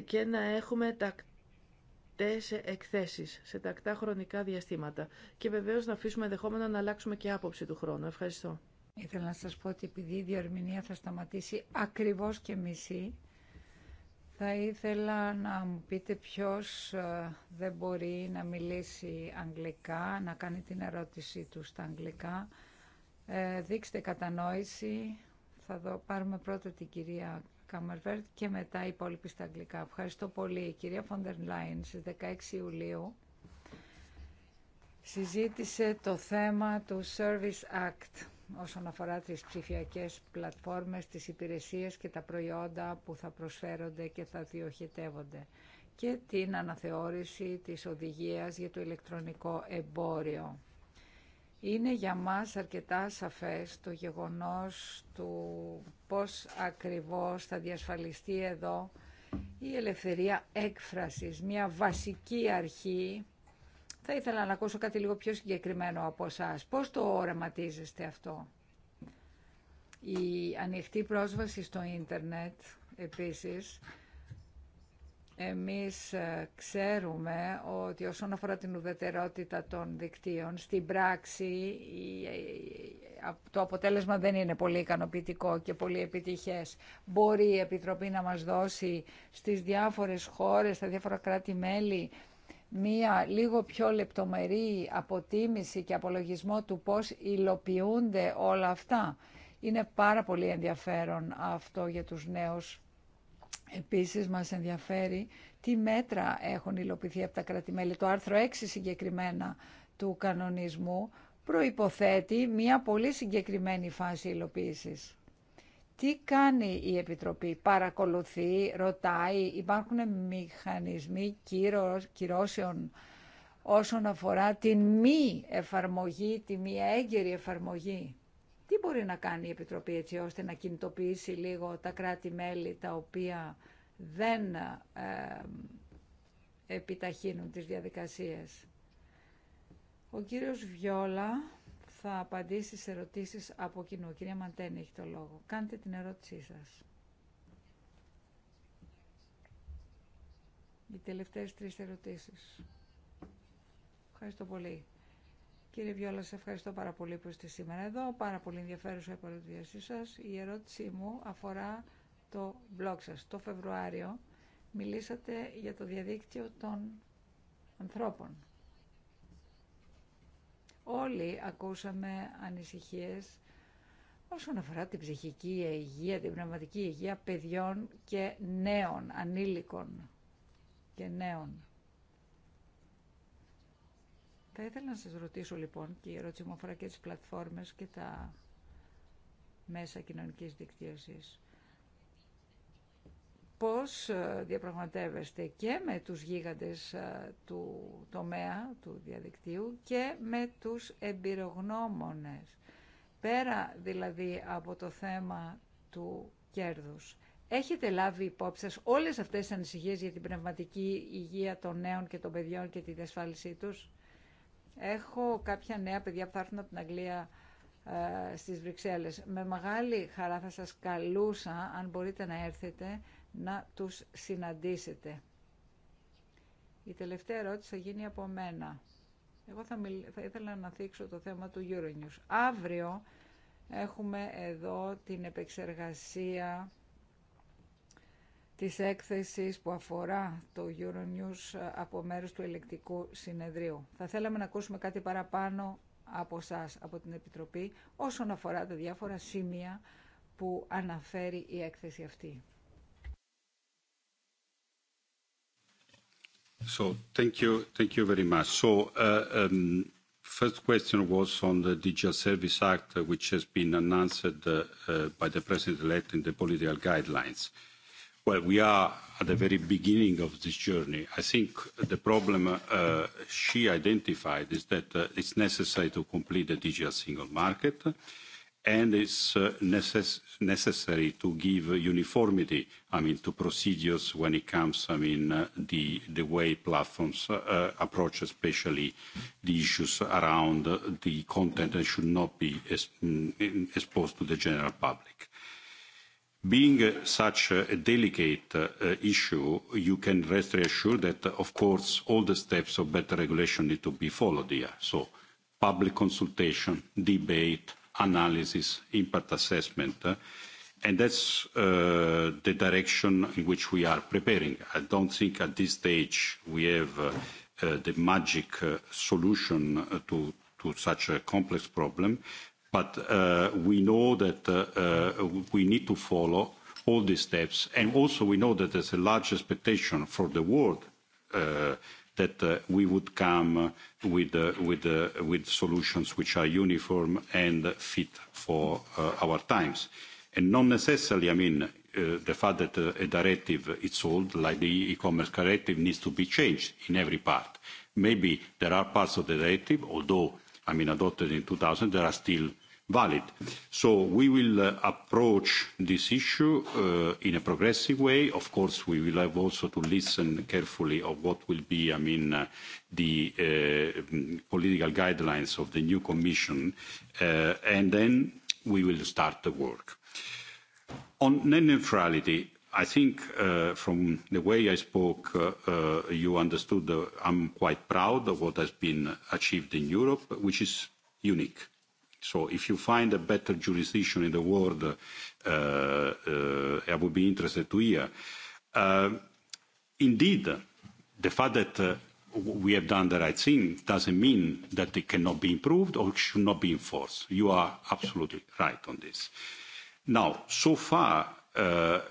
και να έχουμε τακτές εκθέσεις σε τακτά χρονικά διαστήματα και βεβαίως να αφήσουμε ενδεχόμενα να αλλάξουμε και άποψη του χρόνου. Ευχαριστώ. Ήθελα να σας πω ότι επειδή η διορμηνία θα σταματήσει ακριβώς και μισή, θα ήθελα να μου πείτε ποιος ε, δεν μπορεί να μιλήσει αγγλικά, να κάνει την ερώτησή του στα αγγλικά. Ε, δείξτε κατανόηση. Θα δω, πάρουμε πρώτα την κυρία Καμερβέρτ και μετά οι υπόλοιποι στα αγγλικά. Ευχαριστώ πολύ. Η κυρία Φόντερ Λάιν στις 16 Ιουλίου συζήτησε το θέμα του Service Act όσον αφορά τις ψηφιακές πλατφόρμες, τις υπηρεσίες και τα προϊόντα που θα προσφέρονται και θα διοχετεύονται και την αναθεώρηση της οδηγίας για το ηλεκτρονικό εμπόριο. Είναι για μας αρκετά σαφές το γεγονός του πώς ακριβώς θα διασφαλιστεί εδώ η ελευθερία έκφρασης, μια βασική αρχή θα ήθελα να ακούσω κάτι λίγο πιο συγκεκριμένο από εσά. Πώς το οραματίζεστε αυτό. Η ανοιχτή πρόσβαση στο ίντερνετ επίσης. Εμείς ε, ξέρουμε ότι όσον αφορά την ουδετερότητα των δικτύων, στην πράξη ε, ε, το αποτέλεσμα δεν είναι πολύ ικανοποιητικό και πολύ επιτυχές. Μπορεί η Επιτροπή να μας δώσει στις διάφορες χώρες, στα διάφορα κράτη-μέλη, μία λίγο πιο λεπτομερή αποτίμηση και απολογισμό του πώς υλοποιούνται όλα αυτά. Είναι πάρα πολύ ενδιαφέρον αυτό για τους νέους. Επίσης μας ενδιαφέρει τι μέτρα έχουν υλοποιηθεί από τα κρατημέλη. Το άρθρο 6 συγκεκριμένα του κανονισμού προϋποθέτει μία πολύ συγκεκριμένη φάση υλοποίησης. Τι κάνει η Επιτροπή, παρακολουθεί, ρωτάει, υπάρχουν μηχανισμοί κυρώσεων όσον αφορά την μη εφαρμογή, τη μη έγκαιρη εφαρμογή. Τι μπορεί να κάνει η Επιτροπή έτσι ώστε να κινητοποιήσει λίγο τα κράτη-μέλη τα οποία δεν επιταχύνουν τις διαδικασίες. Ο κύριος Βιόλα θα απαντήσει σε ερωτήσεις από κοινού. Κυρία Μαντένη, έχει το λόγο. Κάντε την ερώτησή σας. Οι τελευταίες τρεις ερωτήσεις. Ευχαριστώ πολύ. Κύριε Βιόλα, σε ευχαριστώ πάρα πολύ που είστε σήμερα εδώ. Πάρα πολύ ενδιαφέρουσα η παρουσίασή σας. Η ερώτησή μου αφορά το blog σας. Το Φεβρουάριο μιλήσατε για το διαδίκτυο των ανθρώπων. Όλοι ακούσαμε ανησυχίες όσον αφορά την ψυχική υγεία, την πνευματική υγεία παιδιών και νέων, ανήλικων και νέων. Θα ήθελα να σας ρωτήσω λοιπόν, και η ερώτηση μου αφορά και τις πλατφόρμες και τα μέσα κοινωνικής δικτύωσης πώς ε, διαπραγματεύεστε και με τους γίγαντες ε, του τομέα, του διαδικτύου και με τους εμπειρογνώμονες. Πέρα δηλαδή από το θέμα του κέρδους. Έχετε λάβει υπόψη σας όλες αυτές τις ανησυχίες για την πνευματική υγεία των νέων και των παιδιών και τη διασφάλισή τους. Έχω κάποια νέα παιδιά που θα έρθουν από την Αγγλία ε, στις Βρυξέλλες. Με μεγάλη χαρά θα σας καλούσα αν μπορείτε να έρθετε να τους συναντήσετε. Η τελευταία ερώτηση θα γίνει από μένα. Εγώ θα, μιλ... θα ήθελα να θίξω το θέμα του Euronews. Αύριο έχουμε εδώ την επεξεργασία της έκθεσης που αφορά το Euronews ε, από μέρους του ελεκτικού συνεδρίου. Θα θέλαμε να ακούσουμε κάτι παραπάνω από σας από την Επιτροπή, όσον αφορά τα διάφορα σημεία που αναφέρει η έκθεση αυτή. So thank you, thank you very much. So first question was on the Digital Service Act, which has been announced by the President-elect in the political guidelines. Well, we are at the very beginning of this journey. I think the problem she identified is that it's necessary to complete the digital single market and it's necessary to give uniformity, I mean, to procedures when it comes, I mean, the way platforms approach, especially the issues around the content that should not be exposed to the general public. Being such a delicate issue, you can rest reassured that, of course, all the steps of better regulation need to be followed here. So, public consultation, debate analysis, impact assessment. And that's the direction in which we are preparing. I don't think at this stage we have the magic solution to such a complex problem, but we know that we need to follow all these steps. And also we know that there's a large expectation for the world that we would come with solutions which are uniform and fit for our times. And not necessarily, I mean, the fact that a directive is old, like the e-commerce directive, needs to be changed in every part. Maybe there are parts of the directive, although, I mean, adopted in 2000, there are still valid. So we will approach this issue in a progressive way. Of course, we will have also to listen carefully of what will be, I mean, the political guidelines of the new Commission, and then we will start the work. On net neutrality, I think from the way I spoke, you understood I'm quite proud of what has been achieved in Europe, which is unique So if you find a better jurisdiction in the world, I would be interested to hear. Indeed, the fact that we have done the right thing doesn't mean that it cannot be improved or should not be enforced. You are absolutely right on this. Now, so far,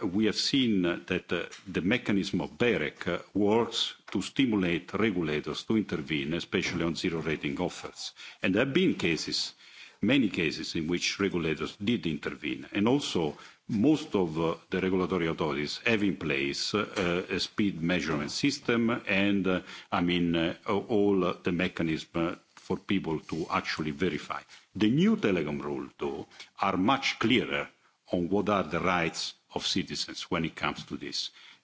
we have seen that the mechanism of BEREC works to stimulate regulators to intervene, especially on zero-rating offers. And there have been cases many cases in which regulators did intervene and also most of the regulatory authorities have in place a speed measurement system and i mean all the mechanisms for people to actually verify. the new telecom rules though are much clearer on what are the rights of citizens when it comes to this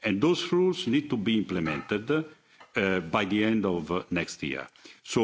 and those rules need to be implemented by the end of next year. so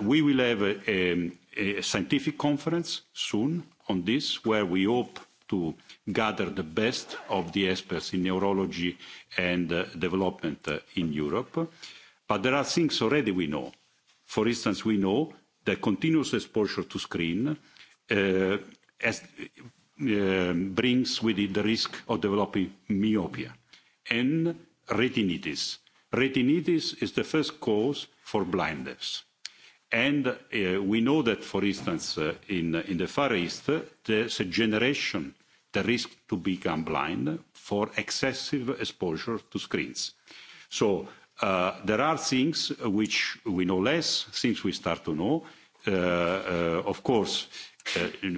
We will have a scientific conference soon on this, where we hope to gather the best of the experts in neurology and development in Europe. But there are things already we know. For instance, we know that continuous exposure to screen brings with it the risk of developing myopia and retinitis. Retinitis is the first cause for blindness. And we know that, for instance, in the Far East, there's a generation the risk to become blind for excessive exposure to screens. So there are things which we know less, things we start to know. Of course,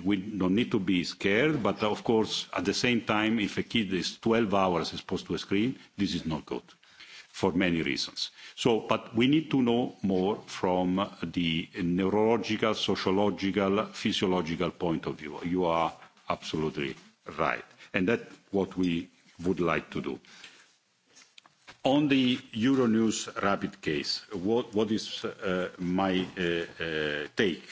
we don't need to be scared, but of course, at the same time, if a kid is 12 hours exposed to a screen, this is not good for many reasons. So, but we need to know more from the neurological, sociological, physiological point of view. You are absolutely right. And that's what we would like to do. On the Euronews Rapid case, what is my take?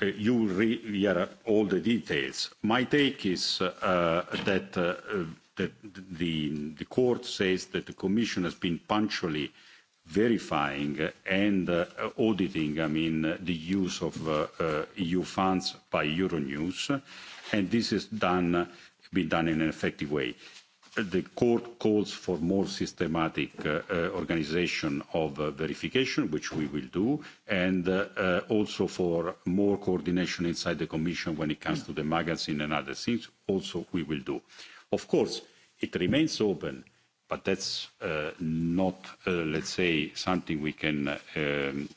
You will hear all the details. My take is that the court says that the Commission has been punctually verifying and auditing, I mean, the use of EU funds by Euronews, and this is done, been done in an effective way. The court calls for more systematic organisation of verification, which we will do, and also for more coordination inside the Commission when it comes to the magazine and other things, also we will do. Of course, it remains open But that's not, let's say, something we can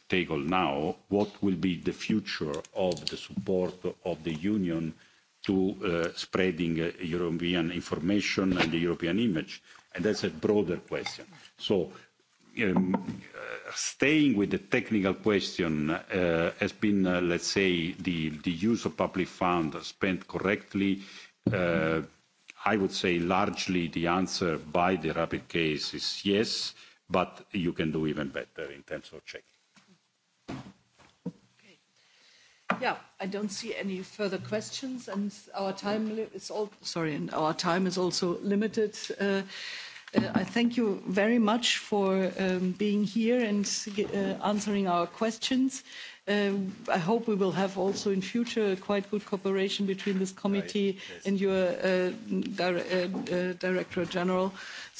tackle now. What will be the future of the support of the Union to spreading European information and the European image? And that's a broader question. So staying with the technical question has been, let's say, the use of public funds spent correctly I would say largely the answer by the rapid case is yes, but you can do even better in terms of checking. Yeah, I don't see any further questions, and our time is sorry, and our time is also limited. I thank you very much for being here and answering our questions. I hope we will have also in future quite good cooperation between this committee and your Director General